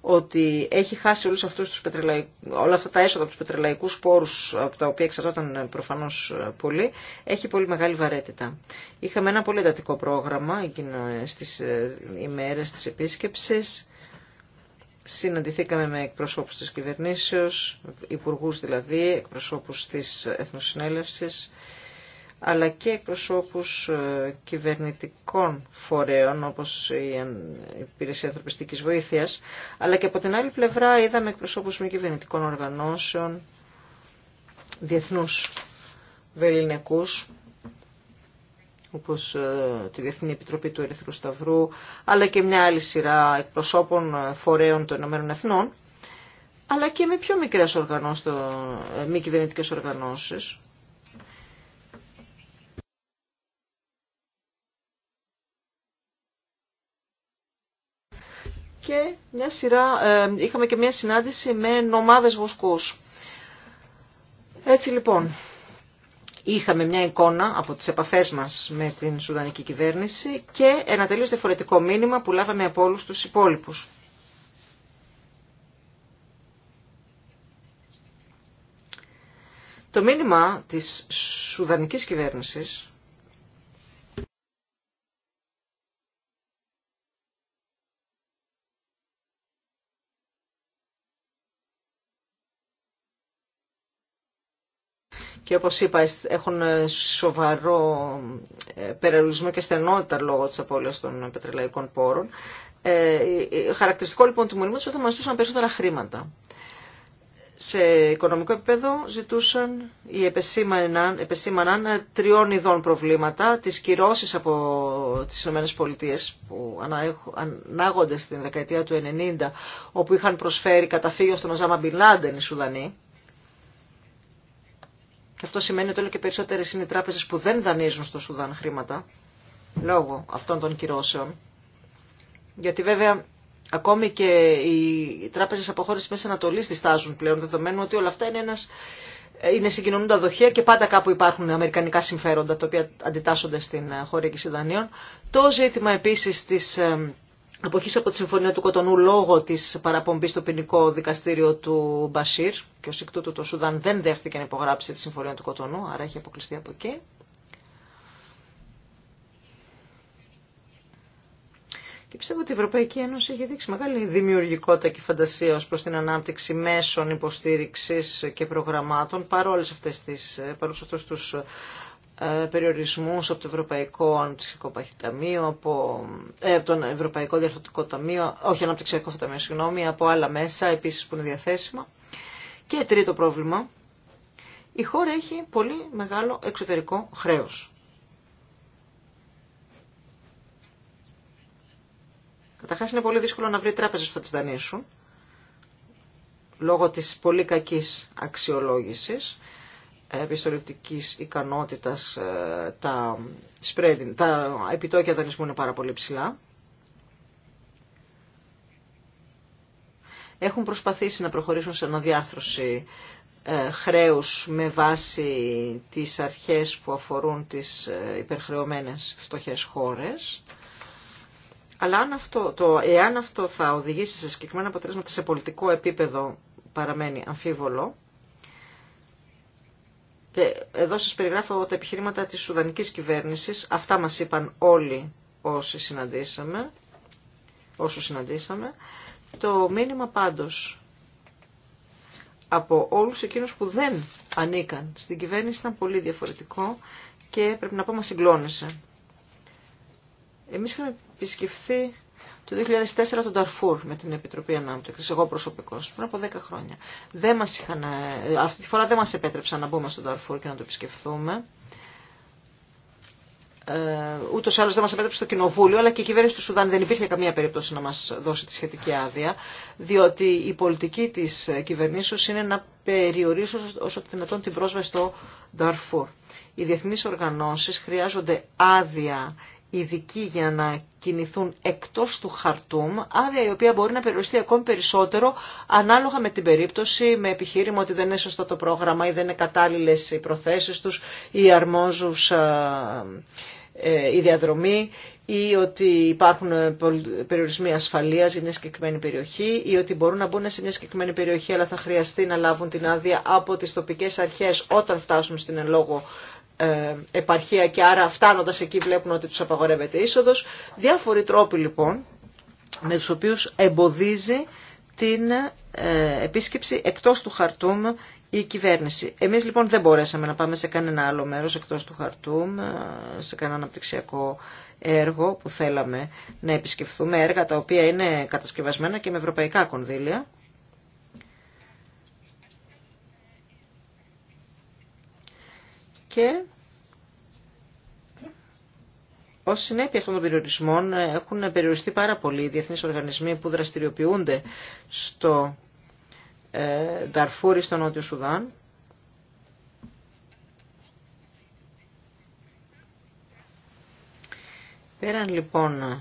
ότι έχει χάσει όλους αυτούς τους πετρελαϊκ... όλα αυτά τα έσοδα από του πετρελαϊκού πόρου, από τα οποία εξαρτώταν ε, προφανώ ε, πολύ, έχει πολύ μεγάλη βαρέτητα. Είχαμε ένα πολύ εντατικό πρόγραμμα ε, στι ημέρε τη επίσκεψη. Συναντηθήκαμε με εκπροσώπους τη κυβερνήσεω, υπουργού δηλαδή, εκπροσώπου τη Εθνοσυνέλευση αλλά και εκπροσώπους ε, κυβερνητικών φορέων όπως ε, η Υπηρεσία Ανθρωπιστικής Βοήθειας, αλλά και από την άλλη πλευρά είδαμε εκπροσώπους μη κυβερνητικών οργανώσεων, διεθνούς βεληνικούς, όπως ε, τη Διεθνή Επιτροπή του Ερυθρού Σταυρού, αλλά και μια άλλη σειρά εκπροσώπων φορέων των Ηνωμένων Εθνών, αλλά και με πιο μικρές οργανώσεις, μη κυβερνητικές οργανώσεις, μια σειρά, ε, είχαμε και μια συνάντηση με νομάδες βοσκούς. Έτσι λοιπόν, είχαμε μια εικόνα από τις επαφές μας με την Σουδανική κυβέρνηση και ένα τελείως διαφορετικό μήνυμα που λάβαμε από όλους τους υπόλοιπους. Το μήνυμα της Σουδανικής κυβέρνησης και όπως είπα έχουν σοβαρό ε, περιορισμό και στενότητα λόγω της απώλειας των πετρελαϊκών πόρων. Ε, ε, χαρακτηριστικό λοιπόν του ήταν ότι θα μας ζητούσαν περισσότερα χρήματα. Σε οικονομικό επίπεδο ζητούσαν ή επεσήμαναν, επεσήμαναν τριών ειδών προβλήματα, τις κυρώσεις από τις ΗΠΑ που ανάγονται στην δεκαετία του 90, όπου είχαν προσφέρει καταφύγιο στον Οζάμα Μπιλάντεν οι Σουδανοί, και αυτό σημαίνει ότι όλο και περισσότερε είναι οι τράπεζε που δεν δανείζουν στο Σουδάν χρήματα λόγω αυτών των κυρώσεων. Γιατί βέβαια ακόμη και οι τράπεζε από χώρε τη Μέση Ανατολή διστάζουν πλέον, δεδομένου ότι όλα αυτά είναι ένας, είναι συγκοινωνούντα δοχεία και πάντα κάπου υπάρχουν αμερικανικά συμφέροντα τα οποία αντιτάσσονται στην ε, χώρα και Το ζήτημα επίση τη ε, αποχής από τη Συμφωνία του Κοτονού λόγω της παραπομπής στο ποινικό δικαστήριο του Μπασίρ και ω εκ τούτου το Σουδάν δεν δέχθηκε να υπογράψει τη Συμφωνία του Κοτονού, άρα έχει αποκλειστεί από εκεί. Και πιστεύω ότι η Ευρωπαϊκή Ένωση έχει δείξει μεγάλη δημιουργικότητα και φαντασία ως προς την ανάπτυξη μέσων υποστήριξης και προγραμμάτων παρόλες αυτές τις, παρόλες αυτούς τους ε, περιορισμούς από το Ευρωπαϊκό Αναπτυξιακό Ταμείο, από, ε, Ευρωπαϊκό Διαρθωτικό Ταμείο, όχι Αναπτυξιακό Ταμείο, συγγνώμη, από άλλα μέσα επίσης που είναι διαθέσιμα. Και τρίτο πρόβλημα, η χώρα έχει πολύ μεγάλο εξωτερικό χρέος. Καταρχάς είναι πολύ δύσκολο να βρει τράπεζες που θα τις δανείσουν, λόγω της πολύ κακής αξιολόγησης επιστολιπτικής ικανότητας ε, τα, spreading, τα επιτόκια δανεισμού είναι πάρα πολύ ψηλά. Έχουν προσπαθήσει να προχωρήσουν σε αναδιάρθρωση ε, χρέους με βάση τις αρχές που αφορούν τις ε, υπερχρεωμένες φτωχές χώρες. Αλλά αν αυτό, το, εάν αυτό θα οδηγήσει σε συγκεκριμένα αποτελέσματα σε πολιτικό επίπεδο παραμένει αμφίβολο, εδώ σας περιγράφω τα επιχειρήματα της Σουδανικής κυβέρνησης. Αυτά μας είπαν όλοι όσοι συναντήσαμε, όσους συναντήσαμε. Το μήνυμα πάντως από όλους εκείνους που δεν ανήκαν στην κυβέρνηση ήταν πολύ διαφορετικό και πρέπει να πω μας συγκλώνησε. Εμείς είχαμε επισκεφθεί το 2004 τον Ταρφούρ με την Επιτροπή Ανάπτυξη, εγώ προσωπικώ, πριν από 10 χρόνια. Δεν μας είχαν, ε, αυτή τη φορά δεν μα επέτρεψαν να μπούμε στον Ταρφούρ και να το επισκεφθούμε. Ε, Ούτω ή άλλω δεν μα επέτρεψε το Κοινοβούλιο, αλλά και η κυβέρνηση του Σουδάν δεν υπήρχε καμία περίπτωση να μα δώσει τη σχετική άδεια, διότι η πολιτική τη κυβερνήσεω είναι να περιορίσει όσο το δυνατόν την πρόσβαση στο Νταρφούρ. Οι διεθνεί οργανώσει χρειάζονται άδεια ειδικοί για να κινηθούν εκτός του χαρτούμ, άδεια η οποία μπορεί να περιοριστεί ακόμη περισσότερο ανάλογα με την περίπτωση, με επιχείρημα ότι δεν είναι σωστό το πρόγραμμα ή δεν είναι κατάλληλες οι προθέσεις τους ή αρμόζους ε, η διαδρομή ή ότι υπάρχουν περιορισμοί ασφαλείας για μια συγκεκριμένη περιοχή ή ότι μπορούν να μπουν σε μια συγκεκριμένη περιοχή αλλά θα χρειαστεί να λάβουν την άδεια από τις τοπικές αρχές όταν φτάσουν στην εν λόγω ε, επαρχία και άρα φτάνοντας εκεί βλέπουν ότι τους απαγορεύεται είσοδος. Διάφοροι τρόποι λοιπόν με τους οποίους εμποδίζει την ε, επίσκεψη εκτός του χαρτούμ η κυβέρνηση. Εμείς λοιπόν δεν μπορέσαμε να πάμε σε κανένα άλλο μέρος εκτός του χαρτούμ, ε, σε κανένα αναπτυξιακό έργο που θέλαμε να επισκεφθούμε, έργα τα οποία είναι κατασκευασμένα και με ευρωπαϊκά κονδύλια. και Ω συνέπεια αυτών των περιορισμών έχουν περιοριστεί πάρα πολύ οι διεθνείς οργανισμοί που δραστηριοποιούνται στο ε, Νταρφούρι στο Νότιο Σουδάν. Πέραν λοιπόν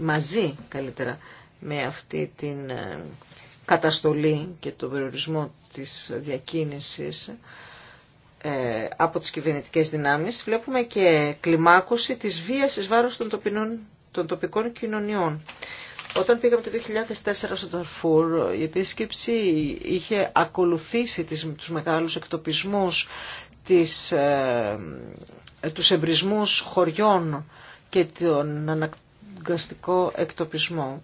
μαζί καλύτερα με αυτή την ε, καταστολή και τον περιορισμό της διακίνησης ε, από τις κυβερνητικές δυνάμεις βλέπουμε και κλιμάκωση της βίας εις βάρος των, τοπικών κοινωνιών. Όταν πήγαμε το 2004 στο Ταρφούρ, η επίσκεψη είχε ακολουθήσει τις, τους μεγάλους εκτοπισμούς, τις, ε, τους εμπρισμούς χωριών και τον αναγκαστικό εκτοπισμό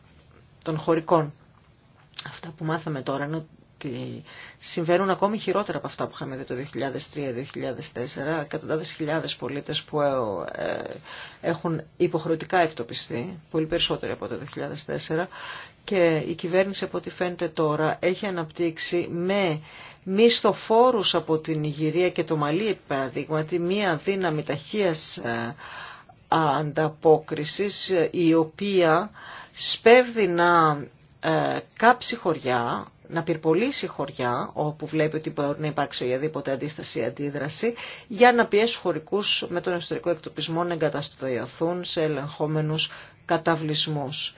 των χωρικών. Αυτά που μάθαμε τώρα είναι ότι συμβαίνουν ακόμη χειρότερα από αυτά που είχαμε δει το 2003-2004. Εκατοντάδες χιλιάδες πολίτες που ε, ε, έχουν υποχρεωτικά εκτοπιστεί, πολύ περισσότεροι από το 2004. Και η κυβέρνηση από ό,τι φαίνεται τώρα έχει αναπτύξει με μισθοφόρους από την Ιγυρία και το Μαλί, παραδείγματι, μία δύναμη ταχείας ε, ανταπόκρισης η οποία σπέβδει να κάψει χωριά να πυρπολίσει χωριά όπου βλέπει ότι μπορεί να υπάρξει οποιαδήποτε αντίσταση ή αντίδραση για να πιέσει χωρικούς με τον εσωτερικό εκτοπισμό να εγκαταστολιαθούν σε ελεγχόμενους καταβλισμούς.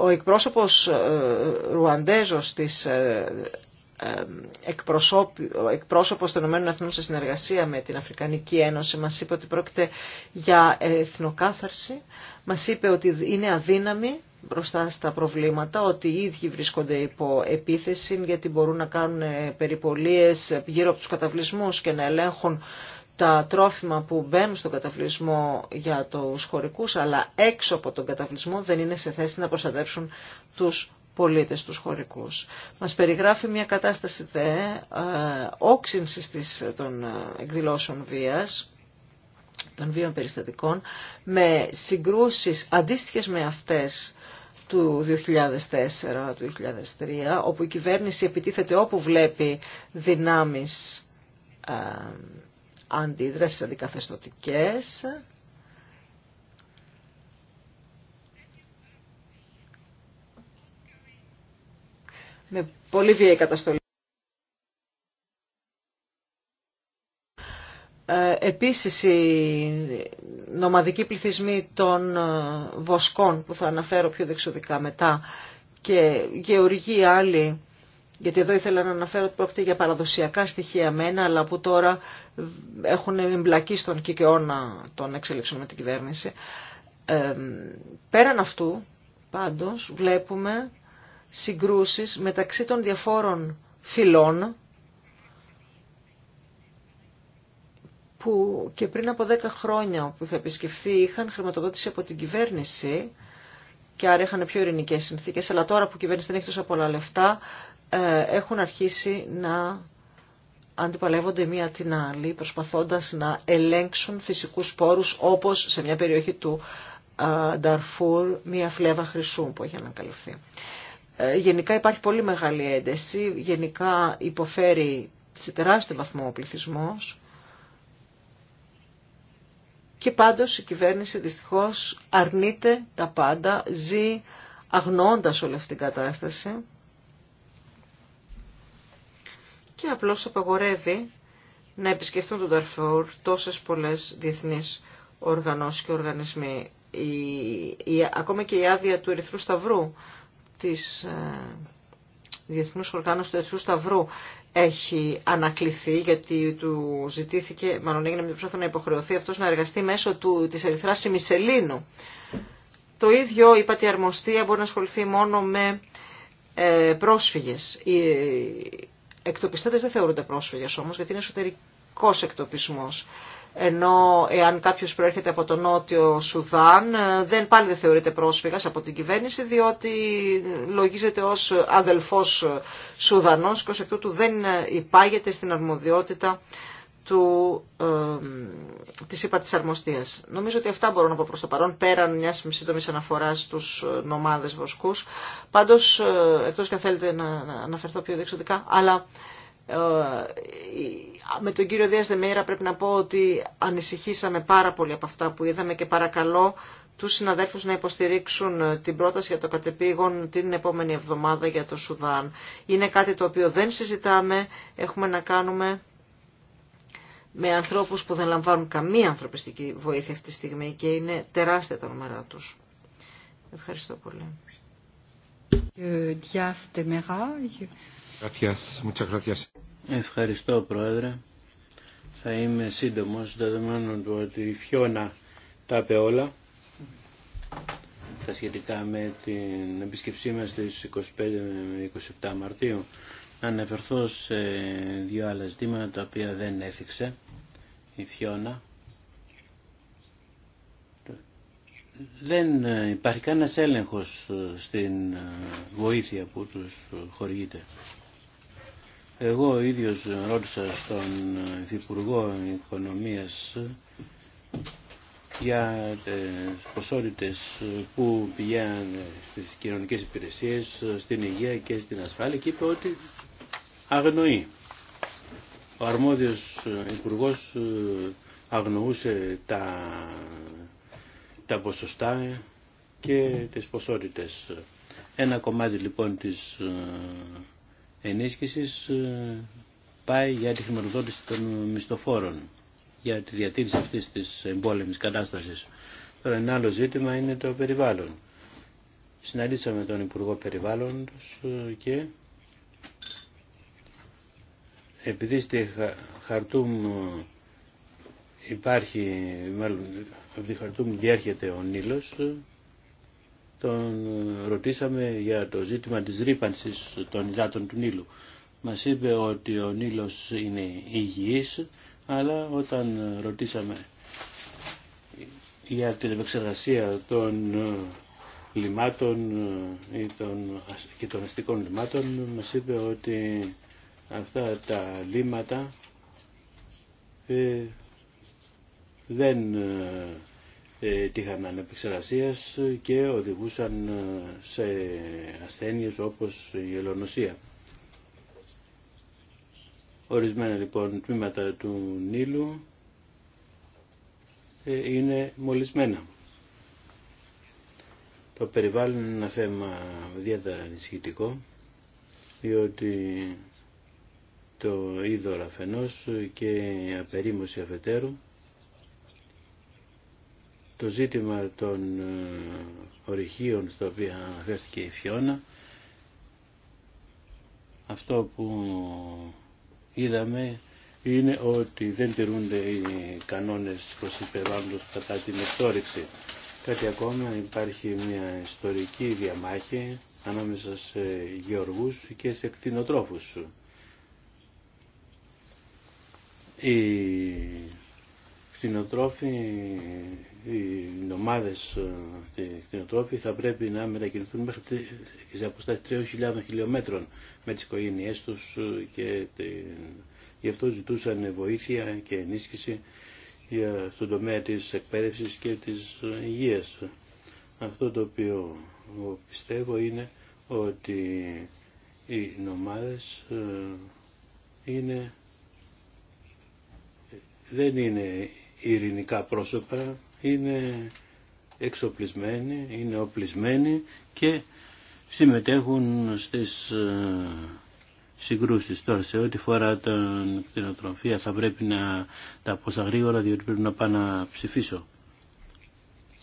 Ο εκπρόσωπος ε, Ρουαντέζος της ε, ε, εκπρόσωπο των ΗΕ σε συνεργασία με την Αφρικανική Ένωση μας είπε ότι πρόκειται για εθνοκάθαρση, μας είπε ότι είναι αδύναμη μπροστά στα προβλήματα, ότι οι ίδιοι βρίσκονται υπό επίθεση γιατί μπορούν να κάνουν ε, περιπολίες γύρω από τους καταβλισμούς και να ελέγχουν τα τρόφιμα που μπαίνουν στον καταβλισμό για τους χωρικούς, αλλά έξω από τον καταβλισμό δεν είναι σε θέση να προστατεύσουν τους πολίτες τους χωρικούς. Μας περιγράφει μια κατάσταση δε ε, όξυνσης της, ε, των ε, εκδηλώσεων βίας, των βίων περιστατικών, με συγκρούσεις αντίστοιχες με αυτές του 2004-2003, όπου η κυβέρνηση επιτίθεται όπου βλέπει δυνάμεις ε, αντίδρασης Με πολύ βία η καταστολή Ε, επίσης οι νομαδικοί πληθυσμοί των ε, βοσκών που θα αναφέρω πιο δεξοδικά μετά και γεωργοί άλλοι, γιατί εδώ ήθελα να αναφέρω ότι πρόκειται για παραδοσιακά στοιχεία μένα, αλλά που τώρα έχουν εμπλακεί στον κικαιώνα των εξελίξεων με την κυβέρνηση. Ε, πέραν αυτού, πάντως, βλέπουμε συγκρούσεις μεταξύ των διαφόρων φυλών που και πριν από 10 χρόνια που είχα επισκεφθεί είχαν χρηματοδότηση από την κυβέρνηση και άρα είχαν πιο ειρηνικέ συνθήκες, αλλά τώρα που η κυβέρνηση δεν έχει τόσο πολλά λεφτά ε, έχουν αρχίσει να αντιπαλεύονται μία την άλλη προσπαθώντας να ελέγξουν φυσικούς πόρους όπως σε μια περιοχή του ε, Νταρφούρ μία φλέβα χρυσού που έχει ανακαλυφθεί. Ε, γενικά υπάρχει πολύ μεγάλη ένταση, γενικά υποφέρει σε τεράστιο βαθμό ο πληθυσμός και πάντως η κυβέρνηση δυστυχώς αρνείται τα πάντα, ζει αγνώντας όλη αυτή την κατάσταση και απλώς απαγορεύει να επισκεφτούν τον Ταρφόρ τόσες πολλές διεθνείς οργανώσεις και οργανισμοί. Η, ακόμα και η άδεια του Ερυθρού Σταυρού της ε, Διεθνούς Οργάνωση του Ερυθρού Σταυρού έχει ανακληθεί γιατί του ζητήθηκε, μάλλον έγινε με την να υποχρεωθεί αυτός να εργαστεί μέσω του, της Σιμισελίνου. Το ίδιο η πατιαρμοστία μπορεί να ασχοληθεί μόνο με ε, πρόσφυγες. Οι εκτοπιστές δεν θεωρούνται πρόσφυγες όμως γιατί είναι εσωτερικός εκτοπισμό ενώ εάν κάποιος προέρχεται από το νότιο Σουδάν ε, δεν, πάλι δεν θεωρείται πρόσφυγας από την κυβέρνηση διότι λογίζεται ως αδελφός Σουδανός και ως εκ τούτου δεν υπάγεται στην αρμοδιότητα του, ε, της ΥΠΑ της Αρμοστίας. Νομίζω ότι αυτά μπορώ να πω προς το παρόν, πέραν μιας σύντομης αναφοράς στους νομάδες βοσκούς. Πάντως, ε, εκτός και αν θέλετε να αναφερθώ πιο διεξοδικά, αλλά ε, με τον κύριο Δίας Δεμέρα πρέπει να πω ότι ανησυχήσαμε πάρα πολύ από αυτά που είδαμε και παρακαλώ τους συναδέλφους να υποστηρίξουν την πρόταση για το κατεπήγον την επόμενη εβδομάδα για το Σουδάν. Είναι κάτι το οποίο δεν συζητάμε, έχουμε να κάνουμε με ανθρώπους που δεν λαμβάνουν καμία ανθρωπιστική βοήθεια αυτή τη στιγμή και είναι τεράστια τα νούμερα τους. Ευχαριστώ πολύ. Ε, Ευχαριστώ Πρόεδρε. Θα είμαι σύντομος δεδομένου του ότι η Φιώνα τα είπε όλα τα σχετικά με την επίσκεψή μας στις 25-27 Μαρτίου. Να αναφερθώ σε δύο άλλα ζητήματα τα οποία δεν έθιξε η Φιώνα. δεν υπάρχει κανένας έλεγχος στην βοήθεια που τους χορηγείται. Εγώ ίδιος ρώτησα στον Υφυπουργό Οικονομίας για τις ποσότητες που πηγαίνουν στις κοινωνικές υπηρεσίες, στην υγεία και στην ασφάλεια και είπε ότι αγνοεί. Ο αρμόδιος Υπουργός αγνοούσε τα, τα ποσοστά και τις ποσότητες. Ένα κομμάτι λοιπόν της ενίσχυσης ε, πάει για τη χρηματοδότηση των μισθοφόρων, για τη διατήρηση αυτής της εμπόλεμης κατάστασης. Τώρα ένα άλλο ζήτημα είναι το περιβάλλον. Συναντήσαμε τον Υπουργό Περιβάλλοντος ε, και επειδή στη Χαρτούμ ε, υπάρχει, μάλλον από τη Χαρτούμ διέρχεται ο Νίλος, τον ρωτήσαμε για το ζήτημα της ρήπανση των υδάτων του Νείλου. Μας είπε ότι ο Νείλος είναι υγιής, αλλά όταν ρωτήσαμε για την επεξεργασία των ε, λιμάτων ε, ή και των αστικών λιμάτων, μας είπε ότι αυτά τα λίματα ε, δεν ε, τύχαναν επεξεργασίας και οδηγούσαν ε, σε ασθένειες όπως η ελονοσία. Ορισμένα λοιπόν τμήματα του Νείλου ε, είναι μολυσμένα. Το περιβάλλον είναι ένα θέμα ιδιαίτερα ανησυχητικό, διότι το είδωρα αφενός και η απερίμωση αφετέρου το ζήτημα των ε, ορυχείων στο οποίο αναφέρθηκε η Φιώνα αυτό που είδαμε είναι ότι δεν τηρούνται οι κανόνες προς υπερβάλλοντος κατά την εκτόρυξη. Κάτι ακόμα υπάρχει μια ιστορική διαμάχη ανάμεσα σε γεωργούς και σε κτηνοτρόφους κτηνοτρόφοι, οι ομάδες ε, κτηνοτρόφοι θα πρέπει να μετακινηθούν μέχρι τις αποστάσεις 3.000 χιλιόμετρων με τις οικογένειές τους ε, και γι' αυτό ζητούσαν βοήθεια και ενίσχυση στον τομέα της εκπαίδευσης και της ε, υγείας. Αυτό το οποίο πιστεύω είναι ότι οι νομάδες είναι δεν είναι ειρηνικά πρόσωπα είναι εξοπλισμένοι, είναι οπλισμένοι και συμμετέχουν στις ε, συγκρούσεις. Τώρα σε ό,τι φορά την κτηνοτροφία θα πρέπει να τα πω στα γρήγορα διότι πρέπει να πάω να ψηφίσω.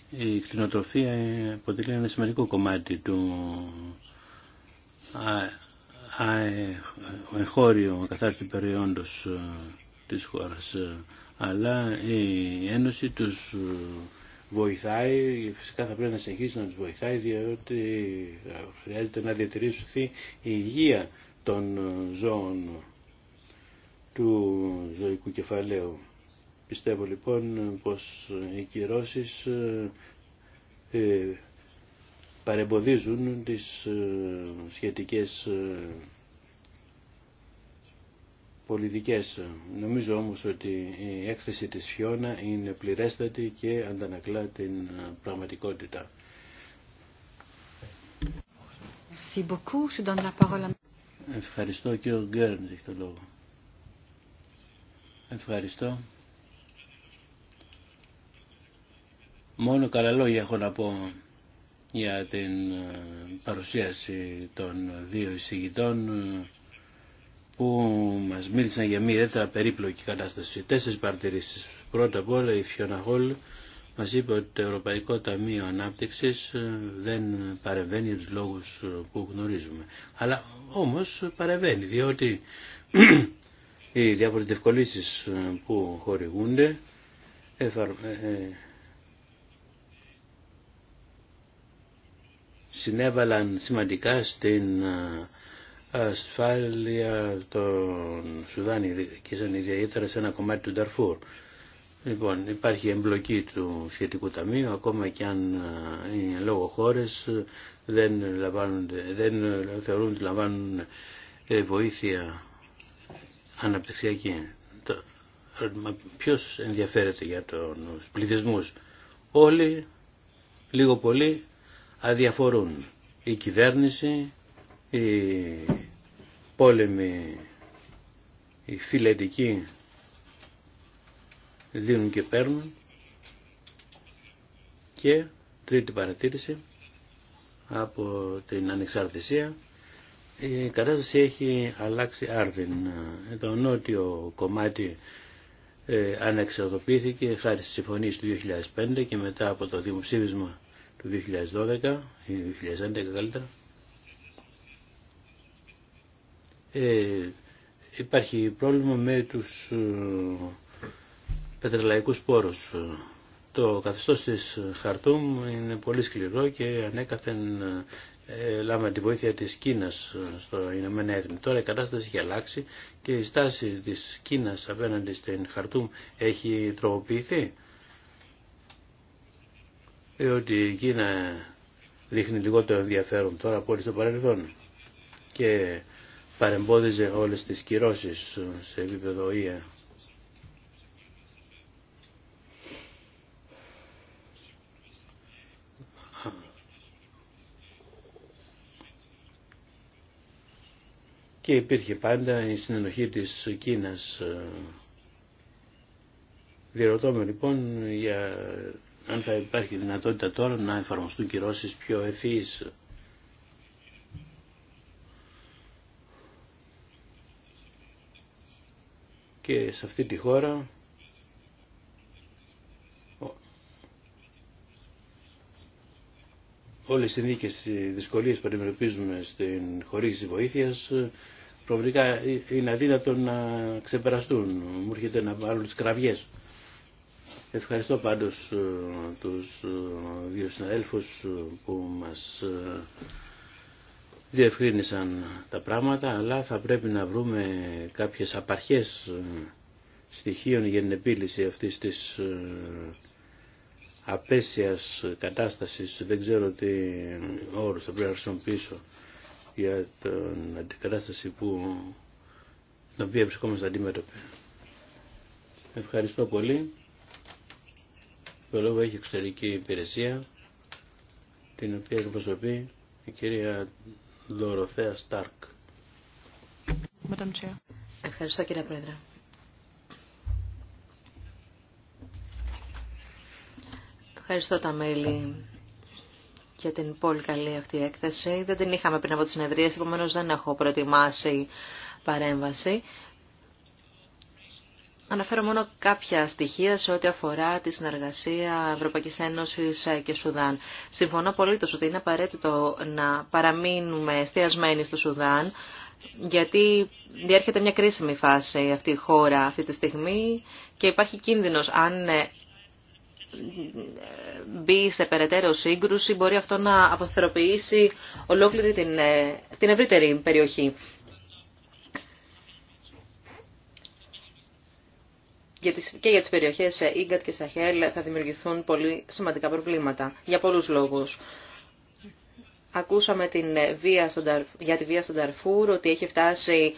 Η κτηνοτροφία αποτελεί ένα σημαντικό κομμάτι του ε, εγχώριου καθάριστου περιόντος ε, της ε, Αλλά η Ένωση τους ε, βοηθάει, φυσικά θα πρέπει να συνεχίσει να τους βοηθάει διότι ε, χρειάζεται να διατηρήσει η υγεία των ζώων του ζωικού κεφαλαίου. Πιστεύω λοιπόν πως οι κυρώσεις παρεμποδίζουν τις σχετικές πολιτικές. Νομίζω όμως ότι η έκθεση της Φιώνα είναι πληρέστατη και αντανακλά την πραγματικότητα. Ευχαριστώ κύριο Γκέρντ, το λόγο. Ευχαριστώ. Μόνο καλά λόγια έχω να πω για την ε, παρουσίαση των δύο εισηγητών ε, που μας μίλησαν για μια ιδιαίτερα περίπλοκη κατάσταση. Τέσσερι παρατηρήσει. Πρώτα απ' όλα η Φιώνα Χόλ μας είπε ότι το Ευρωπαϊκό Ταμείο Ανάπτυξη ε, δεν παρεμβαίνει του λόγους ε, που γνωρίζουμε. Αλλά όμως παρεμβαίνει, διότι οι διάφορες διευκολύνσει ε, που χορηγούνται συνέβαλαν σημαντικά στην ασφάλεια των Σουδάν σαν ιδιαίτερα σε ένα κομμάτι του Νταρφούρ. Λοιπόν, υπάρχει εμπλοκή του σχετικού ταμείου, ακόμα και αν ε, είναι λόγω χώρε δεν, δεν θεωρούν ότι λαμβάνουν ε, βοήθεια αναπτυξιακή. Ποιο ενδιαφέρεται για του πληθυσμού, Όλοι λίγο πολύ αδιαφορούν. Η κυβέρνηση η πόλεμοι, η φιλετική δίνουν και παίρνουν και τρίτη παρατήρηση από την ανεξαρτησία η κατάσταση έχει αλλάξει άρδιν. Το νότιο κομμάτι ε, χάρη στις συμφωνίες του 2005 και μετά από το δημοψήφισμα του 2012 ή 2011 καλύτερα Ε, υπάρχει πρόβλημα με τους ε, πετρελαϊκούς πόρους. Ε, το καθεστώς της Χαρτούμ είναι πολύ σκληρό και ανέκαθεν λάβαμε τη βοήθεια της Κίνας στο Ηνωμένα Έθνη. Τώρα η κατάσταση έχει αλλάξει και η στάση της Κίνας απέναντι στην Χαρτούμ έχει τροποποιηθεί. Διότι η Κίνα δείχνει λιγότερο ενδιαφέρον τώρα από το στο παρελθόν. Και παρεμπόδιζε όλες τις κυρώσεις σε επίπεδο ΙΕ. Και υπήρχε πάντα η συνενοχή της Κίνας. Διερωτώμε λοιπόν για αν θα υπάρχει δυνατότητα τώρα να εφαρμοστούν κυρώσεις πιο ευφύης και σε αυτή τη χώρα όλες οι συνδίκες, οι δυσκολίες που αντιμετωπίζουμε στην χορήγηση βοήθειας προβλικά είναι αδύνατο να ξεπεραστούν. Μου έρχεται να βάλουν τις κραυγές. Ευχαριστώ πάντως ε, τους ε, δύο συναδέλφους ε, που μας διευκρίνησαν τα πράγματα, αλλά θα πρέπει να βρούμε κάποιες απαρχές ε, στοιχείων για την επίλυση αυτής της ε, απέσιας κατάστασης. Δεν ξέρω τι όρους θα πρέπει να χρησιμοποιήσω για την αντικατάσταση που την οποία βρισκόμαστε αντιμέτωποι. Ευχαριστώ πολύ. Το λόγο έχει εξωτερική υπηρεσία την οποία εκπροσωπεί η κυρία Δωροθέα Στάρκ. Ευχαριστώ κύριε Πρόεδρε. Ευχαριστώ τα μέλη για την πολύ καλή αυτή έκθεση. Δεν την είχαμε πριν από τη συνεδρία, επομένω δεν έχω προετοιμάσει παρέμβαση. Αναφέρω μόνο κάποια στοιχεία σε ό,τι αφορά τη συνεργασία Ευρωπαϊκή Ένωση και Σουδάν. Συμφωνώ πολύ ότι είναι απαραίτητο να παραμείνουμε εστιασμένοι στο Σουδάν, γιατί διέρχεται μια κρίσιμη φάση αυτή η χώρα αυτή τη στιγμή και υπάρχει κίνδυνος αν ε, μπει σε περαιτέρω σύγκρουση, μπορεί αυτό να αποθεροποιήσει ολόκληρη την, ε, την ευρύτερη περιοχή. και για τις περιοχές ε, Ίγκατ και Σαχέλ ε, θα δημιουργηθούν πολύ σημαντικά προβλήματα, για πολλούς λόγους. Ακούσαμε την ε, βία στον για τη βία στον Ταρφούρ ότι έχει φτάσει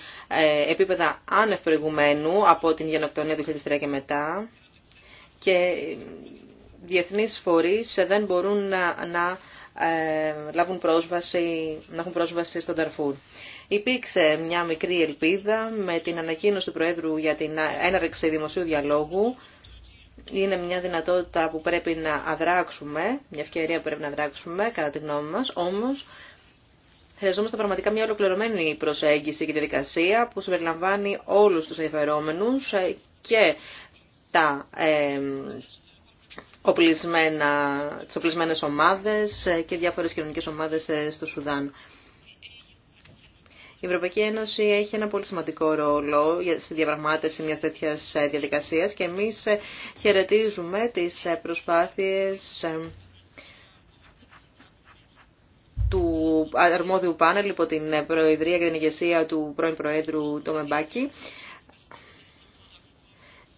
επίπεδα άνευ προηγουμένου από την γενοκτονία του 2003 και μετά και διεθνείς φορείς δεν μπορούν να, λάβουν πρόσβαση, να έχουν πρόσβαση στον Ταρφούρ. Υπήρξε μια μικρή ελπίδα με την ανακοίνωση του Προέδρου για την έναρξη δημοσίου διαλόγου. Είναι μια δυνατότητα που πρέπει να αδράξουμε, μια ευκαιρία που πρέπει να αδράξουμε, κατά τη γνώμη μας. Όμως, χρειαζόμαστε πραγματικά μια ολοκληρωμένη προσέγγιση και διαδικασία που συμπεριλαμβάνει όλους τους ενδιαφερόμενους και τα ε, οπλισμένα, τις οπλισμένες ομάδες και διάφορες κοινωνικές ομάδες ε, στο Σουδάν. Η Ευρωπαϊκή Ένωση έχει ένα πολύ σημαντικό ρόλο στη διαπραγμάτευση μια τέτοια ε, διαδικασία και εμείς ε, χαιρετίζουμε τις ε, προσπάθειε του αρμόδιου πάνελ υπό την Προεδρία και την ηγεσία του πρώην Προέδρου Τομεμπάκη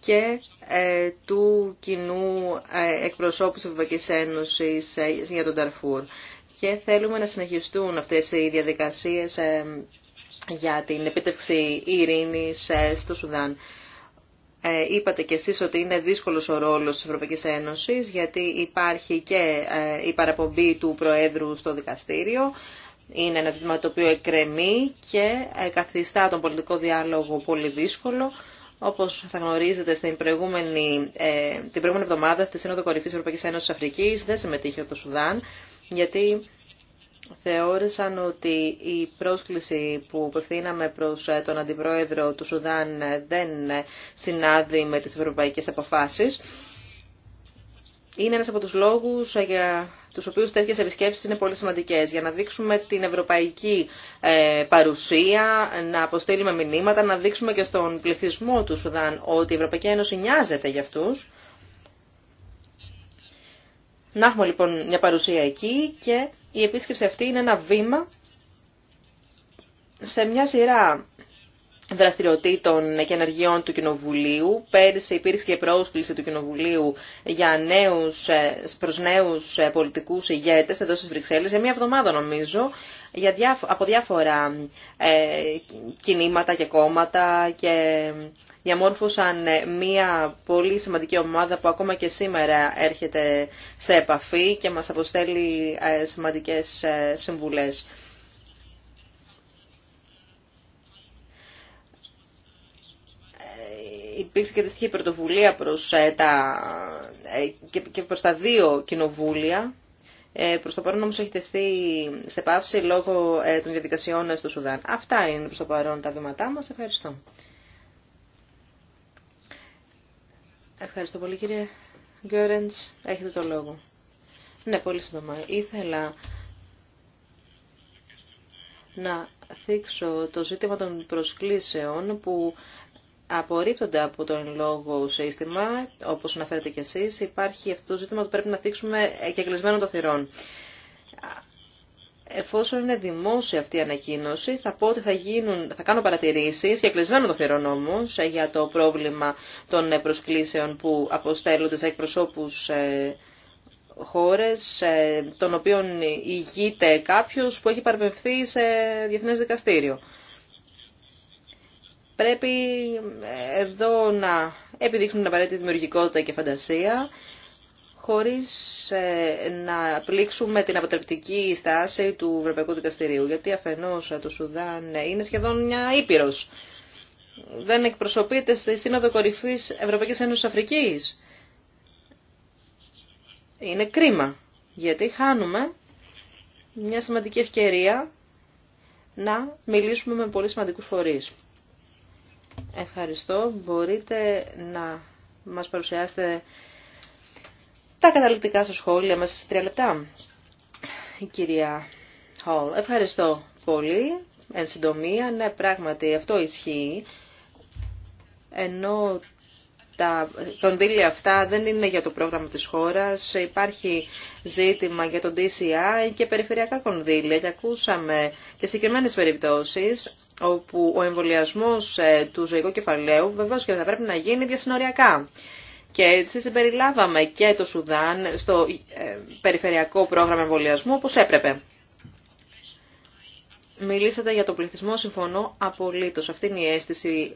και του κοινού εκπροσώπου της Ευρωπαϊκής Ένωσης για τον Ταρφούρ. Και θέλουμε να συνεχιστούν αυτές οι διαδικασίες για την επίτευξη ειρήνης ε, στο Σουδάν. Ε, είπατε κι εσείς ότι είναι δύσκολος ο ρόλος της Ευρωπαϊκής Ένωσης γιατί υπάρχει και ε, η παραπομπή του Προέδρου στο δικαστήριο. Είναι ένα ζήτημα το οποίο εκκρεμεί και καθιστά τον πολιτικό διάλογο πολύ δύσκολο. Όπως θα γνωρίζετε, στην προηγούμενη, την προηγούμενη εβδομάδα στη Σύνοδο Κορυφής Ευρωπαϊκής Ένωσης Αφρικής δεν συμμετείχε το Σουδάν γιατί θεώρησαν ότι η πρόσκληση που προθύναμε προς ε, τον Αντιπρόεδρο του Σουδάν ε, δεν συνάδει με τις ευρωπαϊκές αποφάσεις. Είναι ένας από τους λόγους ε, για τους οποίους τέτοιες επισκέψεις είναι πολύ σημαντικές, για να δείξουμε την ευρωπαϊκή παρουσία, να αποστείλουμε μηνύματα, να δείξουμε και στον πληθυσμό του Σουδάν ότι η Ευρωπαϊκή Ένωση νοιάζεται για αυτούς. Να έχουμε λοιπόν μια παρουσία εκεί και η επίσκεψη αυτή είναι ένα βήμα σε μια σειρά δραστηριοτήτων και ενεργειών του Κοινοβουλίου. Πέρυσι υπήρξε και πρόσκληση του Κοινοβουλίου για νέους, ε, προς νέους ε, πολιτικούς ηγέτες εδώ στις Βρυξέλλες, για μία εβδομάδα νομίζω, για από διάφορα ε, κινήματα και κόμματα και διαμόρφωσαν ε, μια πολύ σημαντική ομάδα που ακόμα και σήμερα έρχεται σε επαφή και μας αποστέλει ε, σημαντικές ε, συμβουλές. υπήρξε και αντιστοιχή πρωτοβουλία προς τα, και προς τα δύο κοινοβούλια. Προς το παρόν όμως έχει τεθεί σε πάυση λόγω των διαδικασιών στο Σουδάν. Αυτά είναι προς το παρόν τα βήματά μας. Ευχαριστώ. Ευχαριστώ πολύ κύριε Γκέρεντς. Έχετε το λόγο. Ναι, πολύ σύντομα. Ήθελα να θίξω το ζήτημα των προσκλήσεων που απορρίπτονται από το λόγο λόγω σύστημα, όπως αναφέρετε κι εσείς. Υπάρχει αυτό το ζήτημα που πρέπει να θίξουμε και κλεισμένο το θυρών εφόσον είναι δημόσια αυτή η ανακοίνωση, θα πω ότι θα, γίνουν, θα κάνω παρατηρήσεις και κλεισμένο το θηρόν ε, για το πρόβλημα των ε, προσκλήσεων που αποστέλλονται σε εκπροσώπους ε, χώρες, των οποίων ηγείται κάποιος που έχει παρπευθεί σε διεθνές δικαστήριο. Πρέπει εδώ να επιδείχνουν απαραίτητη δημιουργικότητα και φαντασία, χωρίς ε, να πλήξουμε την αποτρεπτική στάση του Ευρωπαϊκού Δικαστηρίου. Γιατί αφενός το Σουδάν είναι σχεδόν μια ήπειρος. Δεν εκπροσωπείται στη Σύνοδο Κορυφής Ευρωπαϊκής Ένωσης Αφρικής. Είναι κρίμα, γιατί χάνουμε μια σημαντική ευκαιρία να μιλήσουμε με πολύ σημαντικούς φορείς. Ευχαριστώ. Μπορείτε να μας παρουσιάσετε τα καταληκτικά σας σχόλια μέσα σε τρία λεπτά. Η κυρία Χολ, ευχαριστώ πολύ. Εν συντομία, ναι, πράγματι αυτό ισχύει. Ενώ τα κονδύλια αυτά δεν είναι για το πρόγραμμα της χώρας. Υπάρχει ζήτημα για τον DCI και περιφερειακά κονδύλια και ακούσαμε και συγκεκριμένε περιπτώσεις όπου ο εμβολιασμό ε, του ζωικού κεφαλαίου βεβαίω και θα πρέπει να γίνει διασυνοριακά. Και έτσι συμπεριλάβαμε και το Σουδάν στο ε, περιφερειακό πρόγραμμα εμβολιασμού όπως έπρεπε. Μιλήσατε για τον πληθυσμό, συμφωνώ απολύτως. Αυτή είναι η αίσθηση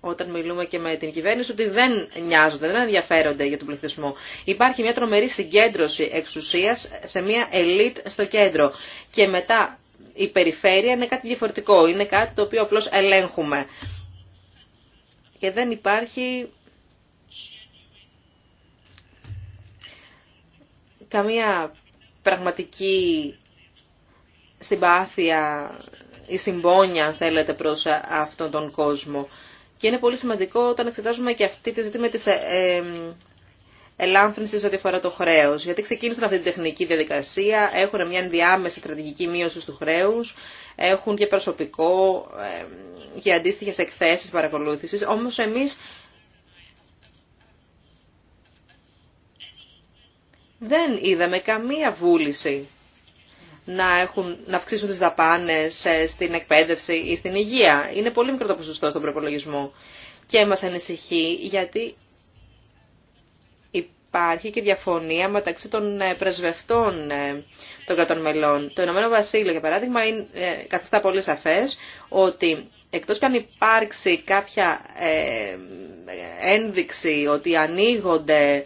όταν μιλούμε και με την κυβέρνηση ότι δεν νοιάζονται, δεν ενδιαφέρονται για τον πληθυσμό. Υπάρχει μια τρομερή συγκέντρωση εξουσίας σε μια ελίτ στο κέντρο και μετά η περιφέρεια είναι κάτι διαφορετικό, είναι κάτι το οποίο απλώς ελέγχουμε. Και δεν υπάρχει καμία πραγματική συμπάθεια ή συμπόνια, αν θέλετε, προς αυτόν τον κόσμο. Και είναι πολύ σημαντικό όταν εξετάζουμε και αυτή τη με της ε, ε, ελάνθρωσης ό,τι αφορά το χρέος. Γιατί ξεκίνησαν αυτή την τεχνική διαδικασία, έχουν μια ενδιάμεση στρατηγική μείωση του χρέους, έχουν και προσωπικό ε, και αντίστοιχες εκθέσεις παρακολούθησης, όμως εμείς δεν είδαμε καμία βούληση να, έχουν, να αυξήσουν τις δαπάνες ε, στην εκπαίδευση ή στην υγεία. Είναι πολύ μικρό το ποσοστό στον προπολογισμό. Και μας ανησυχεί γιατί υπάρχει και διαφωνία μεταξύ των ε, πρεσβευτών ε, των κρατών μελών. Το Ηνωμένο Βασίλειο, για παράδειγμα, είναι, καθιστά πολύ σαφές ότι εκτός και αν υπάρξει κάποια ένδειξη ότι ανοίγονται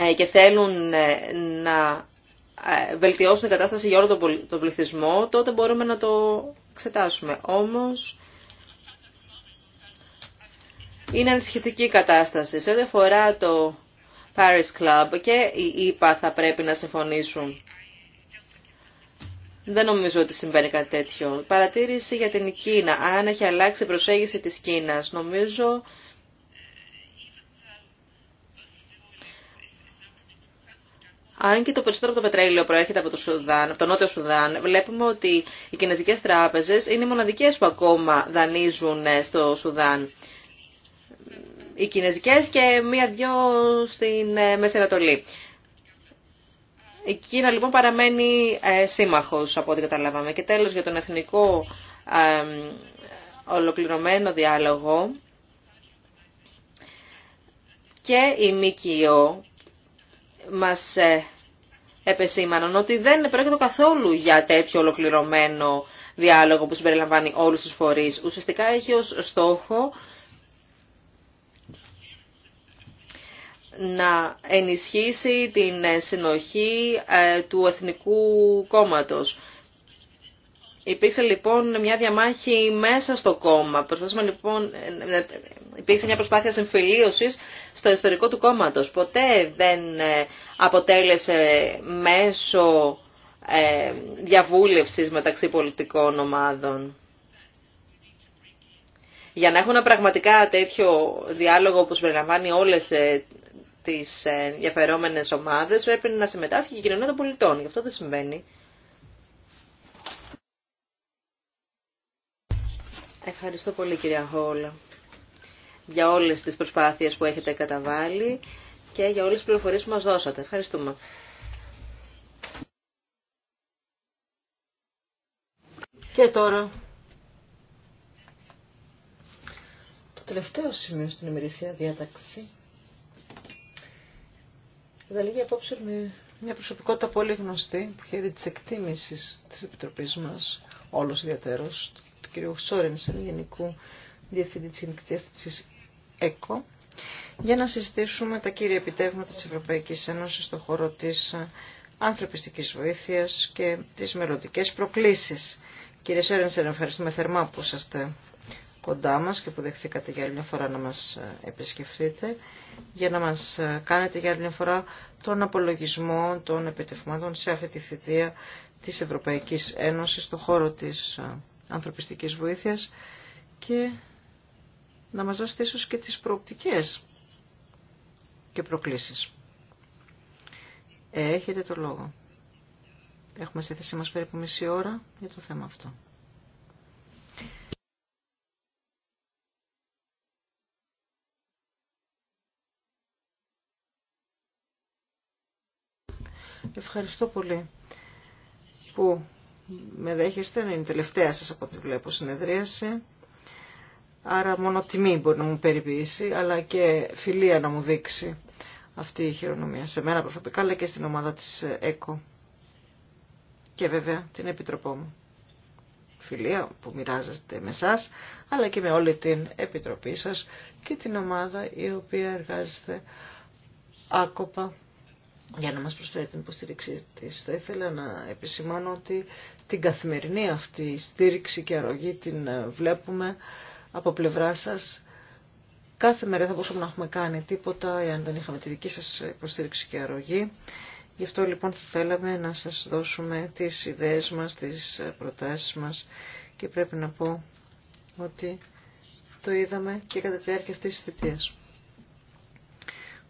ε, και θέλουν ε, να ε, βελτιώσουν την κατάσταση για όλο τον πληθυσμό, τότε μπορούμε να το εξετάσουμε. Όμως, είναι ανησυχητική η κατάσταση. Σε ό,τι αφορά το Paris Club και η ΕΠΑ θα πρέπει να συμφωνήσουν. Δεν νομίζω ότι συμβαίνει κάτι τέτοιο. Παρατήρηση για την Κίνα. Αν έχει αλλάξει η προσέγγιση της Κίνας, νομίζω Αν και το περισσότερο από το πετρέλαιο προέρχεται από το, Σουδάν, από το Νότιο Σουδάν, βλέπουμε ότι οι κινεζικέ τράπεζε είναι οι μοναδικές που ακόμα δανείζουν ε, στο Σουδάν. Οι κινεζικέ και μία-δυο στην ε, Μέση Ανατολή. Η Κίνα λοιπόν παραμένει ε, σύμμαχο από ό,τι καταλάβαμε. Και τέλος για τον εθνικό ολοκληρωμένο διάλογο και η ΜΚΟ μας ε, επεσήμαναν ότι δεν πρόκειται καθόλου για τέτοιο ολοκληρωμένο διάλογο που συμπεριλαμβάνει όλους τους φορείς. Ουσιαστικά έχει ως στόχο να ενισχύσει την συνοχή ε, του Εθνικού Κόμματος Υπήρξε λοιπόν μια διαμάχη μέσα στο κόμμα. Προσπάθησαμε λοιπόν, ε, ε, υπήρξε μια προσπάθεια συμφιλίωσης στο ιστορικό του κόμματος. Ποτέ δεν ε, αποτέλεσε μέσο διαβούλευσης μεταξύ πολιτικών ομάδων. Για να έχουμε πραγματικά τέτοιο διάλογο που συμπεριλαμβάνει όλες τις ενδιαφερόμενε ομάδες πρέπει να συμμετάσχει και η κοινωνία των πολιτών. Γι' αυτό δεν συμβαίνει. Ευχαριστώ πολύ κυρία Χόλα για όλες τις προσπάθειες που έχετε καταβάλει και για όλες τις πληροφορίες που μας δώσατε. Ευχαριστούμε. Και τώρα το τελευταίο σημείο στην ημερησία διάταξη για απόψε με μια προσωπικότητα πολύ γνωστή που χαίρει τη εκτίμηση τη Επιτροπή μα, όλο κύριο Σόρενσεν, Γενικού Διευθυντή της Γενικής ΕΚΟ, για να συζητήσουμε τα κύρια επιτεύγματα της Ευρωπαϊκής Ένωσης στον χώρο της ανθρωπιστικής βοήθειας και τις μελλοντικέ προκλήσεις. Κύριε Σόρενσεν, ευχαριστούμε θερμά που είσαστε κοντά μας και που δεχθήκατε για άλλη μια φορά να μας επισκεφθείτε για να μας κάνετε για άλλη μια φορά τον απολογισμό των επιτευγμάτων σε αυτή τη θητεία της Ευρωπαϊκής Ένωσης στον χώρο της ανθρωπιστικής βοήθειας και να μας δώσετε ίσως και τις προοπτικές και προκλήσεις. Ε, έχετε το λόγο. Έχουμε στη θέση μας περίπου μισή ώρα για το θέμα αυτό. Ευχαριστώ πολύ που με δέχεστε, είναι η τελευταία σας από ό,τι βλέπω συνεδρίαση. Άρα μόνο τιμή μπορεί να μου περιποιήσει, αλλά και φιλία να μου δείξει αυτή η χειρονομία. Σε μένα προσωπικά, αλλά και στην ομάδα της ΕΚΟ. Και βέβαια την Επιτροπό μου. Φιλία που μοιράζεται με εσά, αλλά και με όλη την Επιτροπή σας και την ομάδα η οποία εργάζεται άκοπα για να μας προσφέρει την υποστήριξή της. Θα ήθελα να επισημάνω ότι την καθημερινή αυτή στήριξη και αρρωγή την ε, βλέπουμε από πλευρά σας. Κάθε μέρα θα μπορούσαμε να έχουμε κάνει τίποτα εάν δεν είχαμε τη δική σας υποστήριξη και αρρωγή. Γι' αυτό λοιπόν θα θέλαμε να σας δώσουμε τις ιδέες μας, τις ε, προτάσεις μας και πρέπει να πω ότι το είδαμε και κατά τη διάρκεια αυτής της θητείας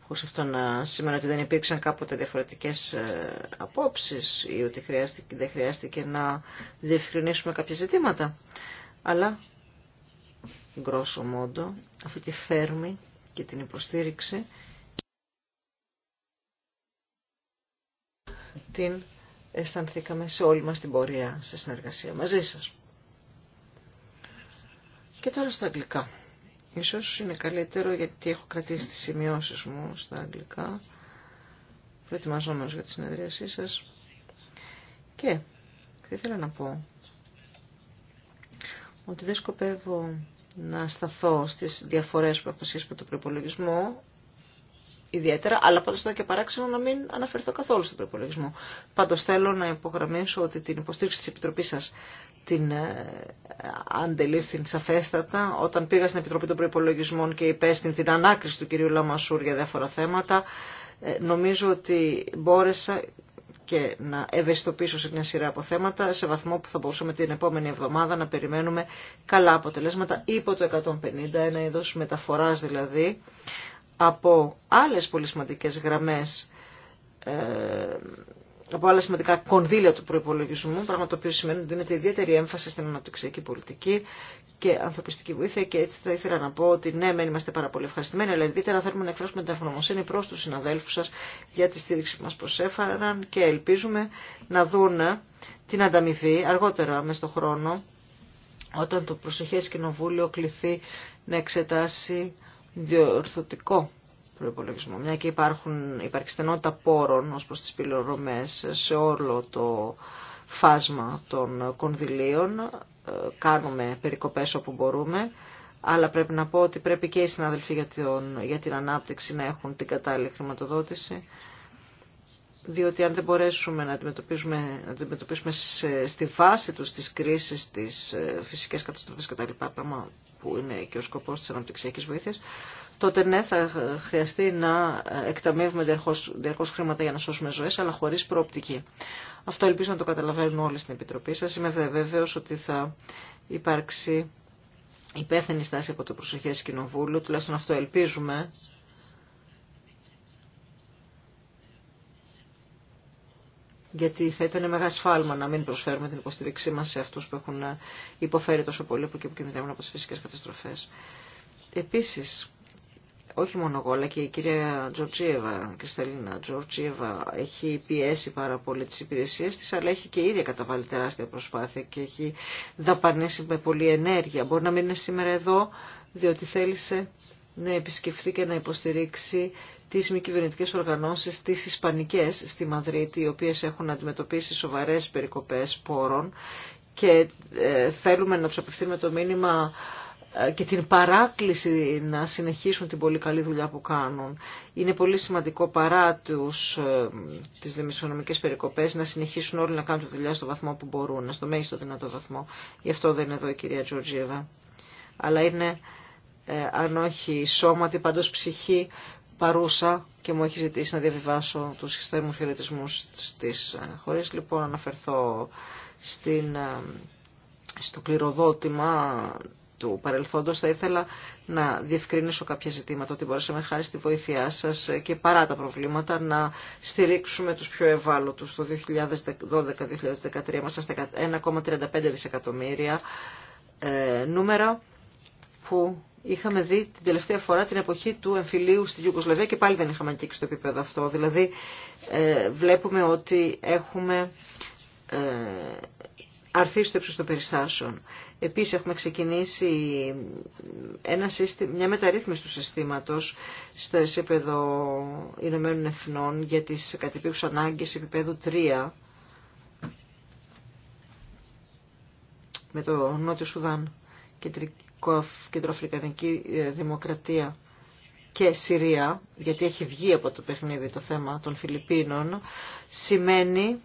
χωρίς αυτό να σημαίνει ότι δεν υπήρξαν κάποτε διαφορετικές ε, απόψεις ή ότι χρειάστηκε, δεν χρειάστηκε να διευκρινίσουμε κάποια ζητήματα. Αλλά, γκρόσο μόντο, αυτή τη θέρμη και την υποστήριξη την αισθανθήκαμε σε όλη μας την πορεία, σε συνεργασία μαζί σας. Και τώρα στα αγγλικά. Ίσως είναι καλύτερο γιατί έχω κρατήσει τις σημειώσεις μου στα αγγλικά, προετοιμαζόμενος για τη συνεδρίασή σας. Και τι ήθελα να πω ότι δεν σκοπεύω να σταθώ στις διαφορές που έχω σχέση με τον προπολογισμό, ιδιαίτερα, αλλά πάντως ήταν και παράξενο να μην αναφερθώ καθόλου στον προπολογισμό. Πάντως θέλω να υπογραμμίσω ότι την υποστήριξη της Επιτροπής σας την ε, αντελήφθη σαφέστατα όταν πήγα στην Επιτροπή των προπολογισμών και υπέστην την ανάκριση του κυρίου Λαμασούρ για διάφορα θέματα. Ε, νομίζω ότι μπόρεσα και να ευαισθητοποιήσω σε μια σειρά από θέματα σε βαθμό που θα μπορούσαμε την επόμενη εβδομάδα να περιμένουμε καλά αποτελέσματα υπό το 150, ένα είδος μεταφοράς δηλαδή από άλλες πολύ σημαντικές γραμμές, ε, από άλλα σημαντικά κονδύλια του προϋπολογισμού, πράγμα το οποίο σημαίνει ότι δίνεται ιδιαίτερη έμφαση στην αναπτυξιακή πολιτική και ανθρωπιστική βοήθεια και έτσι θα ήθελα να πω ότι ναι, μεν είμαστε πάρα πολύ ευχαριστημένοι, αλλά ιδιαίτερα θέλουμε να εκφράσουμε την ευγνωμοσύνη προ του συναδέλφου σα για τη στήριξη που μα προσέφεραν και ελπίζουμε να δουν την ανταμοιβή αργότερα με στο χρόνο όταν το προσεχές κοινοβούλιο κληθεί να εξετάσει διορθωτικό προπολογισμό. Μια και υπάρχουν, υπάρχει στενότητα πόρων ως προς τις πληρωμές σε όλο το φάσμα των κονδυλίων. Ε, κάνουμε περικοπές όπου μπορούμε. Αλλά πρέπει να πω ότι πρέπει και οι συνάδελφοι για την, για ανάπτυξη να έχουν την κατάλληλη χρηματοδότηση. Διότι αν δεν μπορέσουμε να αντιμετωπίσουμε, να αντιμετωπίσουμε στη βάση τους τις κρίσεις, τις ε, φυσικές καταστροφές κτλ που είναι και ο σκοπό τη αναπτυξιακή βοήθεια, τότε ναι θα χρειαστεί να εκταμεύουμε διαρκώ χρήματα για να σώσουμε ζωές, αλλά χωρίς προοπτική. Αυτό ελπίζω να το καταλαβαίνουν όλοι στην Επιτροπή σας. Είμαι βέβαιος ότι θα υπάρξει υπεύθυνη στάση από το προσεχές κοινοβούλιο, τουλάχιστον αυτό ελπίζουμε γιατί θα ήταν μεγάλο σφάλμα να μην προσφέρουμε την υποστήριξή μας σε αυτούς που έχουν ε, υποφέρει τόσο πολύ που και που κινδυνεύουν από τις φυσικές καταστροφές. Επίσης, όχι μόνο εγώ, αλλά και η κυρία Τζορτζίεβα, Κρυσταλίνα Τζορτζίεβα, έχει πιέσει πάρα πολύ τις υπηρεσίες της, αλλά έχει και η ίδια καταβάλει τεράστια προσπάθεια και έχει δαπανήσει με πολλή ενέργεια. Μπορεί να μην σήμερα εδώ, διότι θέλησε να επισκεφθεί και να υποστηρίξει τις μη κυβερνητικέ οργανώσεις, τις ισπανικές στη Μαδρίτη, οι οποίες έχουν αντιμετωπίσει σοβαρές περικοπές πόρων και ε, θέλουμε να τους απευθύνουμε το μήνυμα ε, και την παράκληση να συνεχίσουν την πολύ καλή δουλειά που κάνουν. Είναι πολύ σημαντικό παρά τους, ε, τις δημοσιονομικές περικοπές να συνεχίσουν όλοι να κάνουν τη δουλειά στο βαθμό που μπορούν, στο μέγιστο δυνατό βαθμό. Γι' αυτό δεν είναι εδώ η κυρία Τζορτζίβα. Αλλά είναι, αν όχι σώματι, παντός ψυχή παρούσα και μου έχει ζητήσει να διαβιβάσω τους θερμούς χαιρετισμούς της ε, χωρίς λοιπόν αναφερθώ στην, ε, στο κληροδότημα του παρελθόντος θα ήθελα να διευκρίνησω κάποια ζητήματα ότι μπορέσαμε χάρη στη βοήθειά σας και παρά τα προβλήματα να στηρίξουμε τους πιο ευάλωτους το 2012-2013 είμαστε στα 1,35 δισεκατομμύρια ε, νούμερα που είχαμε δει την τελευταία φορά την εποχή του εμφυλίου στη Γιουγκοσλαβία και πάλι δεν είχαμε αγγίξει το επίπεδο αυτό. Δηλαδή ε, βλέπουμε ότι έχουμε ε, αρθεί στο ύψος των περιστάσεων. Επίσης έχουμε ξεκινήσει ένα σύστημα, μια μεταρρύθμιση του συστήματος στο επίπεδο Ηνωμένων Εθνών για τις κατεπίους ανάγκες επίπεδου 3 με το Νότιο Σουδάν, Κεντροαφρικανική ε, Δημοκρατία και Συρία, γιατί έχει βγει από το παιχνίδι το θέμα των Φιλιππίνων, σημαίνει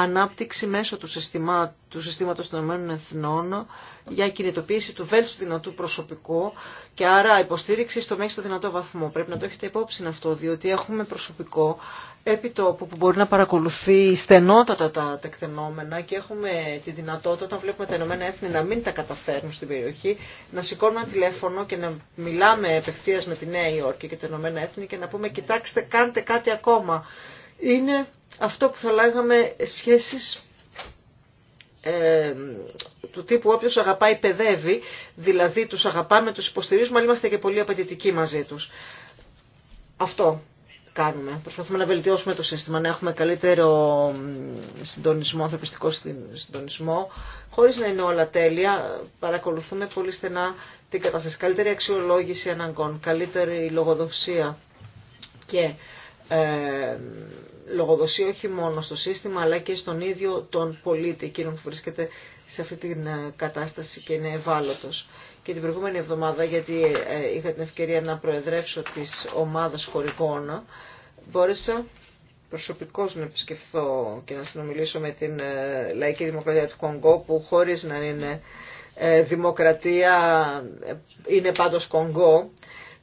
ανάπτυξη μέσω του, συστημά, του συστήματος των Ηνωμένων Εθνών για κινητοποίηση του βέλτιστου δυνατού προσωπικού και άρα υποστήριξη στο μέγιστο δυνατό βαθμό. Πρέπει να το έχετε υπόψη αυτό, διότι έχουμε προσωπικό επιτόπου που μπορεί να παρακολουθεί στενότατα τα τεκτενόμενα και έχουμε τη δυνατότητα όταν βλέπουμε τα Ηνωμένα Έθνη να μην τα καταφέρνουν στην περιοχή, να σηκώνουμε ένα τηλέφωνο και να μιλάμε επευθείας με τη Νέα Υόρκη και τα Ηνωμένα Έθνη και να πούμε κοιτάξτε κάντε κάτι ακόμα είναι αυτό που θα λέγαμε σχέσεις ε, του τύπου όποιος αγαπάει παιδεύει, δηλαδή τους αγαπάμε, τους υποστηρίζουμε, αλλά είμαστε και πολύ απαιτητικοί μαζί τους. Αυτό κάνουμε. Προσπαθούμε να βελτιώσουμε το σύστημα, να έχουμε καλύτερο συντονισμό, ανθρωπιστικό συντονισμό, χωρίς να είναι όλα τέλεια. Παρακολουθούμε πολύ στενά την κατάσταση. Καλύτερη αξιολόγηση αναγκών, καλύτερη λογοδοσία και ε, λογοδοσία όχι μόνο στο σύστημα αλλά και στον ίδιο τον πολίτη, εκείνον που βρίσκεται σε αυτή την ε, κατάσταση και είναι ευάλωτο. Και την προηγούμενη εβδομάδα, γιατί ε, είχα την ευκαιρία να προεδρεύσω της ομάδα χωρικών μπόρεσα προσωπικώ να επισκεφθώ και να συνομιλήσω με την Λαϊκή Δημοκρατία του Κονγκό που χωρίς να είναι δημοκρατία είναι πάντω Κονγκό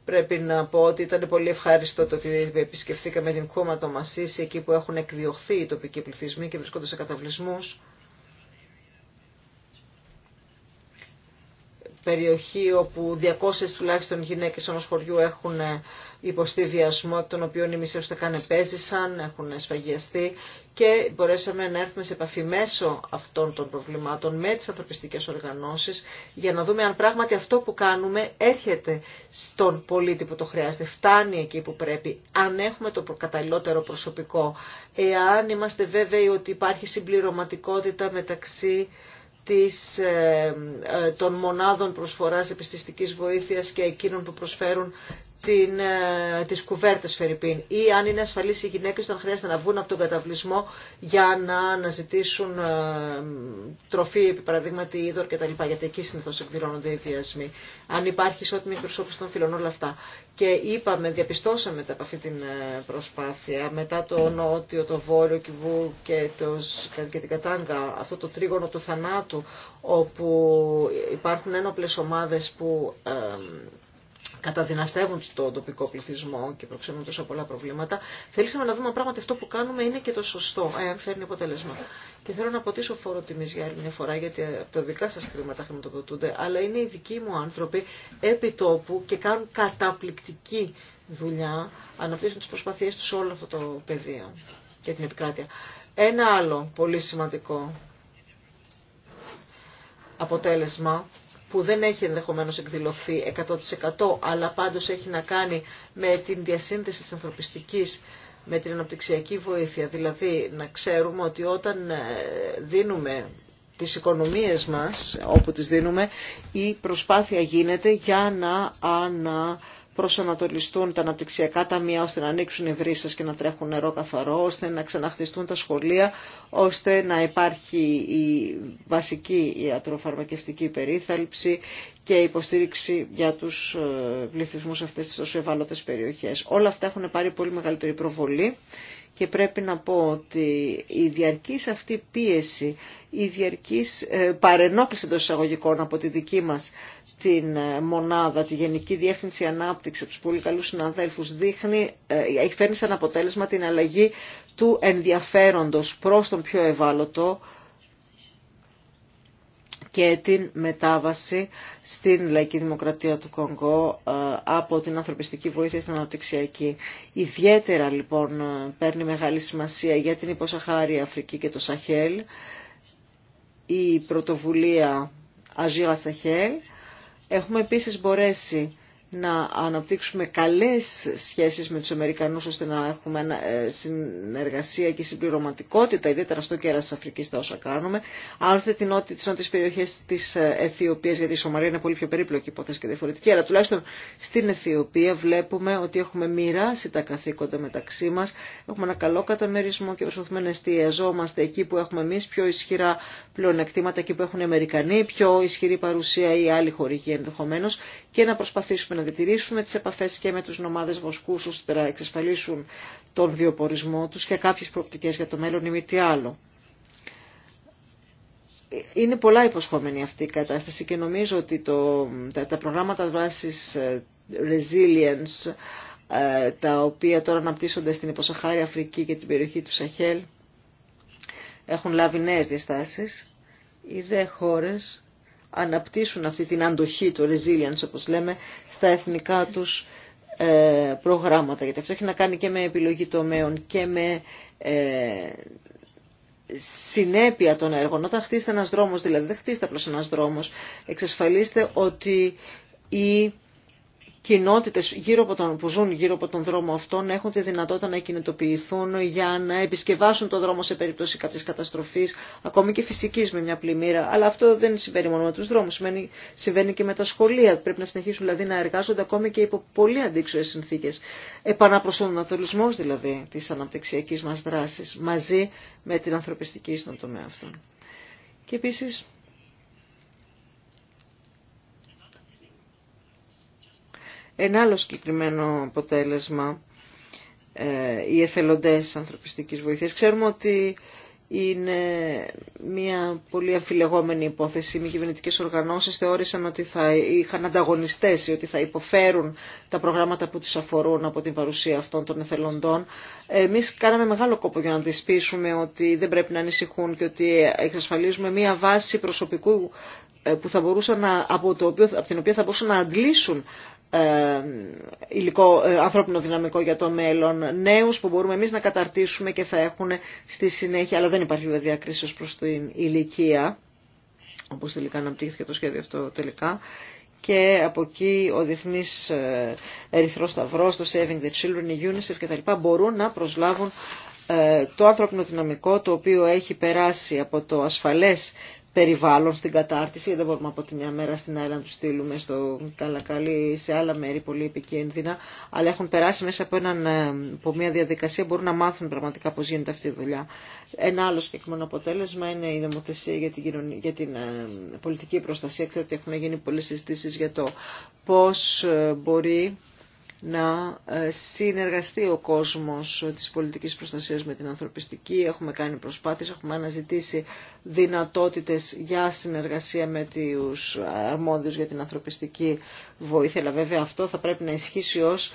Πρέπει να πω ότι ήταν πολύ ευχάριστο το ότι επισκεφθήκαμε την κόμμα το Μασίση, εκεί που έχουν εκδιωχθεί οι τοπικοί πληθυσμοί και βρισκόνται σε καταβλισμούς. περιοχή όπου 200 τουλάχιστον γυναίκε ενό χωριού έχουν ε, υποστεί βιασμό, τον οποίο οι μισοί τα καν επέζησαν, έχουν σφαγιαστεί και μπορέσαμε να έρθουμε σε επαφή μέσω αυτών των προβλημάτων με τι ανθρωπιστικέ οργανώσει, για να δούμε αν πράγματι αυτό που κάνουμε έρχεται στον πολίτη που το χρειάζεται, φτάνει εκεί που πρέπει, αν έχουμε το καταλληλότερο προσωπικό, εάν είμαστε βέβαιοι ότι υπάρχει συμπληρωματικότητα μεταξύ της, ε, ε, των μονάδων προσφοράς επιστηστικής βοήθειας και εκείνων που προσφέρουν την, ε, τις κουβέρτες Φερρυπίν ή αν είναι ασφαλείς οι γυναίκες όταν χρειάζεται να βγουν από τον καταβλισμό για να αναζητήσουν ε, τροφή, επί παραδείγματι είδωρ κτλ. Γιατί εκεί συνήθως εκδηλώνονται οι βιασμοί. Αν υπάρχει ισότιμη εκπροσώπηση των φίλων όλα αυτά. Και είπαμε, διαπιστώσαμε μετά από αυτή την ε, προσπάθεια, μετά το νότιο, το βόρειο κυβού και, το, και την Κατάγκα, αυτό το τρίγωνο του θανάτου, όπου υπάρχουν ένοπλες ομάδες που καταδυναστεύουν τον τοπικό πληθυσμό και προξενούν τόσα πολλά προβλήματα. Θέλησαμε να δούμε πράγματι αυτό που κάνουμε είναι και το σωστό, εάν φέρνει αποτέλεσμα. Και θέλω να αποτίσω φόρο τιμή για άλλη μια φορά, γιατί από ε, τα δικά σα χρήματα χρηματοδοτούνται, αλλά είναι οι δικοί μου άνθρωποι επί τόπου και κάνουν καταπληκτική δουλειά, αναπτύσσουν τι προσπαθίε του σε όλο αυτό το πεδίο και την επικράτεια. Ένα άλλο πολύ σημαντικό αποτέλεσμα που δεν έχει ενδεχομένω εκδηλωθεί 100% αλλά πάντως έχει να κάνει με την διασύνδεση τη ανθρωπιστικής με την αναπτυξιακή βοήθεια. Δηλαδή να ξέρουμε ότι όταν ε, δίνουμε τις οικονομίες μας, όπου τις δίνουμε, η προσπάθεια γίνεται για να ανα προσανατολιστούν τα αναπτυξιακά ταμεία ώστε να ανοίξουν οι βρύσες και να τρέχουν νερό καθαρό, ώστε να ξαναχτιστούν τα σχολεία, ώστε να υπάρχει η βασική ιατροφαρμακευτική περίθαλψη και υποστήριξη για τους ε, πληθυσμούς αυτές τις τόσο ευάλωτες περιοχές. Όλα αυτά έχουν πάρει πολύ μεγαλύτερη προβολή και πρέπει να πω ότι η διαρκής αυτή πίεση, η διαρκής ε, παρενόχληση των εισαγωγικών από τη δική μας την ε, μονάδα, τη Γενική Διεύθυνση Ανάπτυξη του πολύ καλού συναδέλφους, δείχνει, έχει ε, φέρνει σαν αποτέλεσμα την αλλαγή του ενδιαφέροντος προς τον πιο ευάλωτο και την μετάβαση στην λαϊκή δημοκρατία του Κονγκό ε, από την ανθρωπιστική βοήθεια στην αναπτυξιακή. Ιδιαίτερα λοιπόν παίρνει μεγάλη σημασία για την υποσαχάρια Αφρική και το Σαχέλ η πρωτοβουλία Αζίγα Σαχέλ Έχουμε επίσης μπορέσει να αναπτύξουμε καλές σχέσεις με τους Αμερικανούς ώστε να έχουμε ε, συνεργασία και συμπληρωματικότητα, ιδιαίτερα στο κέρας της Αφρικής, τα όσα κάνουμε. Άλλωστε την νότια, τις νότιες περιοχές της ε, Αιθιοπίας, γιατί η Σομαρία είναι πολύ πιο περίπλοκη υπόθεση και διαφορετική, αλλά τουλάχιστον στην Αιθιοπία βλέπουμε ότι έχουμε μοιράσει τα καθήκοντα μεταξύ μας, έχουμε ένα καλό καταμερισμό και προσπαθούμε να εστιαζόμαστε εκεί που έχουμε εμείς πιο ισχυρά πλεονεκτήματα, εκεί που έχουν οι Αμερικανοί, πιο ισχυρή παρουσία ή άλλοι χορηγοί ενδεχομένω και να προσπαθήσουμε να διατηρήσουμε τις επαφές και με τους νομάδες βοσκούς ώστε να εξασφαλίσουν τον βιοπορισμό τους και κάποιες προοπτικές για το μέλλον ή μη τι άλλο. Είναι πολλά υποσχόμενη αυτή η κατάσταση και νομίζω ότι το, τα, προγράμματα δράσης ε, resilience ε, τα οποία τώρα αναπτύσσονται στην υποσαχάρη Αφρική και την περιοχή του Σαχέλ έχουν λάβει νέες διαστάσεις. Οι δε χώρες αναπτύσσουν αυτή την αντοχή, το resilience όπως λέμε, στα εθνικά τους ε, προγράμματα. Γιατί αυτό έχει να κάνει και με επιλογή τομέων και με ε, συνέπεια των έργων. Όταν χτίσετε ένας δρόμος, δηλαδή δεν χτίσετε απλώς ένας δρόμος, εξασφαλίστε ότι η κοινότητες που ζουν γύρω από τον δρόμο αυτό να έχουν τη δυνατότητα να κινητοποιηθούν για να επισκευάσουν τον δρόμο σε περίπτωση κάποιες καταστροφής, ακόμη και φυσικής με μια πλημμύρα. Αλλά αυτό δεν συμβαίνει μόνο με τους δρόμους, συμβαίνει, και με τα σχολεία. Πρέπει να συνεχίσουν δηλαδή να εργάζονται ακόμη και υπό πολύ αντίξωες συνθήκες. Επαναπροσωνατολισμός δηλαδή της αναπτυξιακής μας δράσης μαζί με την ανθρωπιστική στον τομέα αυτών. Και επίσης Ένα άλλο συγκεκριμένο αποτέλεσμα, ε, οι εθελοντές ανθρωπιστικής βοήθειας. Ξέρουμε ότι είναι μια πολύ αμφιλεγόμενη υπόθεση. Οι κυβερνητικέ οργανώσει θεώρησαν ότι θα είχαν ανταγωνιστέ ή ότι θα υποφέρουν τα προγράμματα που τι αφορούν από την παρουσία αυτών των εθελοντών. Εμεί κάναμε μεγάλο κόπο για να τι ότι δεν πρέπει να ανησυχούν και ότι εξασφαλίζουμε μια βάση προσωπικού ε, που θα μπορούσαν από, το οποίο, από την οποία θα μπορούσαν να αντλήσουν ε, υλικό, ε, ανθρώπινο δυναμικό για το μέλλον, νέους που μπορούμε εμείς να καταρτήσουμε και θα έχουν στη συνέχεια, αλλά δεν υπάρχει βέβαια διακρίσεις προς την ηλικία, όπως τελικά αναπτύχθηκε το σχέδιο αυτό τελικά, και από εκεί ο Διεθνής ε, Ερυθρός Σταυρός, το Saving the Children, η UNICEF κτλ. μπορούν να προσλάβουν το ανθρώπινο δυναμικό το οποίο έχει περάσει από το ασφαλές περιβάλλον στην κατάρτιση. Δεν μπορούμε από τη μια μέρα στην άλλη να του στείλουμε στο καλακάλι σε άλλα μέρη πολύ επικίνδυνα. Αλλά έχουν περάσει μέσα από, έναν, ε, από μια διαδικασία, μπορούν να μάθουν πραγματικά πώ γίνεται αυτή η δουλειά. Ένα άλλο συγκεκριμένο αποτέλεσμα είναι η νομοθεσία για την, για την ε, πολιτική προστασία. Ξέρω ότι έχουν γίνει πολλέ συζητήσει για το πώ ε, μπορεί να ε, συνεργαστεί ο κόσμος της πολιτικής προστασίας με την ανθρωπιστική. Έχουμε κάνει προσπάθειες, έχουμε αναζητήσει δυνατότητες για συνεργασία με τους αρμόδιους για την ανθρωπιστική βοήθεια. Αλλά βέβαια αυτό θα πρέπει να ισχύσει ως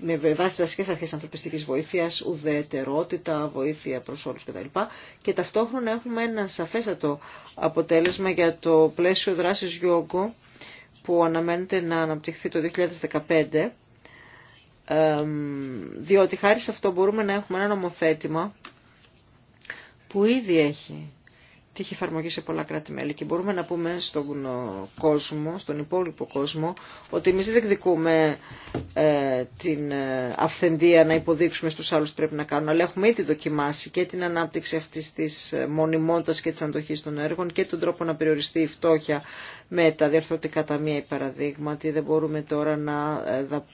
με βάση βασικές αρχές ανθρωπιστικής βοήθειας, ουδετερότητα, βοήθεια προς όλους κτλ. Και ταυτόχρονα έχουμε ένα σαφέστατο αποτέλεσμα για το πλαίσιο δράσης Γιόγκο που αναμένεται να αναπτυχθεί το 2015 διότι χάρη σε αυτό μπορούμε να έχουμε ένα νομοθέτημα που ήδη έχει τι έχει εφαρμογή σε πολλά κράτη-μέλη. Και μπορούμε να πούμε στον κόσμο, στον υπόλοιπο κόσμο, ότι εμεί δεν διεκδικούμε ε, την ε, αυθεντία να υποδείξουμε στου άλλου τι πρέπει να κάνουν, αλλά έχουμε ήδη δοκιμάσει και την ανάπτυξη αυτή τη ε, μονιμότητα και τη αντοχή των έργων και τον τρόπο να περιοριστεί η φτώχεια με τα διαρθρωτικά ταμεία, παραδείγματι. Δεν μπορούμε τώρα να,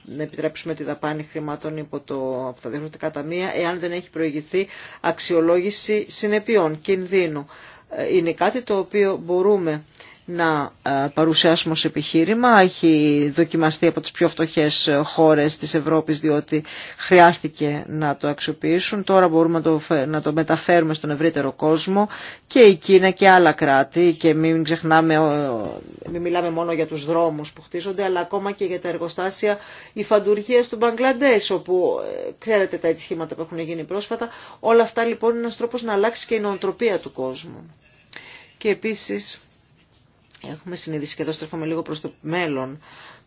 να επιτρέψουμε τη δαπάνη χρημάτων υπό το, από τα διαρθρωτικά ταμεία, εάν δεν έχει προηγηθεί αξιολόγηση συνεπειών, κινδύνου είναι κάτι το οποίο μπορούμε να ε, παρουσιάσουμε ως επιχείρημα. Έχει δοκιμαστεί από τις πιο φτωχές χώρες της Ευρώπης διότι χρειάστηκε να το αξιοποιήσουν. Τώρα μπορούμε να το, να το μεταφέρουμε στον ευρύτερο κόσμο και η Κίνα και άλλα κράτη και μην ξεχνάμε, ε, ε, μην μιλάμε μόνο για τους δρόμους που χτίζονται αλλά ακόμα και για τα εργοστάσια υφαντουργίας του Μπαγκλαντές όπου ξέρετε τα ατυχήματα που έχουν γίνει πρόσφατα. Όλα αυτά λοιπόν είναι ένας τρόπος να αλλάξει και η νοοτροπία του κόσμου. Και επίσης έχουμε συνειδήσει και εδώ στρέφουμε λίγο προς το μέλλον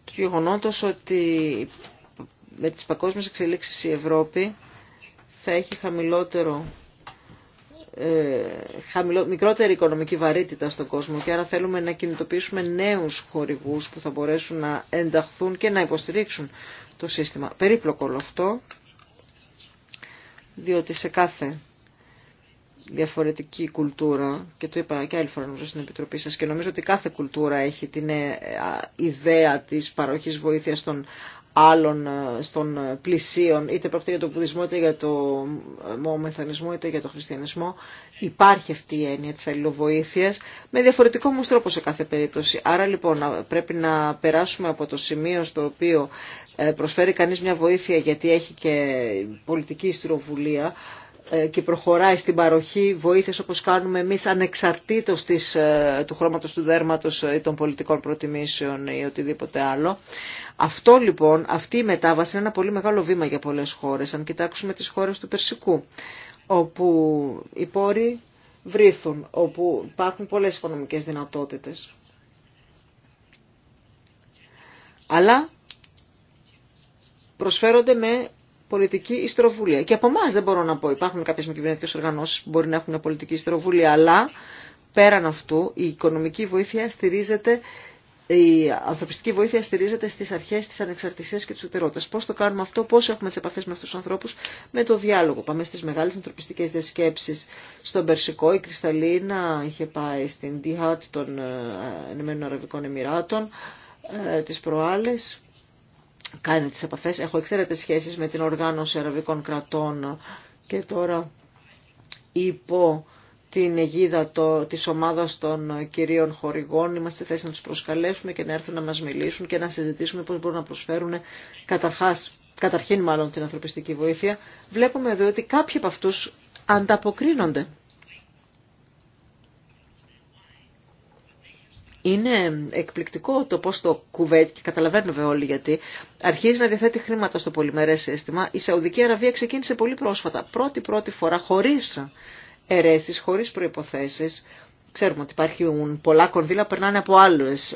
του γεγονότος ότι με τις παγκόσμιες εξελίξεις η Ευρώπη θα έχει χαμηλότερο ε, χαμηλό, μικρότερη οικονομική βαρύτητα στον κόσμο και άρα θέλουμε να κινητοποιήσουμε νέους χορηγούς που θα μπορέσουν να ενταχθούν και να υποστηρίξουν το σύστημα. Περίπλοκο όλο αυτό, διότι σε κάθε διαφορετική κουλτούρα και το είπα και άλλη φορά νομίζω στην Επιτροπή σας και νομίζω ότι κάθε κουλτούρα έχει την ε, ιδέα της παροχής βοήθειας των άλλων ε, στον ε, πλησίον, είτε πρόκειται για τον πουδισμό, είτε για το μεθανισμό, είτε για τον χριστιανισμό. Υπάρχει αυτή η έννοια της αλληλοβοήθειας με διαφορετικό μου τρόπο σε κάθε περίπτωση. Άρα λοιπόν πρέπει να περάσουμε από το σημείο στο οποίο προσφέρει κανείς μια βοήθεια γιατί έχει και πολιτική ιστροβουλία ε, και προχωράει στην παροχή βοήθειας όπως κάνουμε εμείς ανεξαρτήτως της, ε, του χρώματος του δέρματος ε, ή των πολιτικών προτιμήσεων ή οτιδήποτε άλλο. Αυτό λοιπόν, αυτή η μετάβαση είναι ένα πολύ μεγάλο βήμα για πολλές χώρες, αν κοιτάξουμε τις χώρες του Περσικού, όπου οι πόροι βρίθουν, όπου υπάρχουν πολλές οικονομικές δυνατότητες. Αλλά προσφέρονται με πολιτική ιστροβουλία. Και από εμά δεν μπορώ να πω, υπάρχουν κάποιε μη κυβερνητικέ οργανώσει που μπορεί να έχουν πολιτική ιστροβουλία, αλλά πέραν αυτού η οικονομική βοήθεια στηρίζεται η ανθρωπιστική βοήθεια στηρίζεται στι αρχέ τη ανεξαρτησία και τη ουτερότητα. Πώ το κάνουμε αυτό, πώ έχουμε τι επαφέ με αυτού του ανθρώπου, με το διάλογο. Πάμε στι μεγάλε ανθρωπιστικέ διασκέψει στον Περσικό. Η Κρυσταλίνα είχε πάει στην Διχάτ των Ηνωμένων ε, Αραβικών Εμμυράτων ε, τι προάλλε κάνει τις επαφές. Έχω εξαίρετες σχέσεις με την οργάνωση αραβικών κρατών και τώρα υπό την αιγίδα το, της ομάδας των κυρίων χορηγών. Είμαστε θέση να τους προσκαλέσουμε και να έρθουν να μας μιλήσουν και να συζητήσουμε πώς μπορούν να προσφέρουν καταρχάς, καταρχήν μάλλον την ανθρωπιστική βοήθεια. Βλέπουμε εδώ ότι κάποιοι από αυτούς ανταποκρίνονται Είναι εκπληκτικό το πώ το Κουβέτ, και καταλαβαίνουμε όλοι γιατί, αρχίζει να διαθέτει χρήματα στο πολυμερέ σύστημα. Η Σαουδική Αραβία ξεκίνησε πολύ πρόσφατα, πρώτη-πρώτη φορά, χωρί αιρέσει, χωρί προποθέσει. Ξέρουμε ότι υπάρχουν πολλά κονδύλα, περνάνε από,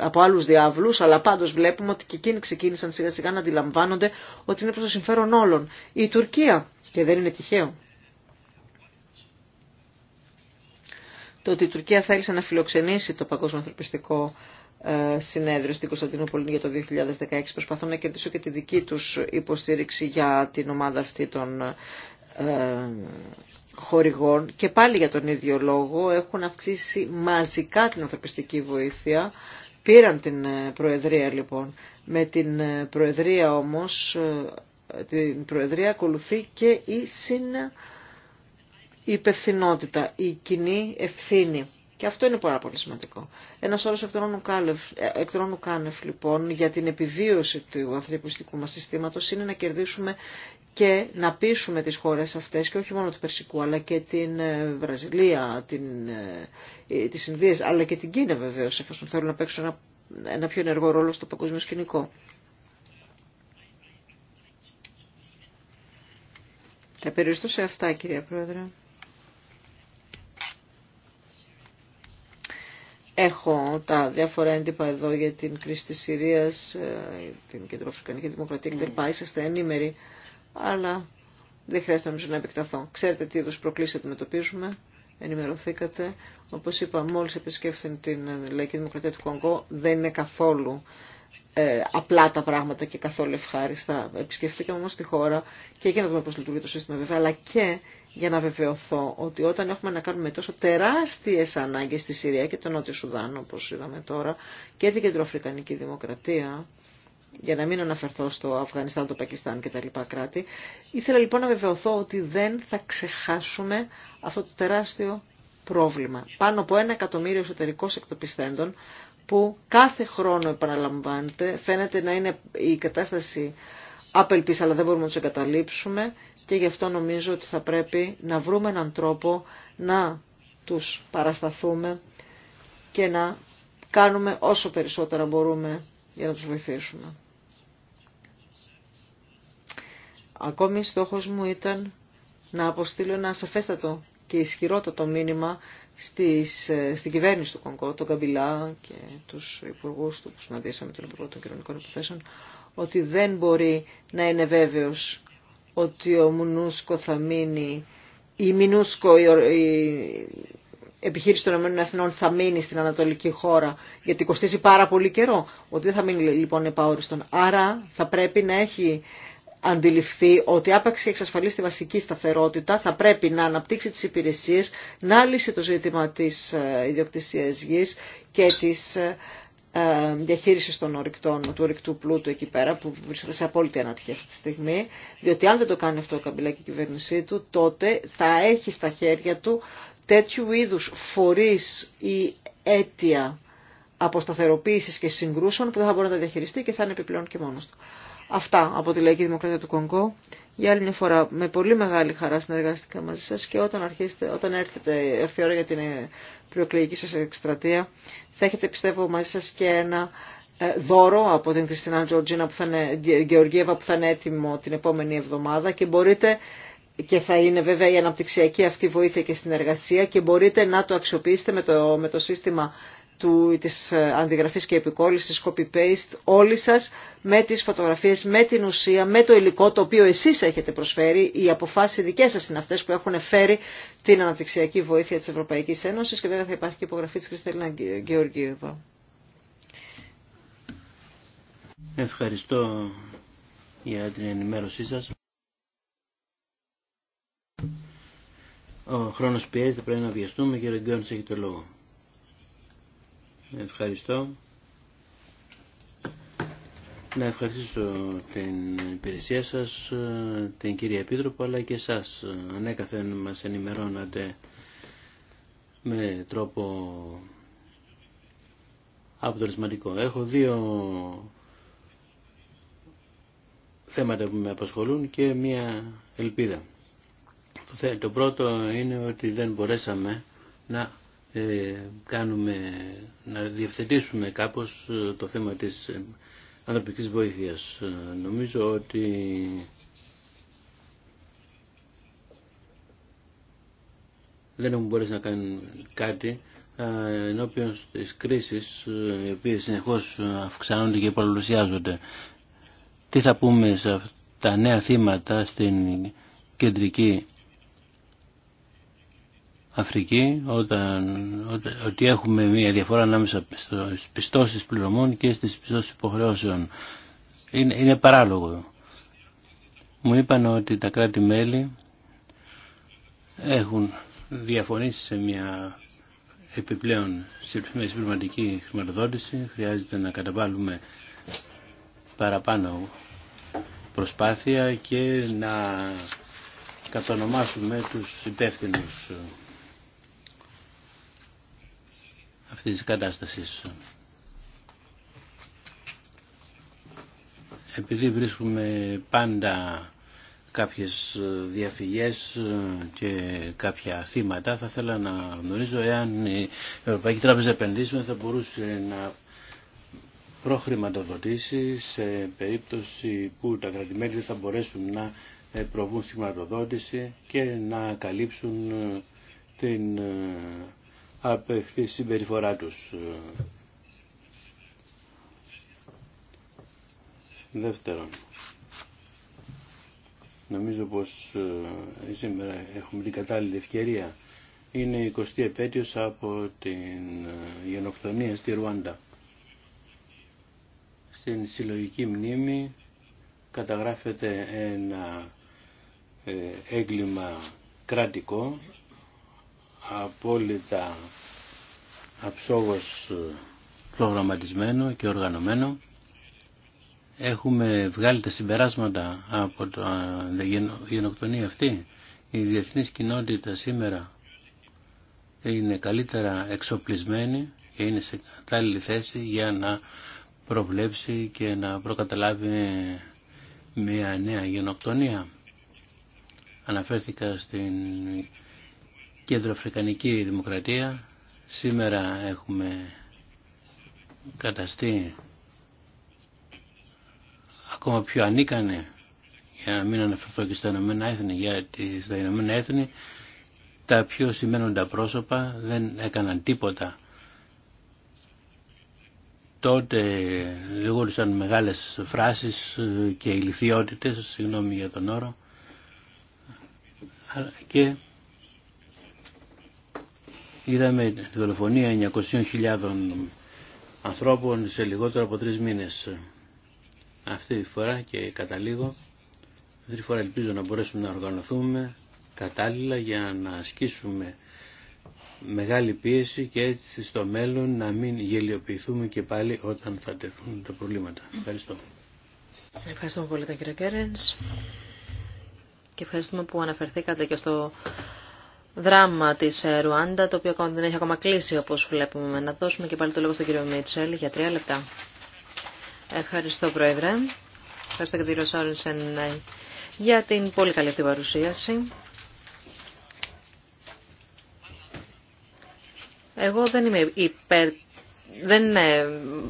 από άλλους διάβλους, αλλά πάντως βλέπουμε ότι και εκείνοι ξεκίνησαν σιγά σιγά να αντιλαμβάνονται ότι είναι προς το συμφέρον όλων. Η Τουρκία, και δεν είναι τυχαίο, το ότι η Τουρκία θέλησε να φιλοξενήσει το Παγκόσμιο Ανθρωπιστικό ε, συνέδριο στην Κωνσταντινούπολη για το 2016. Προσπαθώ να κερδίσουν και τη δική τους υποστήριξη για την ομάδα αυτή των ε, χορηγών και πάλι για τον ίδιο λόγο έχουν αυξήσει μαζικά την ανθρωπιστική βοήθεια. Πήραν την ε, Προεδρία λοιπόν. Με την Προεδρία όμως, την Προεδρία ακολουθεί και η η υπευθυνότητα, η κοινή ευθύνη. Και αυτό είναι πάρα πολύ σημαντικό. Ένας όρος εκ ε, κάνευ, λοιπόν, για την επιβίωση του ανθρωπιστικού μας συστήματος είναι να κερδίσουμε και να πείσουμε τις χώρες αυτές, και όχι μόνο του Περσικού, αλλά και την ε, Βραζιλία, την, ε, τις Ινδίες, αλλά και την Κίνα βεβαίως, εφόσον θέλουν να παίξουν ένα, ένα πιο ενεργό ρόλο στο παγκοσμίο σκηνικό. Θα περιοριστώ σε αυτά, κυρία Πρόεδρε. Έχω τα διάφορα έντυπα εδώ για την κρίση της Συρίας, ε, την Κεντροαφρικανική Δημοκρατία πάει ναι. Είσαστε ενήμεροι, αλλά δεν χρειάζεται νομίζω να επεκταθώ. Ξέρετε τι είδους προκλήσεις αντιμετωπίζουμε, ενημερωθήκατε. Όπως είπα, μόλις επισκέφθην την ε, Λαϊκή Δημοκρατία του Κονγκό, δεν είναι καθόλου ε, απλά τα πράγματα και καθόλου ευχάριστα. Επισκεφθήκαμε όμως τη χώρα και για να δούμε πώς λειτουργεί το σύστημα βέβαια, αλλά και για να βεβαιωθώ ότι όταν έχουμε να κάνουμε τόσο τεράστιες ανάγκες στη Συρία και τον Νότιο Σουδάν, όπως είδαμε τώρα, και την Κεντροαφρικανική Δημοκρατία, για να μην αναφερθώ στο Αφγανιστάν, το Πακιστάν και τα λοιπά κράτη, ήθελα λοιπόν να βεβαιωθώ ότι δεν θα ξεχάσουμε αυτό το τεράστιο πρόβλημα. Πάνω από ένα εκατομμύριο εσωτερικώ εκτοπιστέντων που κάθε χρόνο επαναλαμβάνεται, φαίνεται να είναι η κατάσταση απελπής, αλλά δεν μπορούμε να του εγκαταλείψουμε και γι' αυτό νομίζω ότι θα πρέπει να βρούμε έναν τρόπο να τους παρασταθούμε και να κάνουμε όσο περισσότερα μπορούμε για να τους βοηθήσουμε. Ακόμη στόχος μου ήταν να αποστείλω ένα σαφέστατο και ισχυρότατο μήνυμα στις, ε, στην κυβέρνηση του Κονκό, τον Καμπιλά και τους υπουργούς του που συναντήσαμε, τον Υπουργό των Κοινωνικών Υποθέσεων, ότι δεν μπορεί να είναι βέβαιος ότι ο Μουνούσκο θα μείνει, η Μινούσκο, η, επιχείρηση των Εθνών θα μείνει στην ανατολική χώρα, γιατί κοστίζει πάρα πολύ καιρό, ότι δεν θα μείνει λοιπόν επαόριστον. Άρα θα πρέπει να έχει αντιληφθεί ότι άπαξ εξασφαλίσει τη βασική σταθερότητα, θα πρέπει να αναπτύξει τις υπηρεσίες, να λύσει το ζήτημα της ε, ιδιοκτησίας γης και της ε, ε, διαχείριση των ορυκτών, του ορυκτού πλούτου εκεί πέρα, που βρίσκεται σε απόλυτη αναρχία αυτή τη στιγμή, διότι αν δεν το κάνει αυτό ο Καμπυλά και η κυβέρνησή του, τότε θα έχει στα χέρια του τέτοιου είδους φορείς ή αίτια αποσταθεροποίησης και συγκρούσεων που δεν θα μπορεί να τα διαχειριστεί και θα είναι επιπλέον και μόνος του. Αυτά από τη Λαϊκή Δημοκρατία του Κονγκό. Για άλλη μια φορά, με πολύ μεγάλη χαρά συνεργάστηκα μαζί σας και όταν, αρχίσετε, όταν έρθετε, έρθει η ώρα για την ε, προεκλογική σας εκστρατεία, θα έχετε πιστεύω μαζί σας και ένα ε, δώρο από την Κριστίνα Τζορτζίνα που θα είναι, έτοιμο την επόμενη εβδομάδα και μπορείτε και θα είναι βέβαια η αναπτυξιακή αυτή βοήθεια και συνεργασία και μπορείτε να το αξιοποιήσετε με το, με το σύστημα του, της ε, αντιγραφής και επικόλλησης, copy-paste, όλοι σας, με τις φωτογραφίες, με την ουσία, με το υλικό το οποίο εσείς έχετε προσφέρει. Οι αποφάσεις δικές σας είναι αυτές που έχουν φέρει την αναπτυξιακή βοήθεια της Ευρωπαϊκής Ένωσης και βέβαια θα υπάρχει και υπογραφή της Κριστέλινα Γεωργίου Ευχαριστώ για την ενημέρωσή σας. Ο χρόνος πιέζεται, πρέπει να βιαστούμε. ο Γκάνος, έχει το λόγο. Ευχαριστώ. Να ευχαριστήσω την υπηρεσία σας, την κυρία Επίτροπο, αλλά και εσάς. Ανέκαθεν μας ενημερώνατε με τρόπο αποτελεσματικό. Έχω δύο θέματα που με απασχολούν και μία ελπίδα. Το πρώτο είναι ότι δεν μπορέσαμε να ε, κάνουμε, να διευθετήσουμε κάπως ε, το θέμα της ε, ανθρωπικής βοήθειας. Νομίζω ότι δεν έχουμε μπορέσει να κάνει κάτι ενώπιον της κρίσης οι οποίες συνεχώς αυξάνονται και παρουσιάζονται. Τι θα πούμε στα τα νέα θύματα στην κεντρική Αφρική όταν, ότι έχουμε μια διαφορά ανάμεσα στις πιστώσεις πληρωμών και στις πιστώσεις υποχρεώσεων. Είναι, είναι παράλογο. Μου είπαν ότι τα κράτη-μέλη έχουν διαφωνήσει σε μια επιπλέον συμπληρωματική χρηματοδότηση. Χρειάζεται να καταβάλουμε παραπάνω προσπάθεια και να κατονομάσουμε τους υπεύθυνους αυτής της κατάστασης. Επειδή βρίσκουμε πάντα κάποιες διαφυγές και κάποια θύματα, θα ήθελα να γνωρίζω εάν η Ευρωπαϊκή Τράπεζα Επενδύσεων θα μπορούσε να προχρηματοδοτήσει σε περίπτωση που τα κρατημέλη δεν θα μπορέσουν να προβούν χρηματοδότηση και να καλύψουν την απεχθεί συμπεριφορά τους. Δεύτερον, νομίζω πως ε, σήμερα έχουμε την κατάλληλη ευκαιρία. Είναι η 20η επέτειος από την ε, γενοκτονία στη Ρουάντα. Στην συλλογική μνήμη καταγράφεται ένα ε, έγκλημα κρατικό απόλυτα αψόγως προγραμματισμένο και οργανωμένο. Έχουμε βγάλει τα συμπεράσματα από τη γενοκτονία αυτή. Η διεθνής κοινότητα σήμερα είναι καλύτερα εξοπλισμένη και είναι σε κατάλληλη θέση για να προβλέψει και να προκαταλάβει μια νέα γενοκτονία. Αναφέρθηκα στην Κεντροαφρικανική Δημοκρατία. Σήμερα έχουμε καταστεί ακόμα πιο ανίκανε για να μην αναφερθώ και στα Ηνωμένα Έθνη, γιατί στα Ηνωμένα Έθνη τα πιο σημαίνοντα πρόσωπα δεν έκαναν τίποτα. Τότε λιγούρισαν μεγάλες φράσεις και ηλικιότητες, συγγνώμη για τον όρο, και Είδαμε τη δολοφονία 900.000 ανθρώπων σε λιγότερο από τρεις μήνες. Αυτή τη φορά και κατά λίγο, αυτή τη φορά ελπίζω να μπορέσουμε να οργανωθούμε κατάλληλα για να ασκήσουμε μεγάλη πίεση και έτσι στο μέλλον να μην γελιοποιηθούμε και πάλι όταν θα τεθούν τα προβλήματα. Ευχαριστώ. Ευχαριστούμε πολύ τον κύριο Κέρενς και ευχαριστούμε που αναφερθήκατε και στο δράμα τη ε, Ρουάντα, το οποίο ακόμα δεν έχει ακόμα κλείσει όπω βλέπουμε. Να δώσουμε και πάλι το λόγο στον κύριο Μίτσελ για τρία λεπτά. Ευχαριστώ Πρόεδρε. Ευχαριστώ και τον κύριο Σόρινσεν ε, για την πολύ καλή αυτή παρουσίαση. Εγώ δεν είμαι υπέρ... Δεν, ε,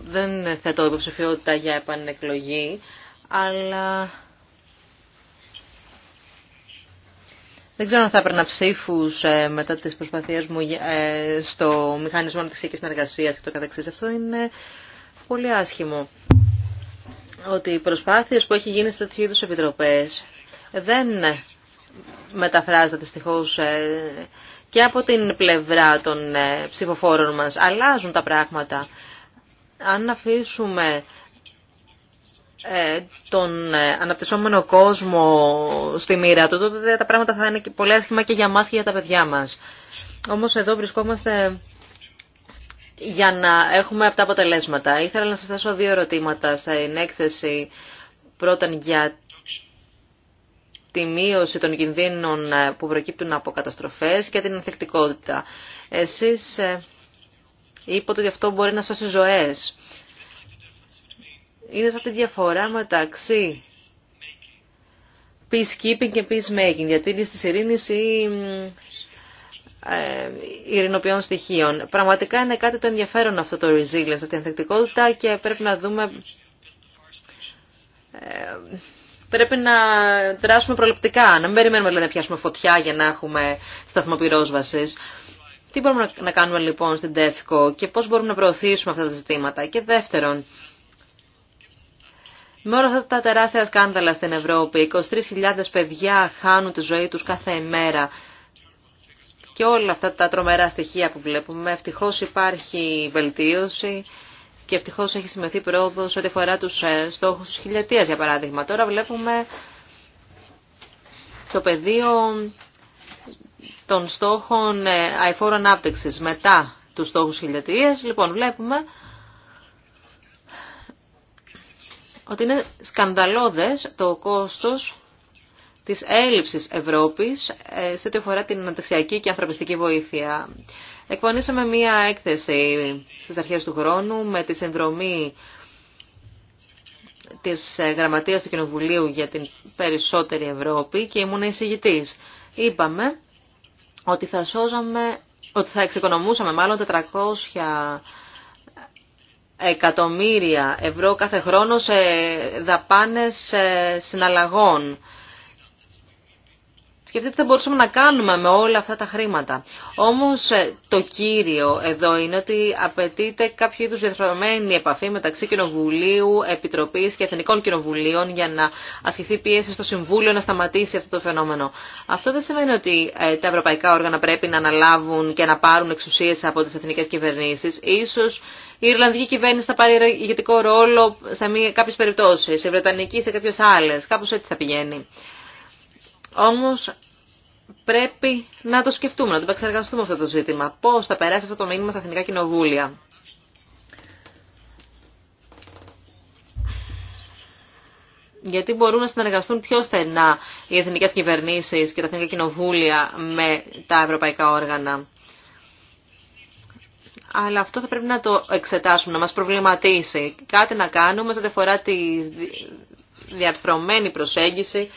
δεν θέτω υποψηφιότητα για επανεκλογή, αλλά Δεν ξέρω αν θα έπαιρνα ψήφου ε, μετά τι προσπαθίε μου ε, στο μηχανισμό αναπτυξιακή συνεργασία και το καθεξή. Αυτό είναι πολύ άσχημο. Ότι οι προσπάθειε που έχει γίνει σε τέτοιου είδου επιτροπέ δεν μεταφράζονται, δυστυχώ ε, και από την πλευρά των ψηφοφόρων μας. Αλλάζουν τα πράγματα. Αν αφήσουμε ε, τον ε, αναπτυσσόμενο κόσμο στη μοίρα του, τότε τα πράγματα θα είναι πολύ άσχημα και για μας και για τα παιδιά μας. Όμως εδώ βρισκόμαστε για να έχουμε αυτά αποτελέσματα. Ήθελα να σας θέσω δύο ερωτήματα στην έκθεση. πρώτα για τη μείωση των κινδύνων ε, που προκύπτουν από καταστροφές και την ανθεκτικότητα. Εσείς είπατε ότι αυτό μπορεί να σώσει ζωές είναι σαν τη διαφορά μεταξύ peacekeeping και peacemaking, είναι στις ειρήνης ή ε, ειρηνοποιών στοιχείων. Πραγματικά είναι κάτι το ενδιαφέρον αυτό το resilience, αυτή η ανθεκτικότητα και πρέπει να δούμε... Ε, πρέπει να δράσουμε προληπτικά, να μην περιμένουμε δηλαδή να πιάσουμε φωτιά για να έχουμε σταθμό Τι μπορούμε να κάνουμε λοιπόν στην ΤΕΦΚΟ και πώς μπορούμε να προωθήσουμε αυτά τα ζητήματα. Και δεύτερον, με όλα αυτά τα τεράστια σκάνδαλα στην Ευρώπη, 23.000 παιδιά χάνουν τη ζωή τους κάθε ημέρα. Και όλα αυτά τα τρομερά στοιχεία που βλέπουμε, ευτυχώς υπάρχει βελτίωση και ευτυχώς έχει σημειωθεί πρόοδος ό,τι αφορά τους ε, στόχους της χιλιετίας, για παράδειγμα. Τώρα βλέπουμε το πεδίο των στόχων ε, αϊφόρων άπτυξης μετά του στόχου χιλιετίας. Λοιπόν, βλέπουμε ότι είναι σκανδαλώδες το κόστος της έλλειψης Ευρώπης ε, σε ό,τι αφορά την ανταξιακή και ανθρωπιστική βοήθεια. Εκπονήσαμε μία έκθεση στις αρχές του χρόνου με τη συνδρομή της ε, Γραμματείας του Κοινοβουλίου για την περισσότερη Ευρώπη και ήμουν εισηγητής. Είπαμε ότι θα σώζαμε, ότι θα εξοικονομούσαμε μάλλον 400 εκατομμύρια ευρώ κάθε χρόνο σε δαπάνες ε, συναλλαγών σκεφτείτε τι μπορούσαμε να κάνουμε με όλα αυτά τα χρήματα. Όμως ε, το κύριο εδώ είναι ότι απαιτείται κάποιο είδους διαδρομένη επαφή μεταξύ Κοινοβουλίου, Επιτροπής και Εθνικών Κοινοβουλίων για να ασκηθεί πίεση στο Συμβούλιο να σταματήσει αυτό το φαινόμενο. Αυτό δεν σημαίνει ότι ε, τα ευρωπαϊκά όργανα πρέπει να αναλάβουν και να πάρουν εξουσίες από τις εθνικές κυβερνήσεις. Ίσως η Ιρλανδική κυβέρνηση θα πάρει ηγετικό ρόλο σε κάποιε περιπτώσει, η Βρετανική σε κάποιε άλλε. Κάπω έτσι θα πηγαίνει. Όμως πρέπει να το σκεφτούμε, να το επεξεργαστούμε αυτό το ζήτημα. Πώς θα περάσει αυτό το μήνυμα στα εθνικά κοινοβούλια. γιατί μπορούν να συνεργαστούν πιο στενά οι εθνικές κυβερνήσεις και τα εθνικά κοινοβούλια με τα ευρωπαϊκά όργανα. Αλλά αυτό θα πρέπει να το εξετάσουμε, να μας προβληματίσει. Κάτι να κάνουμε σε φορά τη διαρθρωμένη προσέγγιση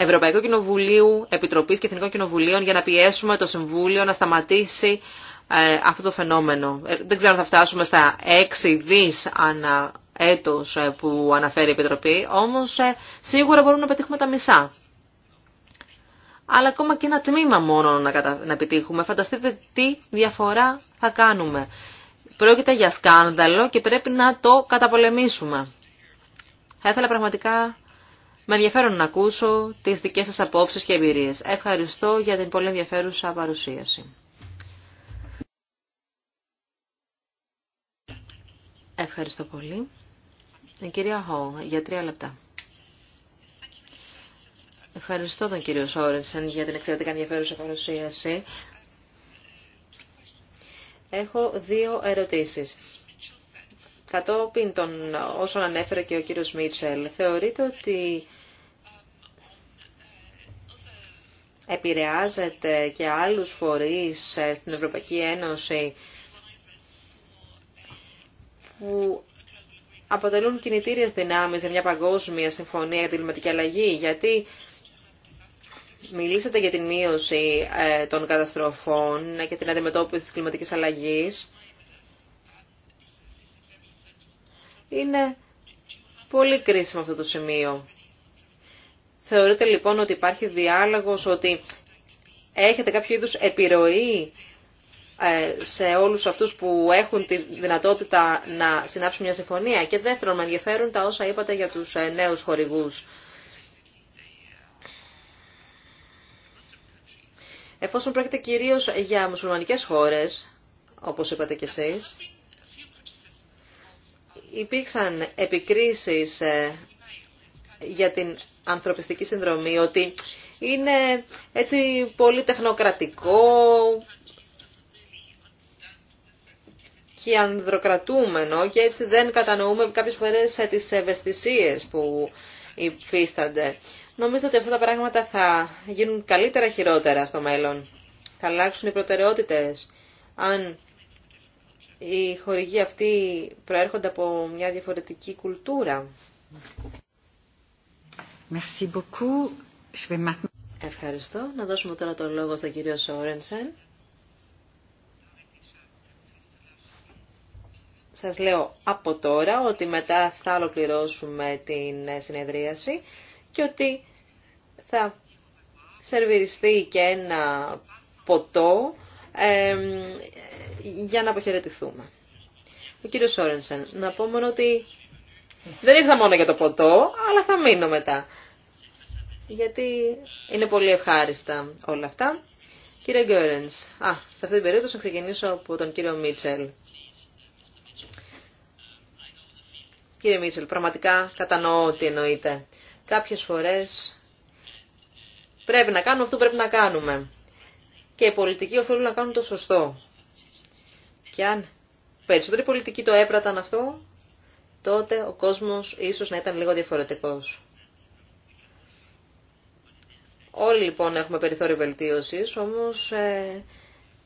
Ευρωπαϊκού Κοινοβουλίου, Επιτροπή και Εθνικών Κοινοβουλίων για να πιέσουμε το Συμβούλιο να σταματήσει ε, αυτό το φαινόμενο. Ε, δεν ξέρω αν θα φτάσουμε στα 6 δις ανά έτος ε, που αναφέρει η Επιτροπή, όμως σίγουρα μπορούμε να πετύχουμε τα μισά. Αλλά ακόμα και ένα τμήμα μόνο να, κατα... να επιτύχουμε. Φανταστείτε τι διαφορά θα κάνουμε. Πρόκειται για σκάνδαλο και πρέπει να το καταπολεμήσουμε. Θα ήθελα πραγματικά με ενδιαφέρον να ακούσω τις δικές σας απόψεις και εμπειρίες. Ευχαριστώ για την πολύ ενδιαφέρουσα παρουσίαση. Ευχαριστώ πολύ. Την ε, κυρία Χο, για τρία λεπτά. Ευχαριστώ τον κύριο Σόρενσεν για την εξαιρετικά ενδιαφέρουσα παρουσίαση. Έχω δύο ερωτήσεις. Κατόπιν των όσων ανέφερε και ο κύριος Μίτσελ, θεωρείτε ότι επηρεάζεται και άλλους φορείς ε, στην Ευρωπαϊκή Ένωση που αποτελούν κινητήριες δυνάμεις για μια παγκόσμια συμφωνία για τη κλιματική αλλαγή, γιατί μιλήσατε για την μείωση ε, των καταστροφών και την αντιμετώπιση της κλιματικής αλλαγής. Είναι πολύ κρίσιμο αυτό το σημείο. Θεωρείτε λοιπόν ότι υπάρχει διάλογος, ότι έχετε κάποιο είδους επιρροή ε, σε όλους αυτούς που έχουν τη δυνατότητα να συνάψουν μια συμφωνία. Και δεύτερον, με ενδιαφέρουν τα όσα είπατε για τους ε, νέους χορηγούς. Εφόσον πρόκειται κυρίως για μουσουλμανικές χώρες, όπως είπατε κι εσείς, υπήρξαν επικρίσεις ε, για την ανθρωπιστική συνδρομή ότι είναι έτσι πολύ τεχνοκρατικό και ανδροκρατούμενο και έτσι δεν κατανοούμε κάποιες φορές τις ευαισθησίες που υφίστανται. Νομίζω ότι αυτά τα πράγματα θα γίνουν καλύτερα χειρότερα στο μέλλον. Θα αλλάξουν οι προτεραιότητες αν οι χορηγοί αυτοί προέρχονται από μια διαφορετική κουλτούρα. Ευχαριστώ. Να δώσουμε τώρα το λόγο στον κύριο Σόρενσεν. Σας λέω από τώρα ότι μετά θα ολοκληρώσουμε την συνεδρίαση και ότι θα σερβιριστεί και ένα ποτό για να αποχαιρετηθούμε. Ο κύριος Σόρενσεν, να πω μόνο ότι δεν ήρθα μόνο για το ποτό, αλλά θα μείνω μετά. Γιατί είναι πολύ ευχάριστα όλα αυτά. Κύριε Γκέρενς, α, σε αυτή την περίπτωση θα ξεκινήσω από τον κύριο Μίτσελ. Κύριε Μίτσελ, πραγματικά κατανοώ τι εννοείτε. Κάποιες φορές πρέπει να κάνουμε αυτό που πρέπει να κάνουμε. Και οι πολιτικοί οφείλουν να κάνουν το σωστό. Και αν περισσότεροι πολιτικοί το έπραταν αυτό, τότε ο κόσμος ίσως να ήταν λίγο διαφορετικός. Όλοι λοιπόν έχουμε περιθώριο βελτίωσης, όμως ε,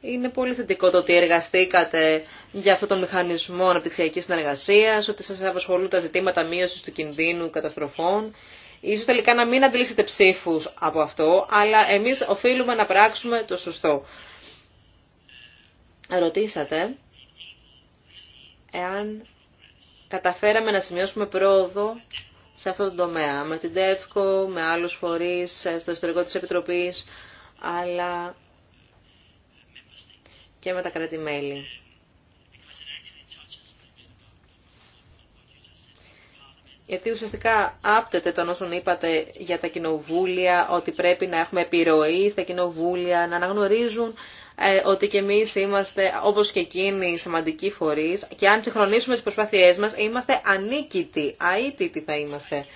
είναι πολύ θετικό το ότι εργαστήκατε για αυτόν τον μηχανισμό αναπτυξιακή συνεργασία, ότι σας απασχολούν τα ζητήματα μείωση του κινδύνου καταστροφών. Ίσως τελικά να μην αντιλήσετε ψήφου από αυτό, αλλά εμείς οφείλουμε να πράξουμε το σωστό. Ρωτήσατε εάν καταφέραμε να σημειώσουμε πρόοδο σε αυτό τον τομέα, με την ΤΕΦΚΟ, με άλλους φορείς, ε, στο ιστορικό της Επιτροπής, αλλά και με τα κράτη-μέλη. Γιατί ουσιαστικά άπτεται τον όσον είπατε για τα κοινοβούλια, ότι πρέπει να έχουμε επιρροή στα κοινοβούλια, να αναγνωρίζουν ε, ότι και εμεί είμαστε, όπως και εκείνοι, σημαντικοί φορεί, και αν συγχρονίσουμε τις προσπάθειέ μας, είμαστε ανίκητοι, αίτητοι θα είμαστε.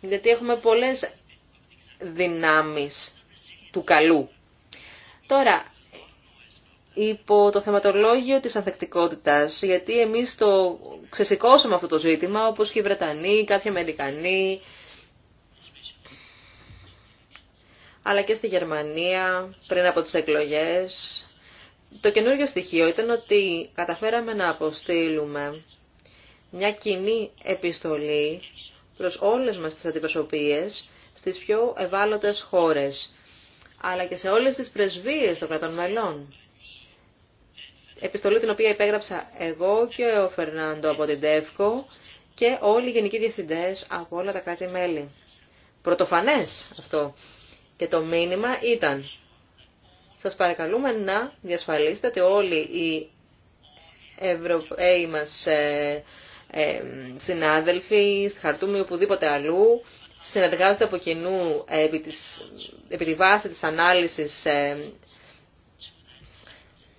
Γιατί έχουμε πολλές δυνάμεις του καλού. Τώρα, υπό το θεματολόγιο της ανθεκτικότητας, γιατί εμείς το ξεσηκώσαμε αυτό το ζήτημα, όπως και οι Βρετανοί, κάποιοι Αμερικανοί, αλλά και στη Γερμανία πριν από τις εκλογές. Το καινούργιο στοιχείο ήταν ότι καταφέραμε να αποστείλουμε μια κοινή επιστολή προς όλες μας τις αντιπροσωπείες στις πιο ευάλωτες χώρες, αλλά και σε όλες τις πρεσβείες των κρατών μελών. Επιστολή την οποία υπέγραψα εγώ και ο Φερνάντο από την ΤΕΦΚΟ και όλοι οι γενικοί διευθυντές από όλα τα κράτη-μέλη. Πρωτοφανές αυτό. Και το μήνυμα ήταν, σας παρακαλούμε να διασφαλίσετε ότι όλοι οι Ευρωπαίοι μας ε, ε, συνάδελφοι, στη Χαρτούμη, οπουδήποτε αλλού, συνεργάζονται από κοινού ε, επί, της, επί τη βάση της ανάλυσης ε,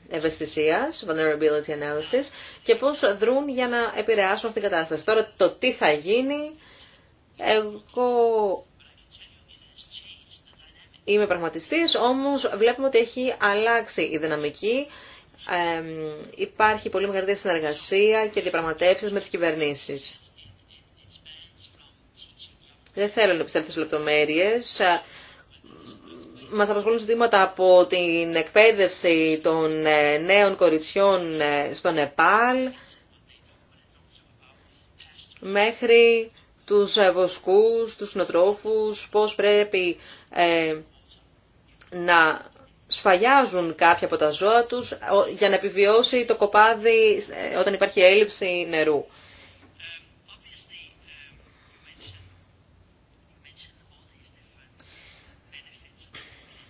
ευαισθησίας, vulnerability analysis, και πώς δρούν για να επηρεάσουν αυτήν την κατάσταση. Τώρα το τι θα γίνει, εγώ Είμαι πραγματιστής, όμως βλέπουμε ότι έχει αλλάξει η δυναμική. υπάρχει πολύ μεγαλύτερη συνεργασία και διαπραγματεύσεις με τις κυβερνήσεις. Δεν θέλω να επιστρέψω σε λεπτομέρειες. Μας απασχολούν ζητήματα από την εκπαίδευση των ε, νέων κοριτσιών ε, στο Νεπάλ μέχρι τους ε, βοσκούς, τους νοτρόφους, πώς πρέπει να σφαγιάζουν κάποια από τα ζώα τους για να επιβιώσει το κοπάδι ε, όταν υπάρχει έλλειψη νερού.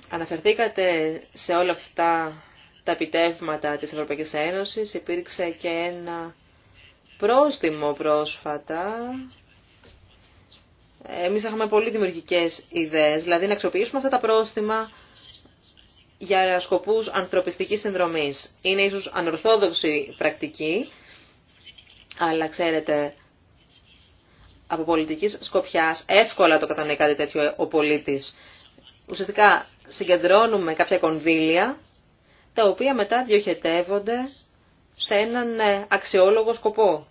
Αναφερθήκατε σε όλα αυτά τα επιτεύγματα της Ευρωπαϊκής Ένωσης. Υπήρξε και ένα πρόστιμο πρόσφατα. Εμείς είχαμε πολύ δημιουργικές ιδέες, δηλαδή να αξιοποιήσουμε αυτά τα πρόστιμα για σκοπούς ανθρωπιστικής συνδρομής. Είναι ίσως ανορθόδοξη πρακτική, αλλά ξέρετε, από πολιτικής σκοπιάς εύκολα το κατανοεί κάτι τέτοιο ο πολίτης. Ουσιαστικά συγκεντρώνουμε κάποια κονδύλια, τα οποία μετά διοχετεύονται σε έναν ε, αξιόλογο σκοπό.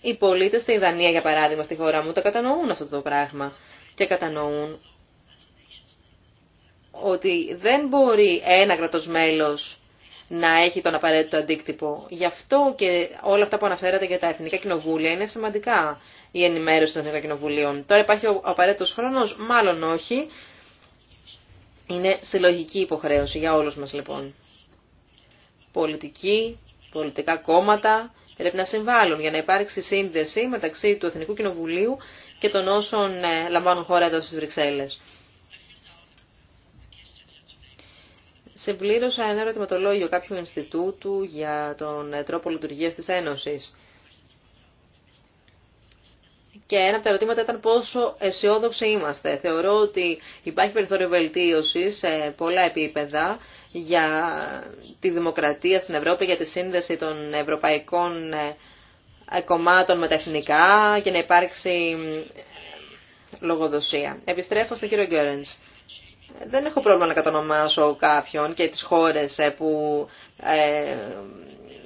Οι πολίτες στη Ιδανία, για παράδειγμα, στη χώρα μου, τα κατανοούν αυτό το πράγμα και κατανοούν ότι δεν μπορεί ένα κρατος μέλος να έχει τον απαραίτητο αντίκτυπο. Γι' αυτό και όλα αυτά που αναφέρατε για τα εθνικά κοινοβούλια είναι σημαντικά η ενημέρωση των εθνικών κοινοβουλίων. Τώρα υπάρχει ο απαραίτητος χρόνος, μάλλον όχι. Είναι συλλογική υποχρέωση για όλους μας λοιπόν. Πολιτικοί, πολιτικά κόμματα πρέπει να συμβάλλουν για να υπάρξει σύνδεση μεταξύ του Εθνικού Κοινοβουλίου και των όσων ε, λαμβάνουν χώρα εδώ στις Βρυξέλλες. συμπλήρωσα ένα ερωτηματολόγιο κάποιου Ινστιτούτου για τον τρόπο λειτουργίας της Ένωσης. Και ένα από τα ερωτήματα ήταν πόσο αισιόδοξοι είμαστε. Θεωρώ ότι υπάρχει περιθώριο βελτίωση σε πολλά επίπεδα για τη δημοκρατία στην Ευρώπη, για τη σύνδεση των ευρωπαϊκών ε, κομμάτων με τα εθνικά και να υπάρξει ε, λογοδοσία. Επιστρέφω στον κύριο Γκέρενς δεν έχω πρόβλημα να κατονομάσω κάποιον και τις χώρες ε, που ε,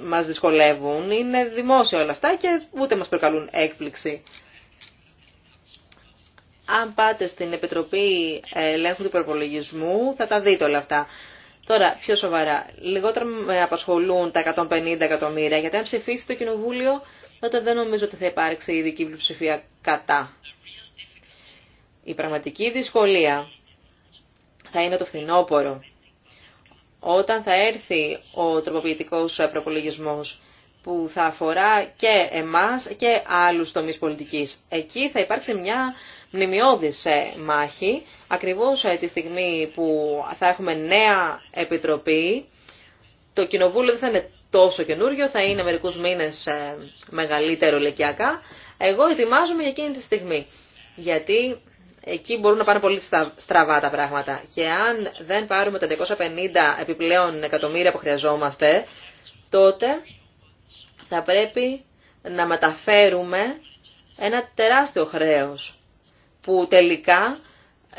μας δυσκολεύουν. Είναι δημόσια όλα αυτά και ούτε μας προκαλούν έκπληξη. Αν πάτε στην Επιτροπή Ελέγχου του Προπολογισμού θα τα δείτε όλα αυτά. Τώρα, πιο σοβαρά, λιγότερο με απασχολούν τα 150 εκατομμύρια, γιατί αν ψηφίσει το Κοινοβούλιο, τότε δεν νομίζω ότι θα υπάρξει ειδική πλειοψηφία κατά. Η πραγματική δυσκολία θα είναι το φθινόπωρο. Όταν θα έρθει ο τροποποιητικός προπολογισμό που θα αφορά και εμάς και άλλους τομείς πολιτικής. Εκεί θα υπάρξει μια μνημειώδης ε, μάχη, ακριβώς ε, τη στιγμή που θα έχουμε νέα επιτροπή. Το κοινοβούλιο δεν θα είναι τόσο καινούριο, θα είναι μερικούς μήνες ε, μεγαλύτερο λεκιακά. Εγώ ετοιμάζομαι για εκείνη τη στιγμή, γιατί εκεί μπορούν να πάνε πολύ στραβά τα πράγματα. Και αν δεν πάρουμε τα 250 επιπλέον εκατομμύρια που χρειαζόμαστε, τότε θα πρέπει να μεταφέρουμε ένα τεράστιο χρέος που τελικά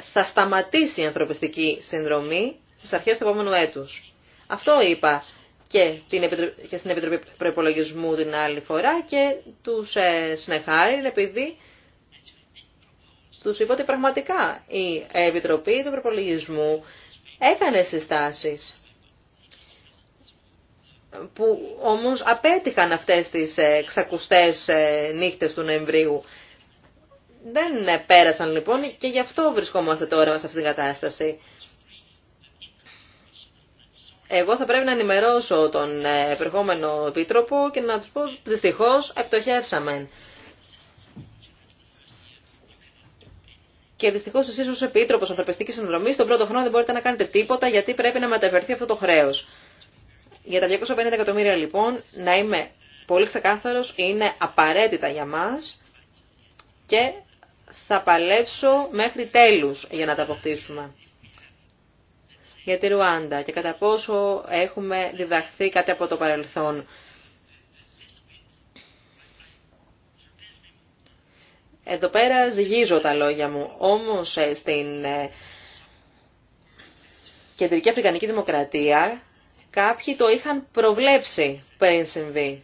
θα σταματήσει η ανθρωπιστική συνδρομή στις αρχές του επόμενου έτους. Αυτό είπα και, την και στην Επιτροπή Προπολογισμού την άλλη φορά και τους ε, επειδή τους είπα ότι πραγματικά η Επιτροπή του Προπολογισμού έκανε συστάσεις που όμως απέτυχαν αυτές τις ε, ξακουστές ε, νύχτες του Νοεμβρίου. Δεν ε, πέρασαν λοιπόν και γι' αυτό βρισκόμαστε τώρα σε αυτήν την κατάσταση. Εγώ θα πρέπει να ενημερώσω τον επερχόμενο επίτροπο και να του πω δυστυχώς επτοχεύσαμε. Και δυστυχώ εσεί ω Επίτροπο Ανθρωπιστική Συνδρομή τον πρώτο χρόνο δεν μπορείτε να κάνετε τίποτα γιατί πρέπει να μεταφερθεί αυτό το χρέο. Για τα 250 εκατομμύρια λοιπόν, να είμαι πολύ ξεκάθαρο, είναι απαραίτητα για μα και θα παλέψω μέχρι τέλους για να τα αποκτήσουμε. Για τη Ρουάντα και κατά πόσο έχουμε διδαχθεί κάτι από το παρελθόν. Εδώ πέρα ζυγίζω τα λόγια μου. Όμως ε, στην ε, Κεντρική Αφρικανική Δημοκρατία κάποιοι το είχαν προβλέψει πριν συμβεί.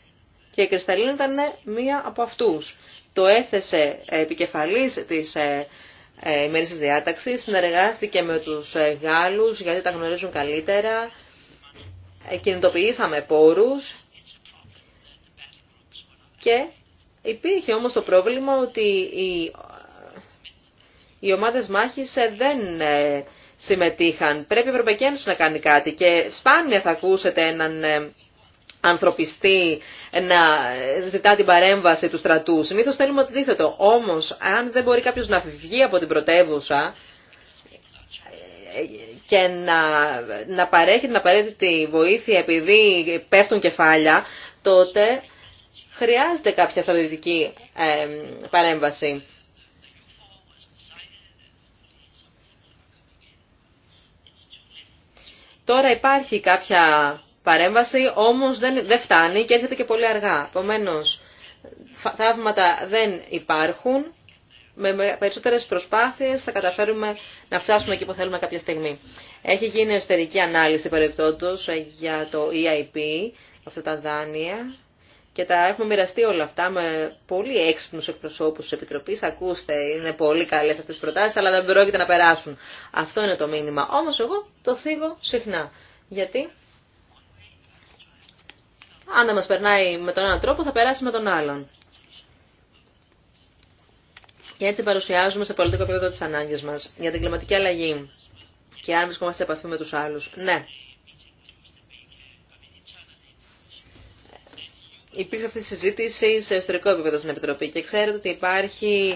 Και η Κρυσταλλίνη ήταν ναι, μία από αυτούς. Το έθεσε ε, επικεφαλής της ημέρης της διάταξης, συνεργάστηκε με τους Γάλλους γιατί τα γνωρίζουν καλύτερα, κινητοποιήσαμε πόρους και Υπήρχε όμως το πρόβλημα ότι οι, οι ομάδες μάχης ε, δεν ε, συμμετείχαν. Πρέπει η Ευρωπαϊκή Ένωση να κάνει κάτι και σπάνια θα ακούσετε έναν ε, ανθρωπιστή να ζητά την παρέμβαση του στρατού. Συνήθω θέλουμε το αντίθετο. Όμως, αν δεν μπορεί κάποιος να βγει από την πρωτεύουσα και να, να παρέχει την απαραίτητη βοήθεια επειδή πέφτουν κεφάλια, τότε χρειάζεται κάποια στρατιωτική ε, παρέμβαση. Τώρα υπάρχει κάποια παρέμβαση, όμως δεν, δεν φτάνει και έρχεται και πολύ αργά. Επομένω, θαύματα δεν υπάρχουν. Με περισσότερες προσπάθειες θα καταφέρουμε να φτάσουμε εκεί που θέλουμε κάποια στιγμή. Έχει γίνει εσωτερική ανάλυση περιπτώτως για το EIP, αυτά τα δάνεια και τα έχουμε μοιραστεί όλα αυτά με πολύ έξυπνου εκπροσώπους τη επιτροπή, Ακούστε, είναι πολύ καλέ αυτέ τι προτάσει, αλλά δεν πρόκειται να περάσουν. Αυτό είναι το μήνυμα. Όμω εγώ το θίγω συχνά. Γιατί αν δεν μα περνάει με τον έναν τρόπο θα περάσει με τον άλλον. Και έτσι παρουσιάζουμε σε πολιτικό επίπεδο τι ανάγκε μα για την κλιματική αλλαγή και αν βρισκόμαστε σε επαφή με του άλλου. Ναι, υπήρξε αυτή η συζήτηση σε εσωτερικό επίπεδο στην Επιτροπή και ξέρετε ότι υπάρχει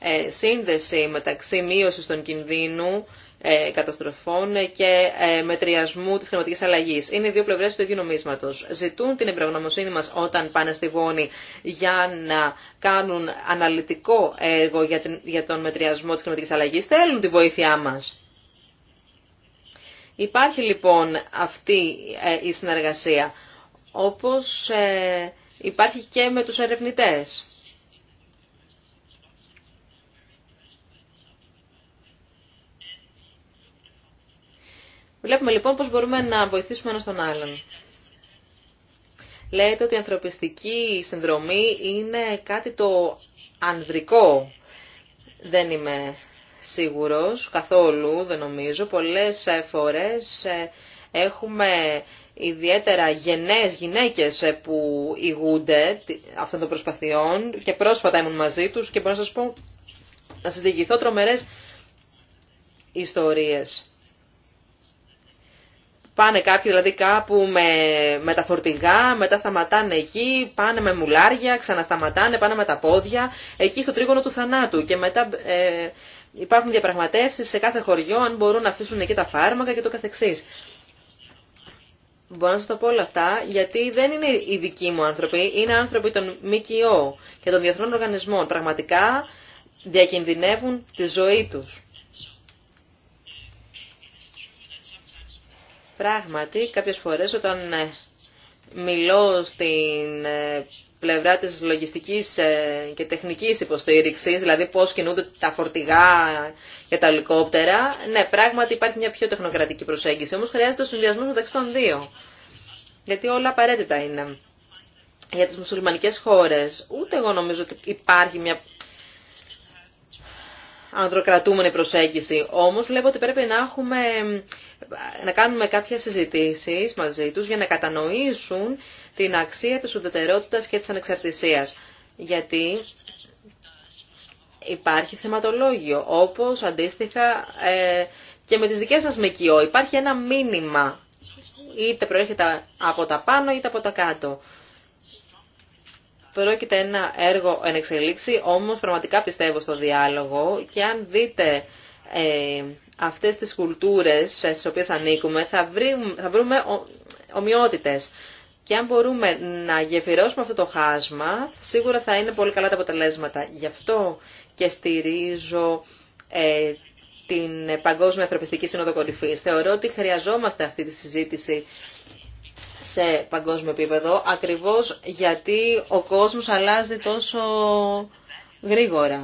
ε, σύνδεση μεταξύ μείωση των κινδύνου ε, καταστροφών και ε, μετριασμού της κλιματικής αλλαγής. Είναι δύο πλευρές του ίδιου νομίσματος. Ζητούν την εμπρογνωμοσύνη μας όταν πάνε στη Βόνη για να κάνουν αναλυτικό έργο για, τον μετριασμό της κλιματικής αλλαγής. Θέλουν τη βοήθειά μας. Υπάρχει λοιπόν αυτή η συνεργασία όπως ε, υπάρχει και με τους ερευνητές. Βλέπουμε λοιπόν πώς μπορούμε να βοηθήσουμε ένα τον άλλον. Λέτε ότι η ανθρωπιστική συνδρομή είναι κάτι το ανδρικό. Δεν είμαι σίγουρος καθόλου, δεν νομίζω. Πολλές φορές ε, έχουμε ιδιαίτερα γενναίες γυναίκες ε, που ηγούνται αυτών των προσπαθειών και πρόσφατα ήμουν μαζί τους και μπορώ να σας πω να σας τρομερές ιστορίες. Πάνε κάποιοι δηλαδή κάπου με, με τα φορτηγά, μετά σταματάνε εκεί, πάνε με μουλάρια, ξανασταματάνε, πάνε με τα πόδια, εκεί στο τρίγωνο του θανάτου και μετά ε, υπάρχουν διαπραγματεύσεις σε κάθε χωριό αν μπορούν να αφήσουν εκεί τα φάρμακα και το καθεξής. Μπορώ να σα το πω όλα αυτά, γιατί δεν είναι οι δικοί μου άνθρωποι, είναι άνθρωποι των ΜΚΟ και των διεθνών οργανισμών. Πραγματικά διακινδυνεύουν τη ζωή τους. Πράγματι, κάποιες φορές όταν ε, μιλώ στην ε, πλευρά της λογιστικής ε, και τεχνικής υποστήριξης, δηλαδή πώς κινούνται τα φορτηγά και τα ολικόπτερα, ναι, πράγματι υπάρχει μια πιο τεχνοκρατική προσέγγιση, όμως χρειάζεται ο συνδυασμό μεταξύ των δύο. Γιατί όλα απαραίτητα είναι. Για τις μουσουλμανικές χώρες, ούτε εγώ νομίζω ότι υπάρχει μια ανδροκρατούμενη προσέγγιση, όμως βλέπω ότι πρέπει να έχουμε να κάνουμε κάποιες συζητήσεις μαζί τους για να κατανοήσουν την αξία της ουδετερότητας και της ανεξαρτησίας. Γιατί υπάρχει θεματολόγιο, όπως αντίστοιχα ε, και με τις δικές μας ΜΚΟ. Υπάρχει ένα μήνυμα, είτε προέρχεται από τα πάνω είτε από τα κάτω. Πρόκειται ένα έργο εν εξελίξη, όμως πραγματικά πιστεύω στο διάλογο και αν δείτε ε, αυτές τις κουλτούρες στις οποίες ανήκουμε θα, βρούμε, θα βρούμε ομοιότητες. Και αν μπορούμε να γεφυρώσουμε αυτό το χάσμα, σίγουρα θα είναι πολύ καλά τα αποτελέσματα. Γι' αυτό και στηρίζω ε, την Παγκόσμια Ανθρωπιστική Σύνοδο Κορυφή. Θεωρώ ότι χρειαζόμαστε αυτή τη συζήτηση σε παγκόσμιο επίπεδο, ακριβώς γιατί ο κόσμος αλλάζει τόσο γρήγορα.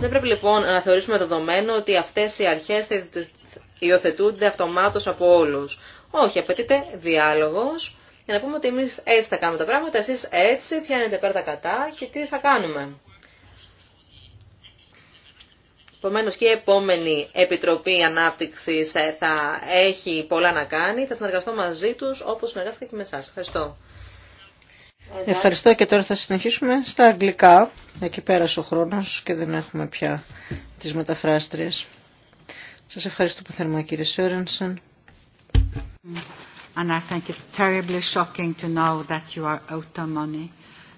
Δεν πρέπει λοιπόν να θεωρήσουμε δεδομένο ότι αυτές οι αρχές θα υιοθετούνται αυτομάτως από όλους. Όχι, απαιτείται διάλογος για να πούμε ότι εμείς έτσι θα κάνουμε τα πράγματα, εσείς έτσι, πιάνετε πέρα τα κατά και τι θα κάνουμε. Επομένω και η επόμενη Επιτροπή Ανάπτυξη ε, θα έχει πολλά να κάνει. Θα συνεργαστώ μαζί του όπω συνεργάστηκα και με εσά. Ευχαριστώ. Ευχαριστώ και τώρα θα συνεχίσουμε στα αγγλικά. Εκεί πέρασε ο χρόνος και δεν έχουμε πια τις μεταφράστριες. Σας που θερμά κύριε Σόρενσεν. And I think it's terribly shocking to know that you are out of money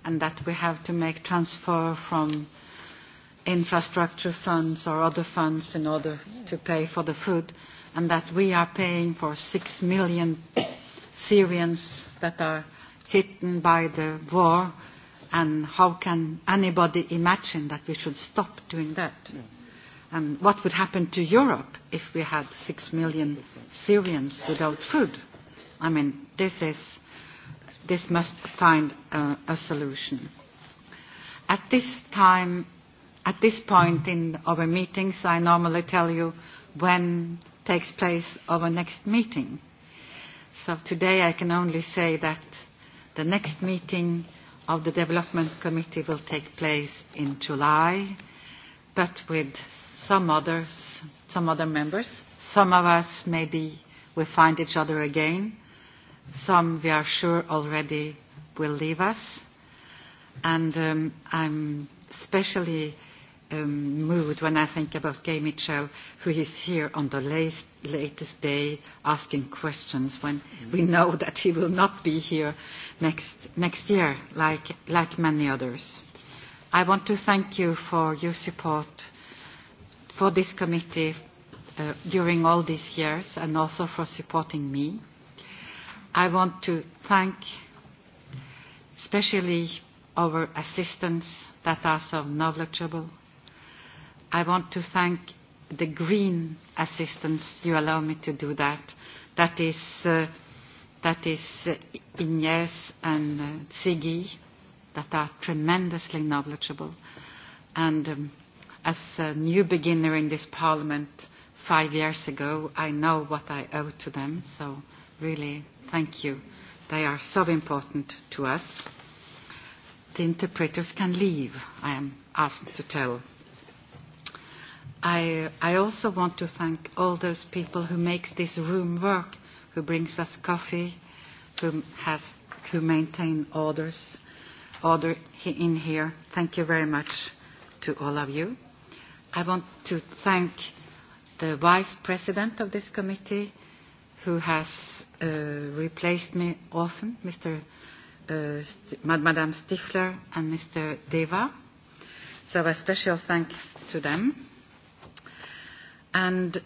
and that we have to make transfer from infrastructure funds or other funds in order to pay for the food and that we are paying for six million Syrians that are hidden by the war and how can anybody imagine that we should stop doing that? And what would happen to Europe if we had six million Syrians without food? I mean, this is this must find a solution. At this time, at this point in our meetings, I normally tell you when takes place our next meeting. So today I can only say that The next meeting of the Development Committee will take place in July, but with some others, some other members. Some of us maybe will find each other again. Some we are sure already will leave us. And I'm especially mood when I think about Gay Mitchell, who is here on the latest day asking questions when we know that he will not be here next year, like many others. I want to thank you for your support for this committee during all these years and also for supporting me. I want to thank especially our assistants that are so knowledgeable I want to thank the green assistance you allow me to do that. That is that is Ines and Ziggy that are tremendously knowledgeable. And as a new beginner in this Parliament five years ago, I know what I owe to them. So really, thank you. They are so important to us. The interpreters can leave, I am asked to tell. I I also want to thank all those people who make this room work, who brings us coffee, who has who maintain orders order in here. Thank you very much to all of you. I want to thank the Vice President of this committee who has replaced me often, Mr. Madame Stifler and Mr. Deva. So a special thank to them and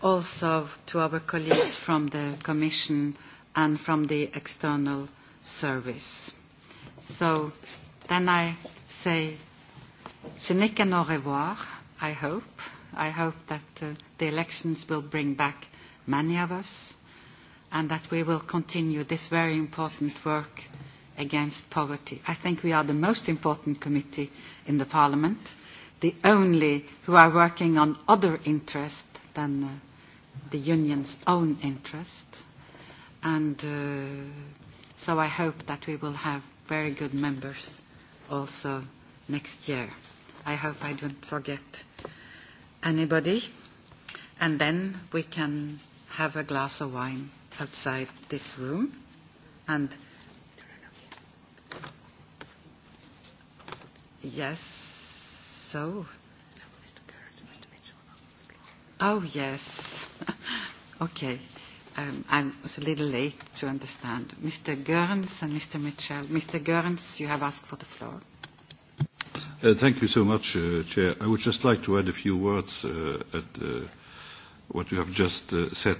also to our colleagues from the Commission and from the External Service. So then I say Chenik and au revoir, I hope. I hope that the elections will bring back many of us and that we will continue this very important work against poverty. I think we are the most important committee in the Parliament the only who are working on other interests than the union's own interest. And so I hope that we will have very good members also next year. I hope I don't forget anybody. And then we can have a glass of wine outside this room. And yes. So. Oh, yes. Okay. Um, I was a little late to understand. Mr. Gerns and Mr. Mitchell. Mr. Gerns, you have asked for the floor. Thank you so much, uh Chair. I would just like to add a few words at uh what you have just uh said.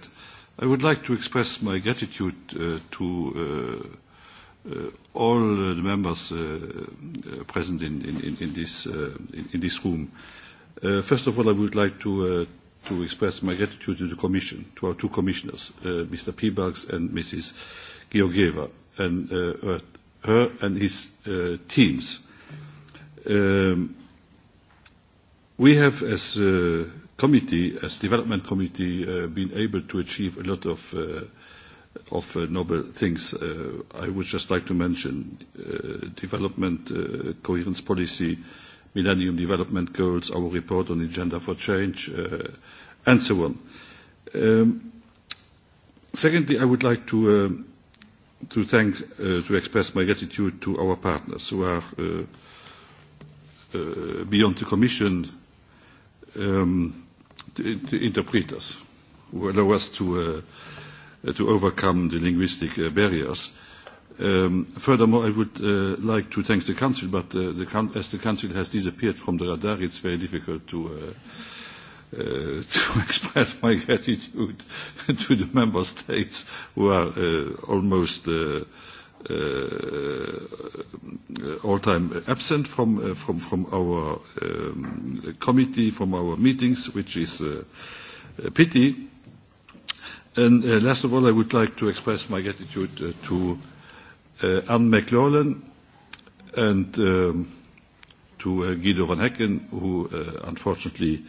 I would like to express my gratitude uh to uh all the members present in in this room. First of all, I would like to express my gratitude to the Commission, to our two commissioners, Mr. Piebalgs and Mrs. Georgieva, and her and his teams. We have, as a committee, as development committee, been able to achieve a lot of of noble things. I would just like to mention development coherence policy, Millennium Development Goals, our report on the agenda for change, and so on. Secondly, I would like to to thank, to express my gratitude to our partners who are beyond the Commission, the interpreters who allow us to to overcome the linguistic barriers. Furthermore, I would like to thank the Council, but as the Council has disappeared from the radar, it's very difficult to to express my gratitude to the member states who are almost all time absent from from our committee, from our meetings, which is a pity. And last of all, I would like to express my gratitude to Anne McLaughlin and to Guido van Hecken, who unfortunately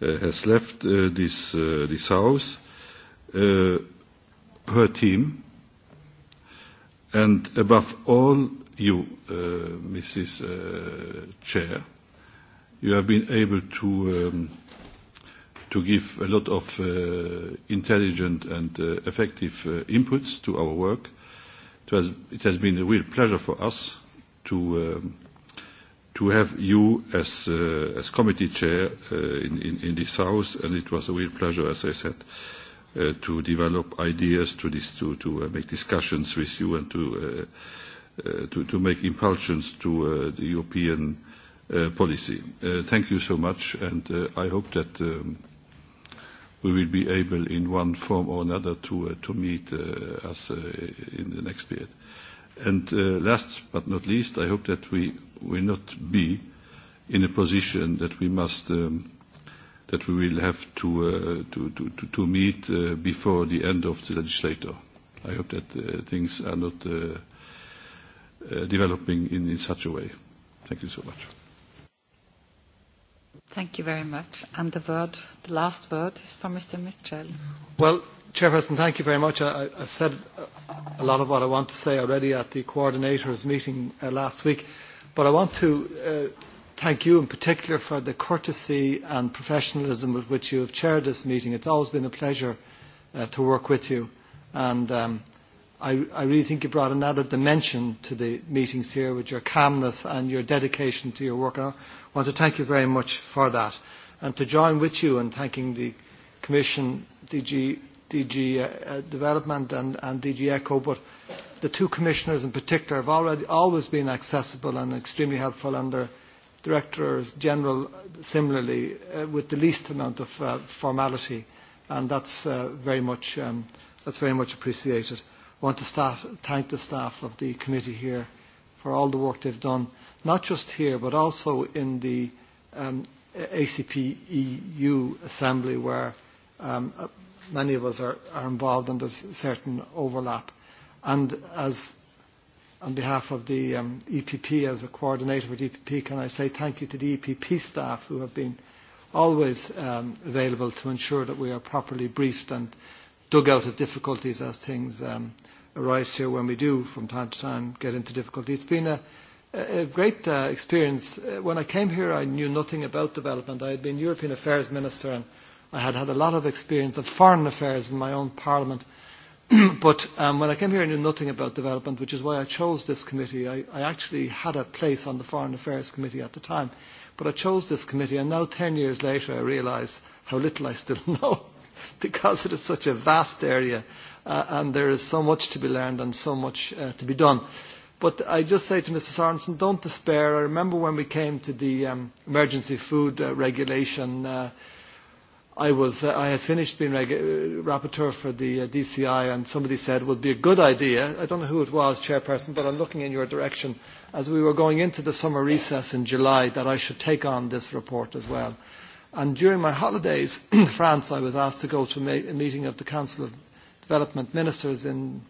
has left this this house, her team, and above all you, Mrs. Chair. You have been able to to give a lot of intelligent and effective inputs to our work. It has been a real pleasure for us to to have you as as committee chair in in this house, and it was a real pleasure, as I said, to develop ideas, to this to to make discussions with you, and to to to make impulsions to the European policy. Thank you so much, and I hope that we will be able in one form or another to to meet us in the next period. And last but not least, I hope that we will not be in a position that we must that we will have to to to to meet before the end of the legislature. I hope that things are not developing in such a way. Thank you so much. Thank you very much. And the word, the last word is for Mr. Mitchell. Well, Chairperson, thank you very much. I, I said a lot of what I want to say already at the coordinators meeting last week, but I want to thank you in particular for the courtesy and professionalism with which you have chaired this meeting. It's always been a pleasure to work with you, and I really think you brought another dimension to the meetings here with your calmness and your dedication to your work. I want to thank you very much for that. And to join with you in thanking the Commission, DG Development and DG ECHO, but the two Commissioners in particular have already always been accessible and extremely helpful, and their Directors General similarly, with the least amount of formality, and that's very much appreciated want to staff thank the staff of the committee here for all the work they've done, not just here but also in the ACP EU Assembly where many of us are involved and there's certain overlap. And as on behalf of the EPP, as a coordinator with EPP, can I say thank you to the EPP staff who have been always available to ensure that we are properly briefed and dug out of difficulties as things arise here when we do from time to time get into difficulty. It's been a great experience. When I came here I knew nothing about development. I had been European Affairs Minister and I had had a lot of experience of foreign affairs in my own parliament. But when I came here I knew nothing about development, which is why I chose this committee. I actually had a place on the Foreign Affairs Committee at the time, but I chose this committee and now 10 years later I realise how little I still know because it is such a vast area and there is so much to be learned and so much to be done. But I just say to Mrs. Sorensen, don't despair. I remember when we came to the emergency food regulation, I was I had finished being rapporteur for the DCI and somebody said it would be a good idea. I don't know who it was, Chairperson, but I'm looking in your direction as we were going into the summer recess in July that I should take on this report as well. And during my holidays in France, I was asked to go to a meeting of the Council of development ministers in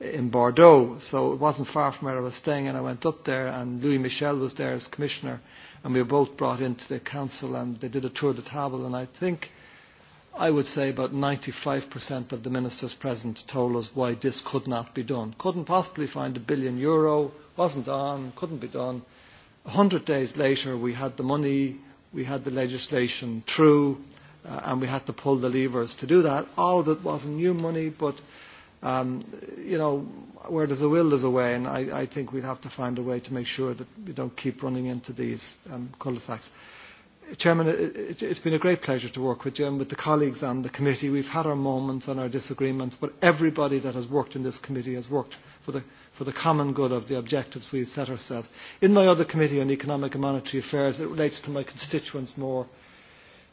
in Bordeaux, so it wasn't far from where I was staying, and I went up there, and Louis Michel was there as commissioner, and we were both brought into the council, and they did a tour of the table, and I think I would say about 95% of the ministers present told us why this could not be done. Couldn't possibly find a billion euro, wasn't on, couldn't be done. A hundred days later, we had the money, we had the legislation through, and we had to pull the levers to do that. All of it wasn't new money, but you know, where there's a will, there's a way, and I, I think we'd have to find a way to make sure that we don't keep running into these um, cul-de-sacs. Chairman, it, it's been a great pleasure to work with you and with the colleagues on the committee. We've had our moments and our disagreements, but everybody that has worked in this committee has worked for the, for the common good of the objectives we've set ourselves. In my other committee on economic and monetary affairs, it relates to my constituents more